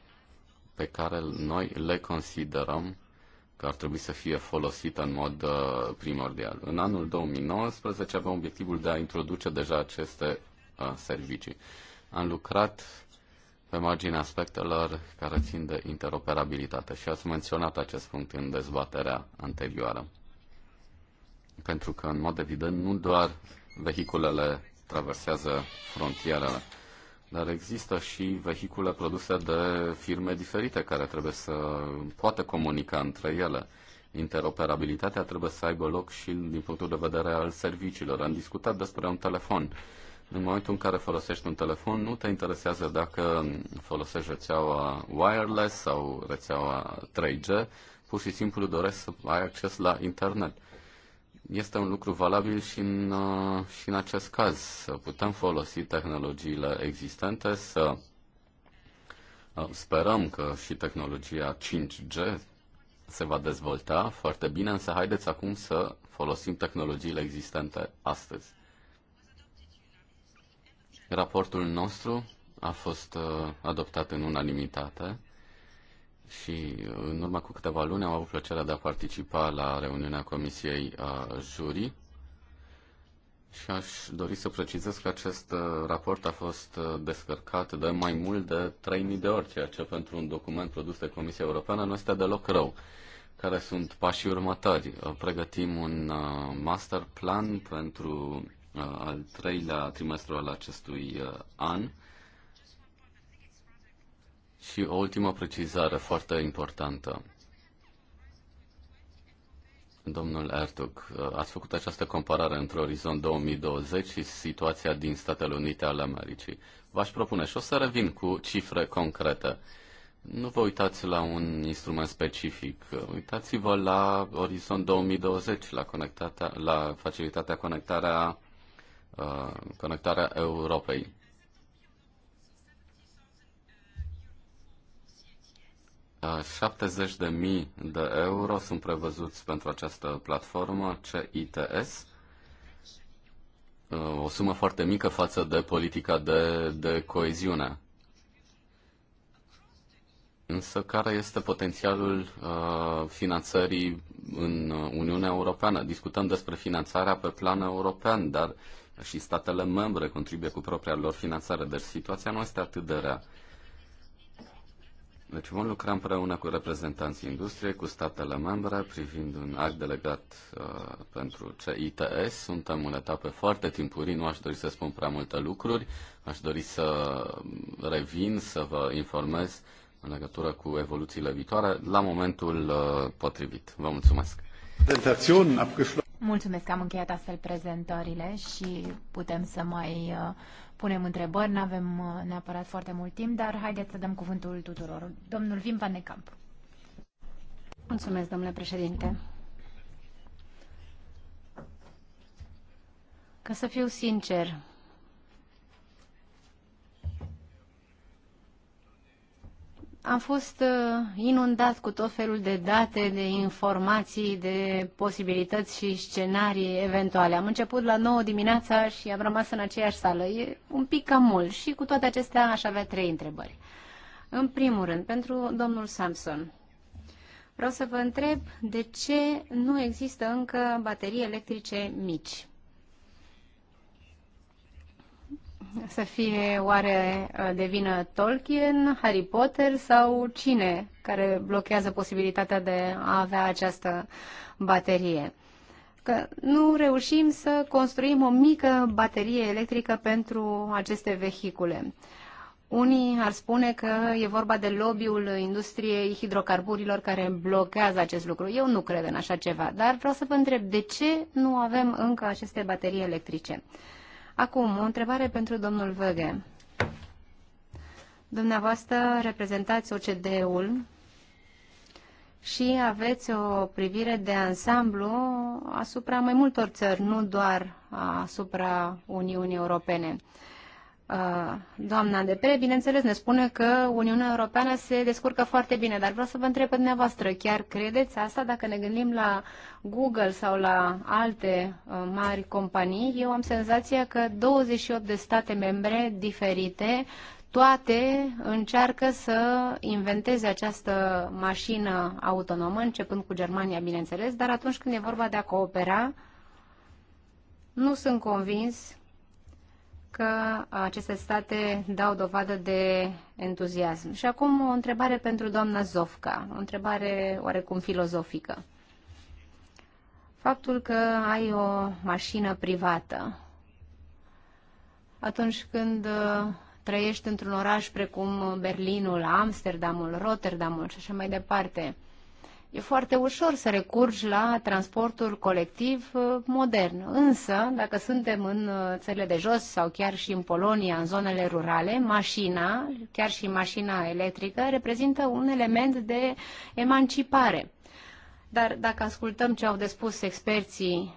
pe care noi le considerăm că ar trebui să fie folosită în mod uh, primordial. În anul 2019 aveam obiectivul de a introduce deja aceste uh, servicii. Am lucrat pe marginea aspectelor care țin de interoperabilitate și ați menționat acest punct în dezbaterea anterioară. Pentru că, în mod evident, nu doar vehiculele traversează frontierele, dar există și vehicule produse de firme diferite care trebuie să poată comunica între ele. Interoperabilitatea trebuie să aibă loc și din punctul de vedere al serviciilor. Am discutat despre un telefon în momentul în care folosești un telefon, nu te interesează dacă folosești rețeaua wireless sau rețeaua 3G, pur și simplu doresc să ai acces la internet. Este un lucru valabil și în, uh, și în acest caz. Să putem folosi tehnologiile existente, să uh, sperăm că și tehnologia 5G se va dezvolta foarte bine, însă haideți acum să folosim tehnologiile existente astăzi. Raportul nostru a fost uh, adoptat în unanimitate și uh, în urma cu câteva luni am avut plăcerea de a participa la reuniunea Comisiei a uh, Jurii și aș dori să precizez că acest raport a fost descărcat de mai mult de 3.000 de ori, ceea ce pentru un document produs de Comisia Europeană nu este deloc rău. Care sunt pașii următori? Pregătim un master plan pentru Uh, al treilea trimestru al acestui uh, an. Și o ultimă precizare foarte importantă. Domnul Ertug, uh, ați făcut această comparare între Orizont 2020 și situația din Statele Unite ale Americii. V-aș propune și o să revin cu cifre concrete. Nu vă uitați la un instrument specific, uitați-vă la Orizont 2020, la, la facilitatea conectarea Uh, conectarea Europei. Uh, 70.000 de euro sunt prevăzuți pentru această platformă CITS, uh, o sumă foarte mică față de politica de, de coeziune. Însă care este potențialul uh, finanțării în Uniunea Europeană? Discutăm despre finanțarea pe plan european, dar și statele membre contribuie cu propria lor finanțare, deci situația nu este atât de rea. Deci vom lucra împreună cu reprezentanții industriei, cu statele membre, privind un act delegat uh, pentru CITS. Suntem în etape foarte timpurii, nu aș dori să spun prea multe lucruri. Aș dori să revin, să vă informez în legătură cu evoluțiile viitoare la momentul uh, potrivit. Vă mulțumesc! Mulțumesc că am încheiat astfel prezentările și putem să mai uh, punem întrebări. Nu avem uh, neapărat foarte mult timp, dar haideți să dăm cuvântul tuturor. Domnul Vim Van de Camp. Mulțumesc, domnule președinte. Ca să fiu sincer, am fost uh, inundat cu tot felul de date, de informații, de posibilități și scenarii eventuale. Am început la 9 dimineața și am rămas în aceeași sală. E un pic cam mult și cu toate acestea aș avea trei întrebări. În primul rând, pentru domnul Samson. Vreau să vă întreb de ce nu există încă baterii electrice mici. să fie oare uh, de vină Tolkien, Harry Potter sau cine care blochează posibilitatea de a avea această baterie? Că nu reușim să construim o mică baterie electrică pentru aceste vehicule. Unii ar spune că e vorba de lobby-ul industriei hidrocarburilor care blochează acest lucru. Eu nu cred în așa ceva, dar vreau să vă întreb de ce nu avem încă aceste baterii electrice. Uh, Acum, o întrebare pentru domnul Văghe. Dumneavoastră reprezentați ocd ul și aveți o privire de ansamblu asupra mai multor țări, nu doar asupra Uniunii Europene. Uh, Uh, doamna de pre, bineînțeles, ne spune că Uniunea Europeană se descurcă foarte bine, dar vreau să vă întreb pe dumneavoastră, chiar credeți asta? Dacă ne gândim la Google sau la alte uh, mari companii, eu am senzația că 28 de state membre diferite toate încearcă să inventeze această mașină autonomă, începând cu Germania, bineînțeles, dar atunci când e vorba de a coopera, nu sunt convins că aceste state dau dovadă de entuziasm. Și acum o întrebare pentru doamna Zofca, o întrebare oarecum filozofică. Faptul că ai o mașină privată atunci când uh, trăiești într-un oraș precum Berlinul, Amsterdamul, Rotterdamul și așa mai departe, E foarte ușor să recurgi la transportul colectiv uh, modern. Însă, dacă suntem în uh, țările de jos sau chiar și în Polonia, în zonele rurale, mașina, chiar și mașina electrică, reprezintă un element de emancipare. Dar dacă ascultăm ce au de spus experții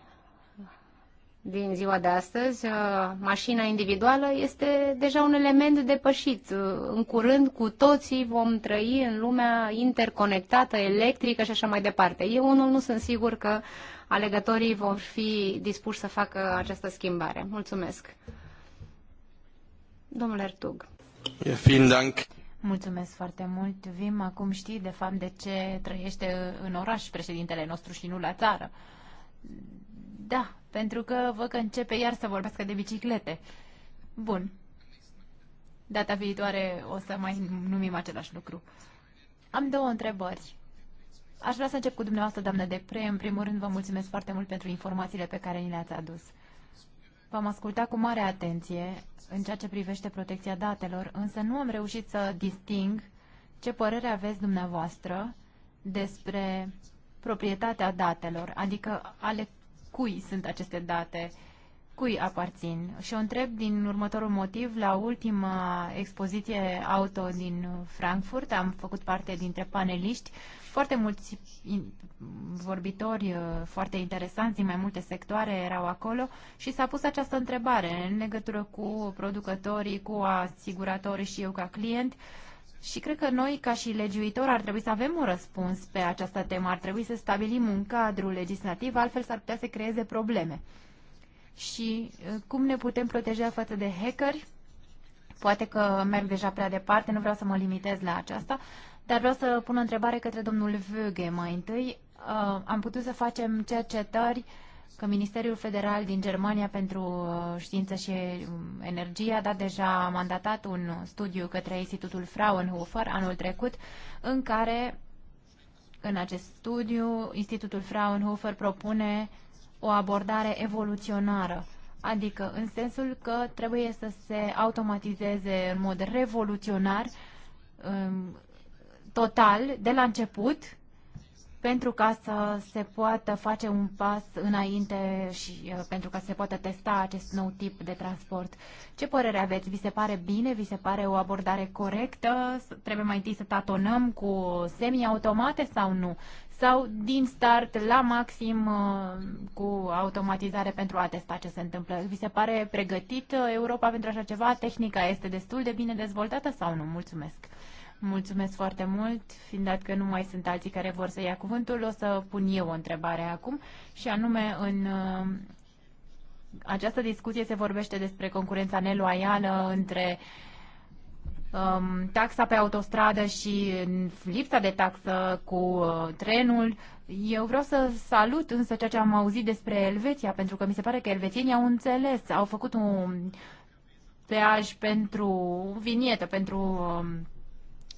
din ziua de astăzi, uh, mașina individuală este deja un element depășit. Uh, în curând cu toții vom trăi în lumea interconectată, electrică și așa mai departe. Eu unul nu sunt sigur că alegătorii vor fi dispuși să facă această schimbare. Mulțumesc. Domnule Ertug. Fiind Dank. Mulțumesc foarte mult, Vim. Acum știi, de fapt, de ce trăiește în oraș președintele nostru și nu la țară. Da, pentru că văd că începe iar să vorbească de biciclete. Bun. Data viitoare o să mai numim același lucru. Am două întrebări. Aș vrea să încep cu dumneavoastră, doamnă pre. În primul rând, vă mulțumesc foarte mult pentru informațiile pe care ni le-ați adus. V-am ascultat cu mare atenție în ceea ce privește protecția datelor, însă nu am reușit să disting ce părere aveți dumneavoastră despre proprietatea datelor, adică ale cui sunt aceste date, cui aparțin. Și o întreb din următorul motiv, la ultima expoziție auto din Frankfurt, am făcut parte dintre paneliști, foarte mulți vorbitori uh, foarte interesanți din mai multe sectoare erau acolo și s-a pus această întrebare în legătură cu producătorii, cu asiguratorii și eu ca client. Uh, și cred că noi, ca și legiuitor, ar trebui să avem un răspuns pe această temă. Ar trebui să stabilim un cadru legislativ, altfel s-ar putea să creeze probleme. Și uh, cum ne putem proteja față de hackeri? Poate că merg deja prea departe, nu vreau să mă limitez la aceasta, dar vreau să pun o întrebare către domnul Vöge mai întâi. Uh, am putut să facem cercetări uh, că Ministeriul Federal din Germania pentru uh, Știință și um, Energie a dat deja mandatat un studiu către Institutul Fraunhofer anul trecut, în care, în acest studiu, Institutul Fraunhofer propune o abordare evoluționară, adică în sensul că trebuie să se automatizeze în mod revoluționar, um, total, de la început, pentru ca să se poată face un pas înainte și uh, pentru ca să se poată testa acest nou tip de transport. Ce părere aveți? Vi se pare bine? Vi se pare o abordare corectă? Trebuie mai întâi să tatonăm cu semi-automate sau nu? Sau din start la maxim uh, cu automatizare pentru a testa ce se întâmplă? Vi se pare pregătit. Europa pentru așa ceva? Tehnica este destul de bine dezvoltată sau nu? Mulțumesc! Mulțumesc foarte mult, fiind dat că nu mai sunt alții care vor să ia cuvântul, o să pun eu o întrebare acum și anume în uh, această discuție se vorbește despre concurența neloială între um, taxa pe autostradă și lipsa de taxă cu uh, trenul. Eu vreau să salut însă ceea ce am auzit despre Elveția, pentru că mi se pare că elvețienii au înțeles, au făcut un peaj pentru vinietă, pentru um,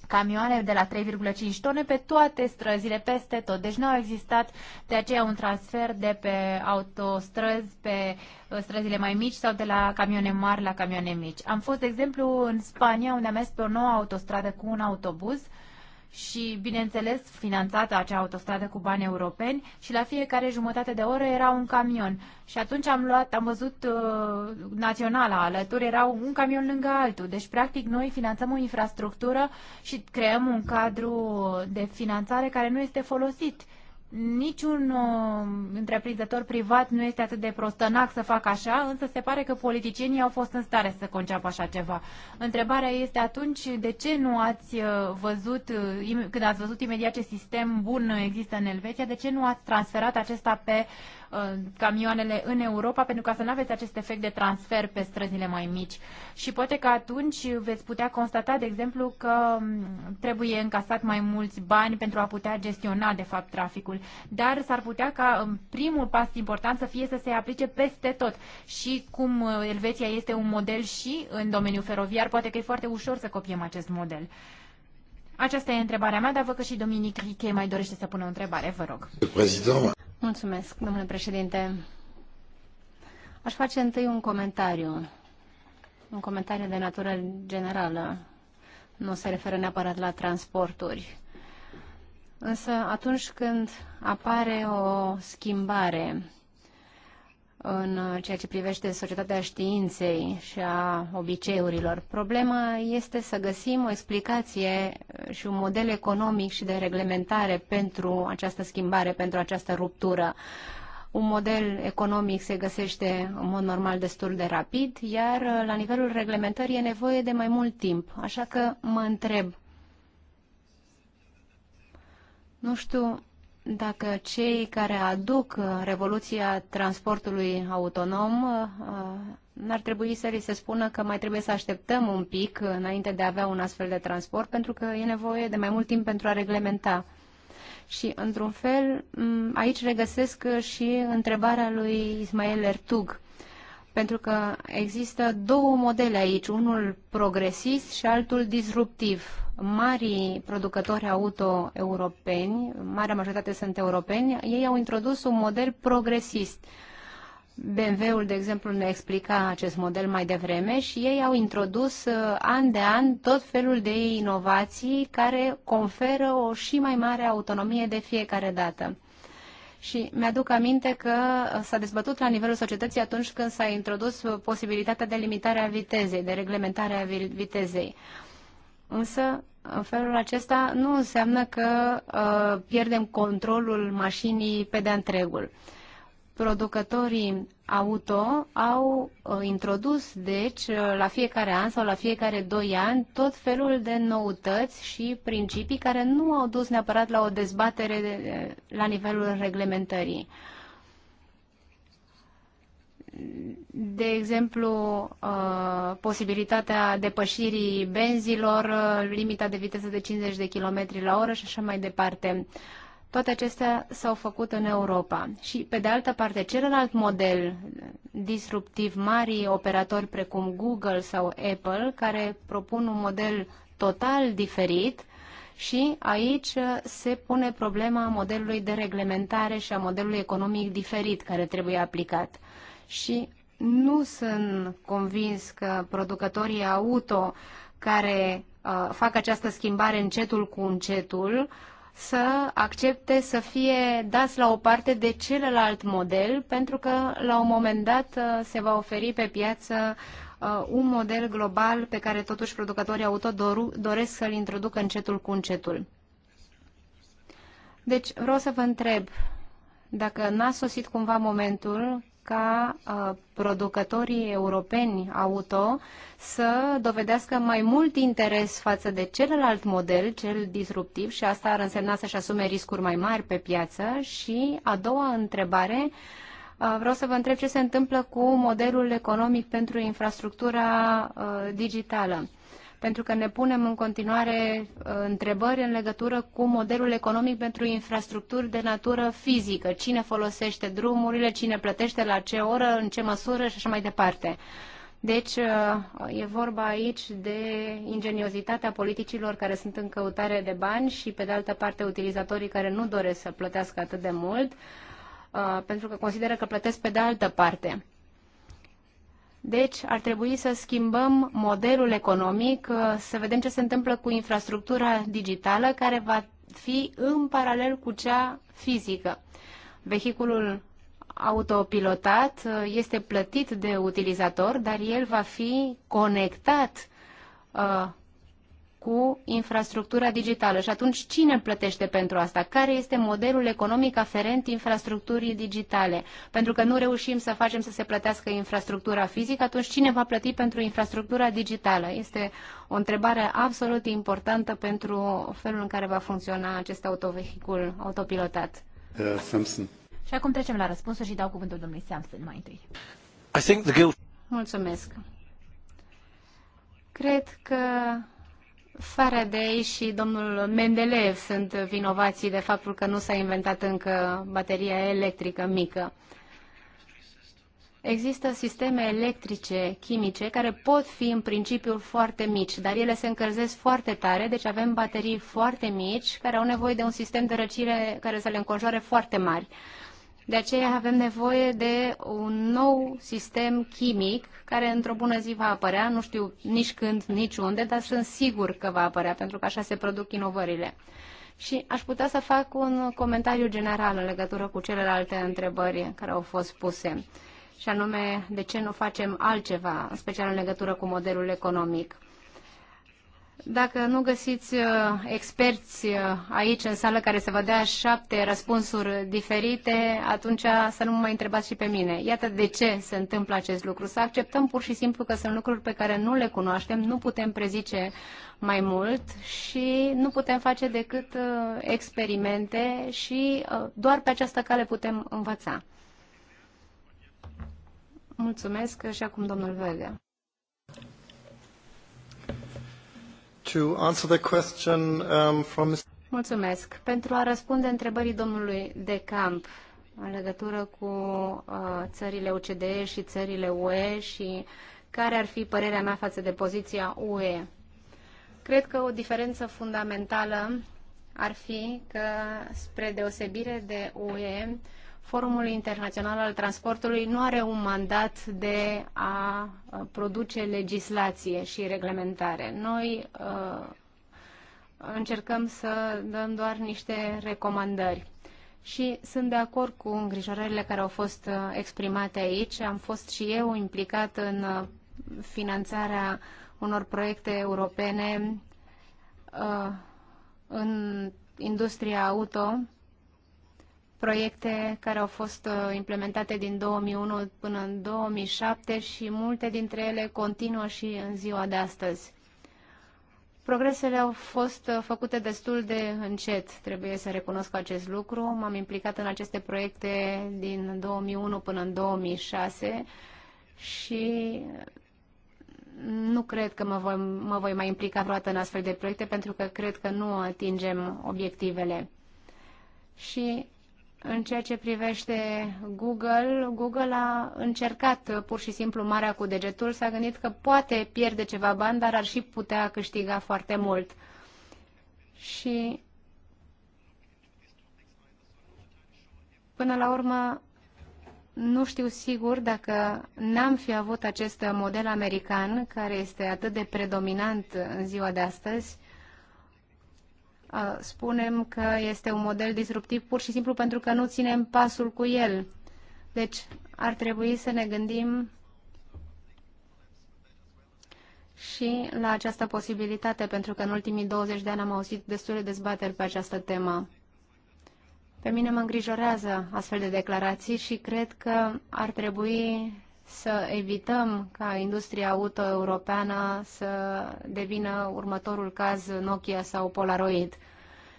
camioane de la 3,5 tone pe toate străzile, peste tot. Deci nu au existat de aceea un transfer de pe autostrăzi, pe uh, străzile mai mici sau de la camioane mari la camioane mici. Am fost, de exemplu, în Spania, unde am mers pe o nouă autostradă cu un autobuz și, bineînțeles, finanțată acea autostradă cu bani europeni și la fiecare jumătate de oră era un camion. Și atunci am luat, am văzut uh, naționala alături, era un camion lângă altul. Deci, practic, noi finanțăm o infrastructură și creăm un cadru de finanțare care nu este folosit. Uh, Niciun uh, întreprinzător privat nu este atât de prostănac să facă așa, însă se pare că politicienii au fost în stare să conceapă așa ceva. Întrebarea este atunci de ce nu ați uh, văzut, uh, când ați văzut imediat ce sistem bun există în Elveția, de ce nu ați transferat acesta pe Uh, camioanele în Europa pentru ca să nu aveți acest efect de transfer pe străzile mai mici. Și poate că atunci veți putea constata, de exemplu, că um, trebuie încasat mai mulți bani pentru a putea gestiona, de fapt, traficul. Dar s-ar putea ca um, primul pas important să fie să se aplice peste tot. Și cum uh, Elveția este un model și în domeniul feroviar, poate că e foarte ușor să copiem acest model. Aceasta e întrebarea mea, dar văd că și Dominic Riche mai dorește să pună o întrebare. Vă rog. Președinte domnule președinte. Aș face întâi un comentariu, un comentariu de natură generală. Nu se referă neapărat la transporturi. Însă atunci când apare o schimbare în ceea ce privește societatea științei și a obiceiurilor. Problema este să găsim o explicație și un model economic și de reglementare pentru această schimbare, pentru această ruptură. Un model economic se găsește în mod normal destul de rapid, iar la nivelul reglementării e nevoie de mai mult timp. Așa că mă întreb, nu știu dacă cei care aduc uh, revoluția transportului autonom uh, uh, n-ar trebui să li se spună că mai trebuie să așteptăm un pic înainte de a avea un astfel de transport, pentru că e nevoie de mai mult timp pentru a reglementa. Și, într-un fel, aici regăsesc și întrebarea lui Ismael Ertug pentru că există două modele aici, unul progresist și altul disruptiv. Marii producători auto europeni, marea majoritate sunt europeni, ei au introdus un model progresist. BMW-ul, de exemplu, ne explica acest model mai devreme și ei au introdus uh, an de an tot felul de inovații care conferă o și mai mare autonomie de fiecare dată. Și mi-aduc aminte că s-a dezbătut la nivelul societății atunci când s-a introdus posibilitatea de limitare a vitezei, de reglementare a vitezei. Însă, în felul acesta, nu înseamnă că uh, pierdem controlul mașinii pe de-a întregul. Producătorii auto au uh, introdus, deci, uh, la fiecare an sau la fiecare doi ani, tot felul de noutăți și principii care nu au dus neapărat la o dezbatere de, uh, la nivelul reglementării. De exemplu, posibilitatea depășirii benzilor, limita de viteză de 50 de km la oră și așa mai departe. Toate acestea s-au făcut în Europa. Și, pe de altă parte, celălalt model disruptiv, mari operatori precum Google sau Apple, care propun un model total diferit, și aici se pune problema modelului de reglementare și a modelului economic diferit care trebuie aplicat. Și nu sunt convins că producătorii auto care uh, fac această schimbare încetul cu încetul uh, să accepte să fie dați la o parte de celălalt model, pentru că la un moment dat uh, se va oferi pe piață uh, un model global pe care totuși producătorii auto doresc să-l introducă încetul cu încetul. Deci vreau să vă întreb dacă n-a sosit cumva momentul ca uh, producătorii europeni auto să dovedească mai mult interes față de celălalt model, cel disruptiv, și asta ar însemna să-și asume riscuri mai mari pe piață. Și a doua întrebare, uh, vreau să vă întreb ce se întâmplă cu modelul economic pentru infrastructura uh, digitală pentru că ne punem în continuare uh, întrebări în legătură cu modelul economic pentru infrastructuri de natură fizică. Cine folosește drumurile, cine plătește la ce oră, în ce măsură și așa mai departe. Deci uh, e vorba aici de ingeniozitatea politicilor care sunt în căutare de bani și, pe de altă parte, utilizatorii care nu doresc să plătească atât de mult, uh, pentru că consideră că plătesc pe de altă parte. Deci ar trebui să schimbăm modelul economic, uh, să vedem ce se întâmplă cu infrastructura digitală care va fi în paralel cu cea fizică. Vehiculul autopilotat uh, este plătit de utilizator, dar el va fi conectat uh, cu infrastructura digitală. Și atunci cine plătește pentru asta? Care este modelul economic aferent infrastructurii digitale? Pentru că nu reușim să facem să se plătească infrastructura fizică, atunci cine va plăti pentru infrastructura digitală? Este o întrebare absolut importantă pentru felul în care va funcționa acest autovehicul autopilotat. Uh, Samson. Și acum trecem la răspunsuri și dau cuvântul domnului Samson mai întâi. I think the guilt... Mulțumesc. Cred că Faraday și domnul Mendeleev sunt vinovații de faptul că nu s-a inventat încă bateria electrică mică. Există sisteme electrice, chimice, care pot fi în principiu foarte mici, dar ele se încălzesc foarte tare, deci avem baterii foarte mici care au nevoie de un sistem de răcire care să le înconjoare foarte mari. De aceea avem nevoie de un nou sistem chimic care într-o bună zi va apărea, nu știu nici când, nici unde, dar sunt sigur că va apărea, pentru că așa se produc inovările. Și aș putea să fac un comentariu general în legătură cu celelalte întrebări care au fost puse, și anume de ce nu facem altceva, în special în legătură cu modelul economic. Dacă nu găsiți uh, experți uh, aici în sală care să vă dea șapte răspunsuri diferite, atunci să nu mă mai întrebați și pe mine. Iată de ce se întâmplă acest lucru. Să acceptăm pur și simplu că sunt lucruri pe care nu le cunoaștem, nu putem prezice mai mult și nu putem face decât uh, experimente și doar pe această cale putem învăța. Mulțumesc și acum domnul Vega. to answer the question um, from Mulțumesc. Pentru a răspunde întrebării domnului De Camp în legătură cu uh, țările OCDE și țările UE și care ar fi părerea mea față de poziția UE. Cred că o diferență fundamentală ar fi că, spre deosebire de UE, Forumul Internațional al Transportului nu are un mandat de a uh, produce legislație și reglementare. Noi uh, încercăm să dăm doar niște recomandări. Și sunt de acord cu îngrijorările care au fost uh, exprimate aici. Am fost și eu implicat în finanțarea unor proiecte europene în industria auto proiecte care au fost uh, implementate din 2001 până în 2007 și multe dintre ele continuă și în ziua de astăzi. Progresele au fost uh, făcute destul de încet, trebuie să recunosc acest lucru. M-am implicat în aceste proiecte din 2001 până în 2006 și nu cred că mă voi, mă voi mai implica vreodată în astfel de proiecte pentru că cred că nu atingem obiectivele. Și în ceea ce privește Google, Google a încercat uh, pur și simplu marea cu degetul, s-a gândit că poate pierde ceva bani, dar ar și putea câștiga foarte mult. Și până la urmă nu știu sigur dacă n-am fi avut acest model american care este atât de predominant în ziua de astăzi, spunem că este un model disruptiv pur și simplu pentru că nu ținem pasul cu el. Deci ar trebui să ne gândim și la această posibilitate, pentru că în ultimii 20 de ani am auzit destule dezbateri pe această temă. Pe mine mă îngrijorează astfel de declarații și cred că ar trebui să evităm ca industria auto europeană să devină următorul caz Nokia sau Polaroid.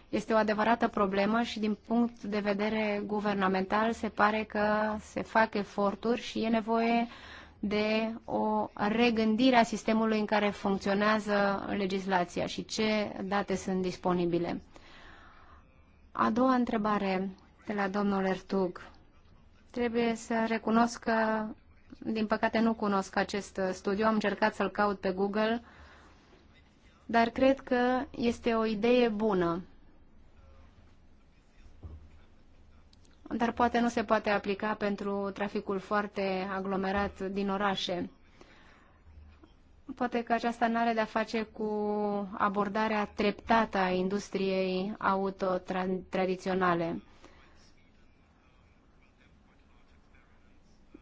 Este o adevărată problemă și din punct de vedere guvernamental se pare că se fac eforturi și e nevoie de o regândire a sistemului în care funcționează legislația și ce date sunt disponibile. A doua întrebare de la domnul Ertug. Trebuie să recunosc că din păcate nu cunosc acest uh, studiu, am încercat să-l caut pe Google, dar cred că este o idee bună. Dar poate nu se poate aplica pentru traficul foarte aglomerat din orașe. Poate că aceasta nu are de-a face cu abordarea treptată a industriei auto-tradiționale.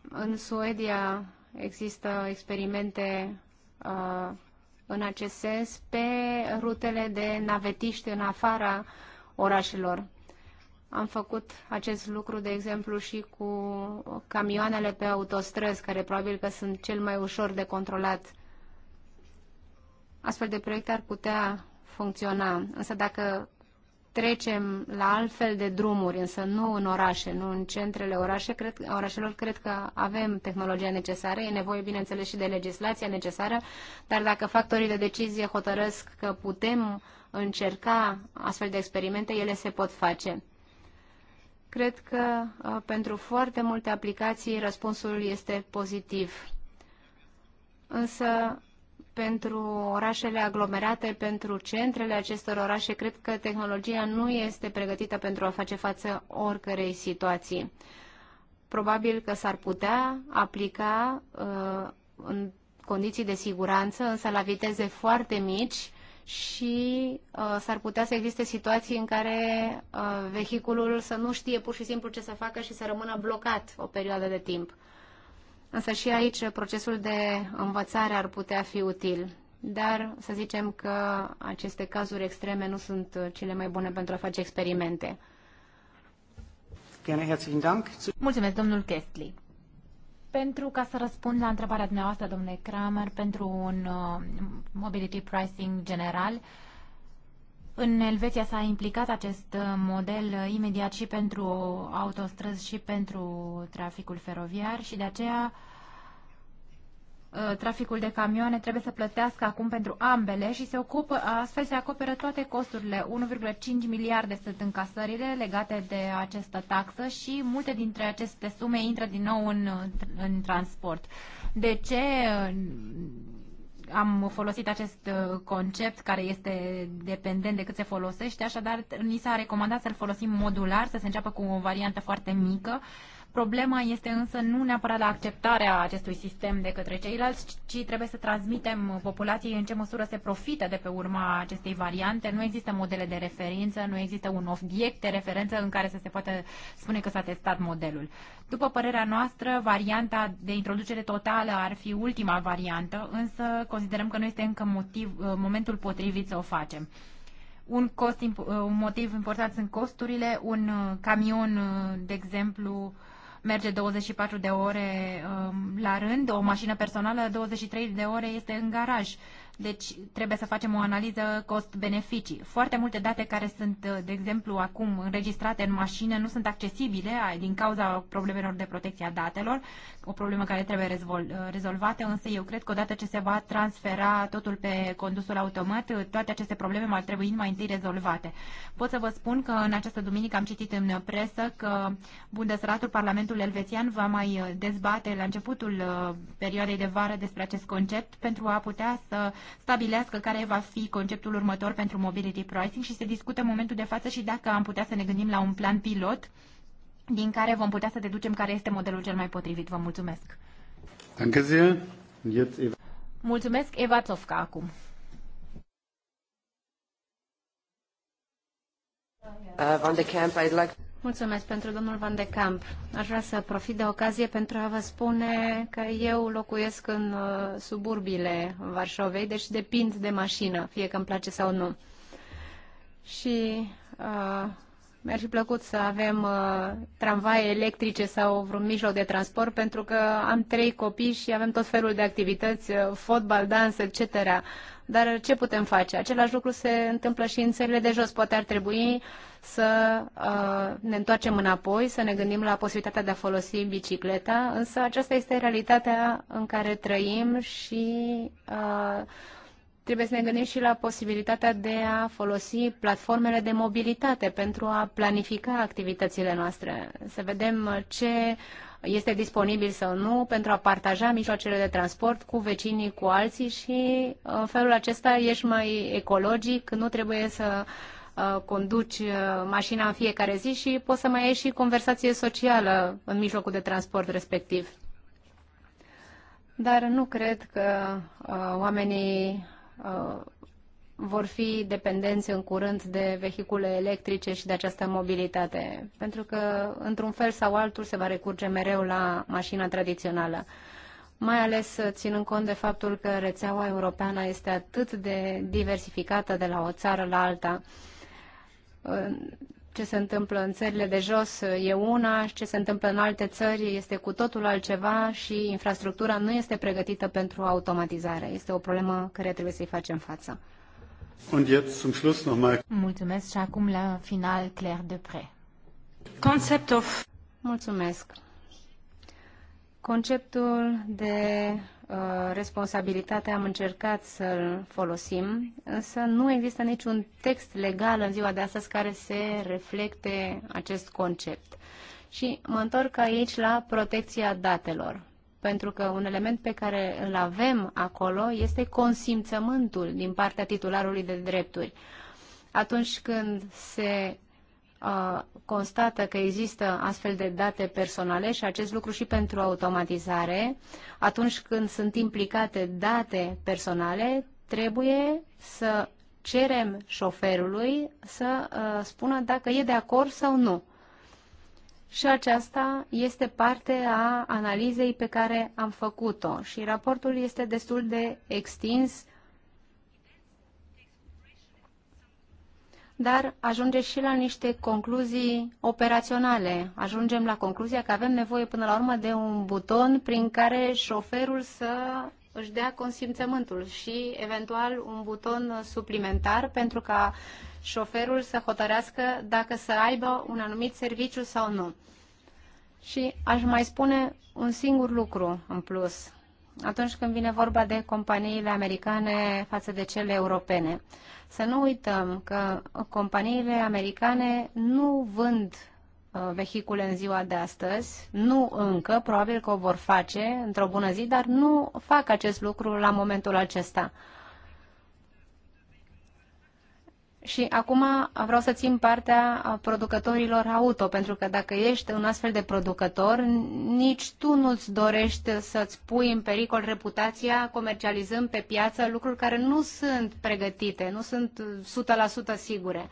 În Suedia există experimente uh, în acest sens pe rutele de navetiști în afara orașelor. Am făcut acest lucru, de exemplu, și cu camioanele pe autostrăzi, care probabil că sunt cel mai ușor de controlat. Astfel de proiecte ar putea funcționa. Însă dacă trecem la altfel de drumuri, însă nu în orașe, nu în centrele orașe, cred, orașelor. Cred că avem tehnologia necesară, e nevoie, bineînțeles, și de legislația necesară, dar dacă factorii de decizie hotărăsc că putem încerca astfel de experimente, ele se pot face. Cred că uh, pentru foarte multe aplicații răspunsul este pozitiv. Însă pentru orașele aglomerate, pentru centrele acestor orașe. Cred că tehnologia nu este pregătită pentru a face față oricărei situații. Probabil că s-ar putea aplica uh, în condiții de siguranță, însă la viteze foarte mici și uh, s-ar putea să existe situații în care uh, vehiculul să nu știe pur și simplu ce să facă și să rămână blocat o perioadă de timp. Însă și aici procesul de învățare ar putea fi util. Dar să zicem că aceste cazuri extreme nu sunt cele mai bune pentru a face experimente. Mulțumesc, domnul Kestli. Pentru ca să răspund la întrebarea dumneavoastră, domnule Kramer, pentru un uh, mobility pricing general, uh, în Elveția s-a implicat acest uh, model uh, imediat și pentru autostrăzi și pentru traficul feroviar și de aceea uh, traficul de camioane trebuie să plătească acum pentru ambele și se ocupă, astfel se acoperă toate costurile. 1,5 miliarde sunt încasările legate de această taxă și multe dintre aceste sume intră din nou în, în transport. De ce am folosit acest uh, concept care este dependent de cât se folosește, așadar ni s-a recomandat să-l folosim modular, să se înceapă cu o variantă foarte mică Problema este însă nu neapărat la acceptarea acestui sistem de către ceilalți, ci trebuie să transmitem populației în ce măsură se profită de pe urma acestei variante. Nu există modele de referință, nu există un obiect de referență în care să se poată spune că s-a testat modelul. După părerea noastră, varianta de introducere totală ar fi ultima variantă, însă considerăm că nu este încă motiv, uh, momentul potrivit să o facem un, cost, uh, un motiv important sunt costurile. Un uh, camion, de exemplu, merge 24 de ore um, la rând, o mașină personală 23 de ore este în garaj. Deci trebuie să facem o analiză cost-beneficii. Foarte multe date care sunt, uh, de exemplu, acum înregistrate în mașină nu sunt accesibile din cauza problemelor de protecție a datelor, o problemă care trebuie uh, rezolvată, însă eu cred că odată ce se va transfera totul pe condusul automat, uh, toate aceste probleme ar trebui mai întâi rezolvate. Pot să vă spun că în această duminică am citit în presă că Bundesratul Parlamentul Elvețian va mai dezbate la începutul perioadei de vară despre acest concept pentru a putea să stabilească care va fi conceptul următor pentru mobility pricing și se discută în momentul de față și dacă am putea să ne gândim la un plan pilot din care vom putea să deducem care este modelul cel mai potrivit. Vă mulțumesc! Mulțumesc, Eva Țofca, acum. Uh, Van de Camp, I'd like... Mulțumesc pentru domnul Van de Camp. Aș vrea să profit de ocazie pentru a vă spune că eu locuiesc în uh, suburbiile Varșovei, deci depind de mașină, fie că îmi place sau nu. Și uh, mi-ar fi plăcut să avem uh, tramvaie electrice sau vreun mijloc de transport, pentru că am trei copii și avem tot felul de activități, uh, fotbal, dans, etc. Dar ce putem face? Același lucru se întâmplă și în țările de jos. Poate ar trebui să uh, ne întoarcem înapoi, să ne gândim la posibilitatea de a folosi bicicleta, însă aceasta este realitatea în care trăim și uh, Trebuie să ne gândim și la posibilitatea de a folosi platformele de mobilitate pentru a planifica activitățile noastre, să vedem ce este disponibil sau nu pentru a partaja mijloacele de transport cu vecinii, cu alții și în felul acesta ești mai ecologic, nu trebuie să uh, conduci uh, mașina în fiecare zi și poți să mai ai și conversație socială în mijlocul de transport respectiv. Dar nu cred că uh, oamenii Uh, vor fi dependenți în curând de vehicule electrice și de această mobilitate, pentru că, într-un fel sau altul, se va recurge mereu la mașina tradițională mai ales ținând cont de faptul că rețeaua europeană este atât de diversificată de la o țară la alta ce se întâmplă în țările de jos e una, ce se întâmplă în alte țări este cu totul altceva și infrastructura nu este pregătită pentru automatizare. Este o problemă care trebuie să-i facem față. Und jetzt zum Schluss noch mal. Mulțumesc și acum la final Claire Pre. Concept of... Mulțumesc. Conceptul de Uh, responsabilitate am încercat să-l folosim, însă nu există niciun text legal în ziua de astăzi care se reflecte acest concept. Și mă întorc aici la protecția datelor, pentru că un element pe care îl avem acolo este consimțământul din partea titularului de drepturi. Atunci când se constată că există astfel de date personale și acest lucru și pentru automatizare, atunci când sunt implicate date personale, trebuie să cerem șoferului să uh, spună dacă e de acord sau nu. Și aceasta este parte a analizei pe care am făcut-o și raportul este destul de extins uh, dar ajunge și la niște concluzii operaționale. Ajungem la concluzia că avem nevoie până la urmă de un buton prin care șoferul să își dea consimțământul și eventual un buton suplimentar pentru ca șoferul să hotărească dacă să aibă un anumit serviciu sau nu. Și aș mai spune un singur lucru în plus atunci când vine vorba de companiile americane față de cele europene. Să nu uităm că companiile americane nu vând uh, vehicule în ziua de astăzi, nu încă, probabil că o vor face într-o bună zi, dar nu fac acest lucru la momentul acesta. Și acum vreau să țin partea producătorilor auto, pentru că dacă ești un astfel de producător, nici tu nu-ți dorești să-ți pui în pericol reputația comercializând pe piață lucruri care nu sunt pregătite, nu sunt 100% sigure.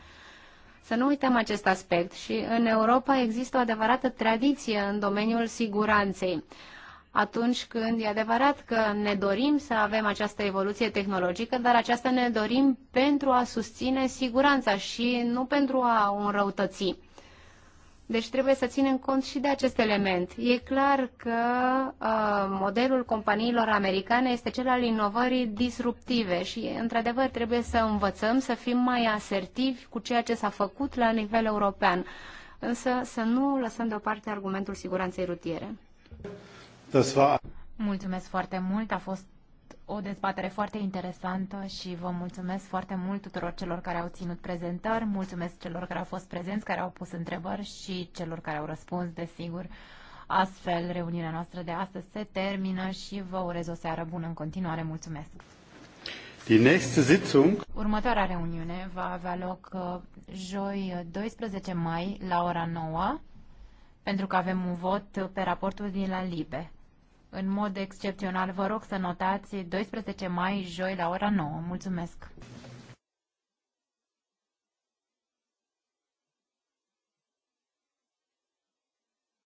Să nu uităm acest aspect și în Europa există o adevărată tradiție în domeniul siguranței atunci când e adevărat că ne dorim să avem această evoluție tehnologică, dar aceasta ne dorim pentru a susține siguranța și nu pentru a o înrăutăți. Deci trebuie să ținem cont și de acest element. E clar că uh, modelul companiilor americane este cel al inovării disruptive și, într-adevăr, trebuie să învățăm să fim mai asertivi cu ceea ce s-a făcut la nivel european, însă să nu lăsăm deoparte argumentul siguranței rutiere. Mulțumesc foarte mult, a fost o dezbatere foarte interesantă și vă mulțumesc foarte mult tuturor celor care au ținut prezentări, mulțumesc celor care au fost prezenți, care au pus întrebări și celor care au răspuns, desigur. Astfel, reuniunea noastră de astăzi se termină și vă urez o seară bună în continuare. Mulțumesc! Die nächste Sitzung. Următoarea reuniune va avea loc uh, joi 12 uh, mai la ora 9 pentru că avem un vot pe raportul din la LIBE. În mod excepțional, vă rog să notați 12 mai, joi, la ora 9. Mulțumesc!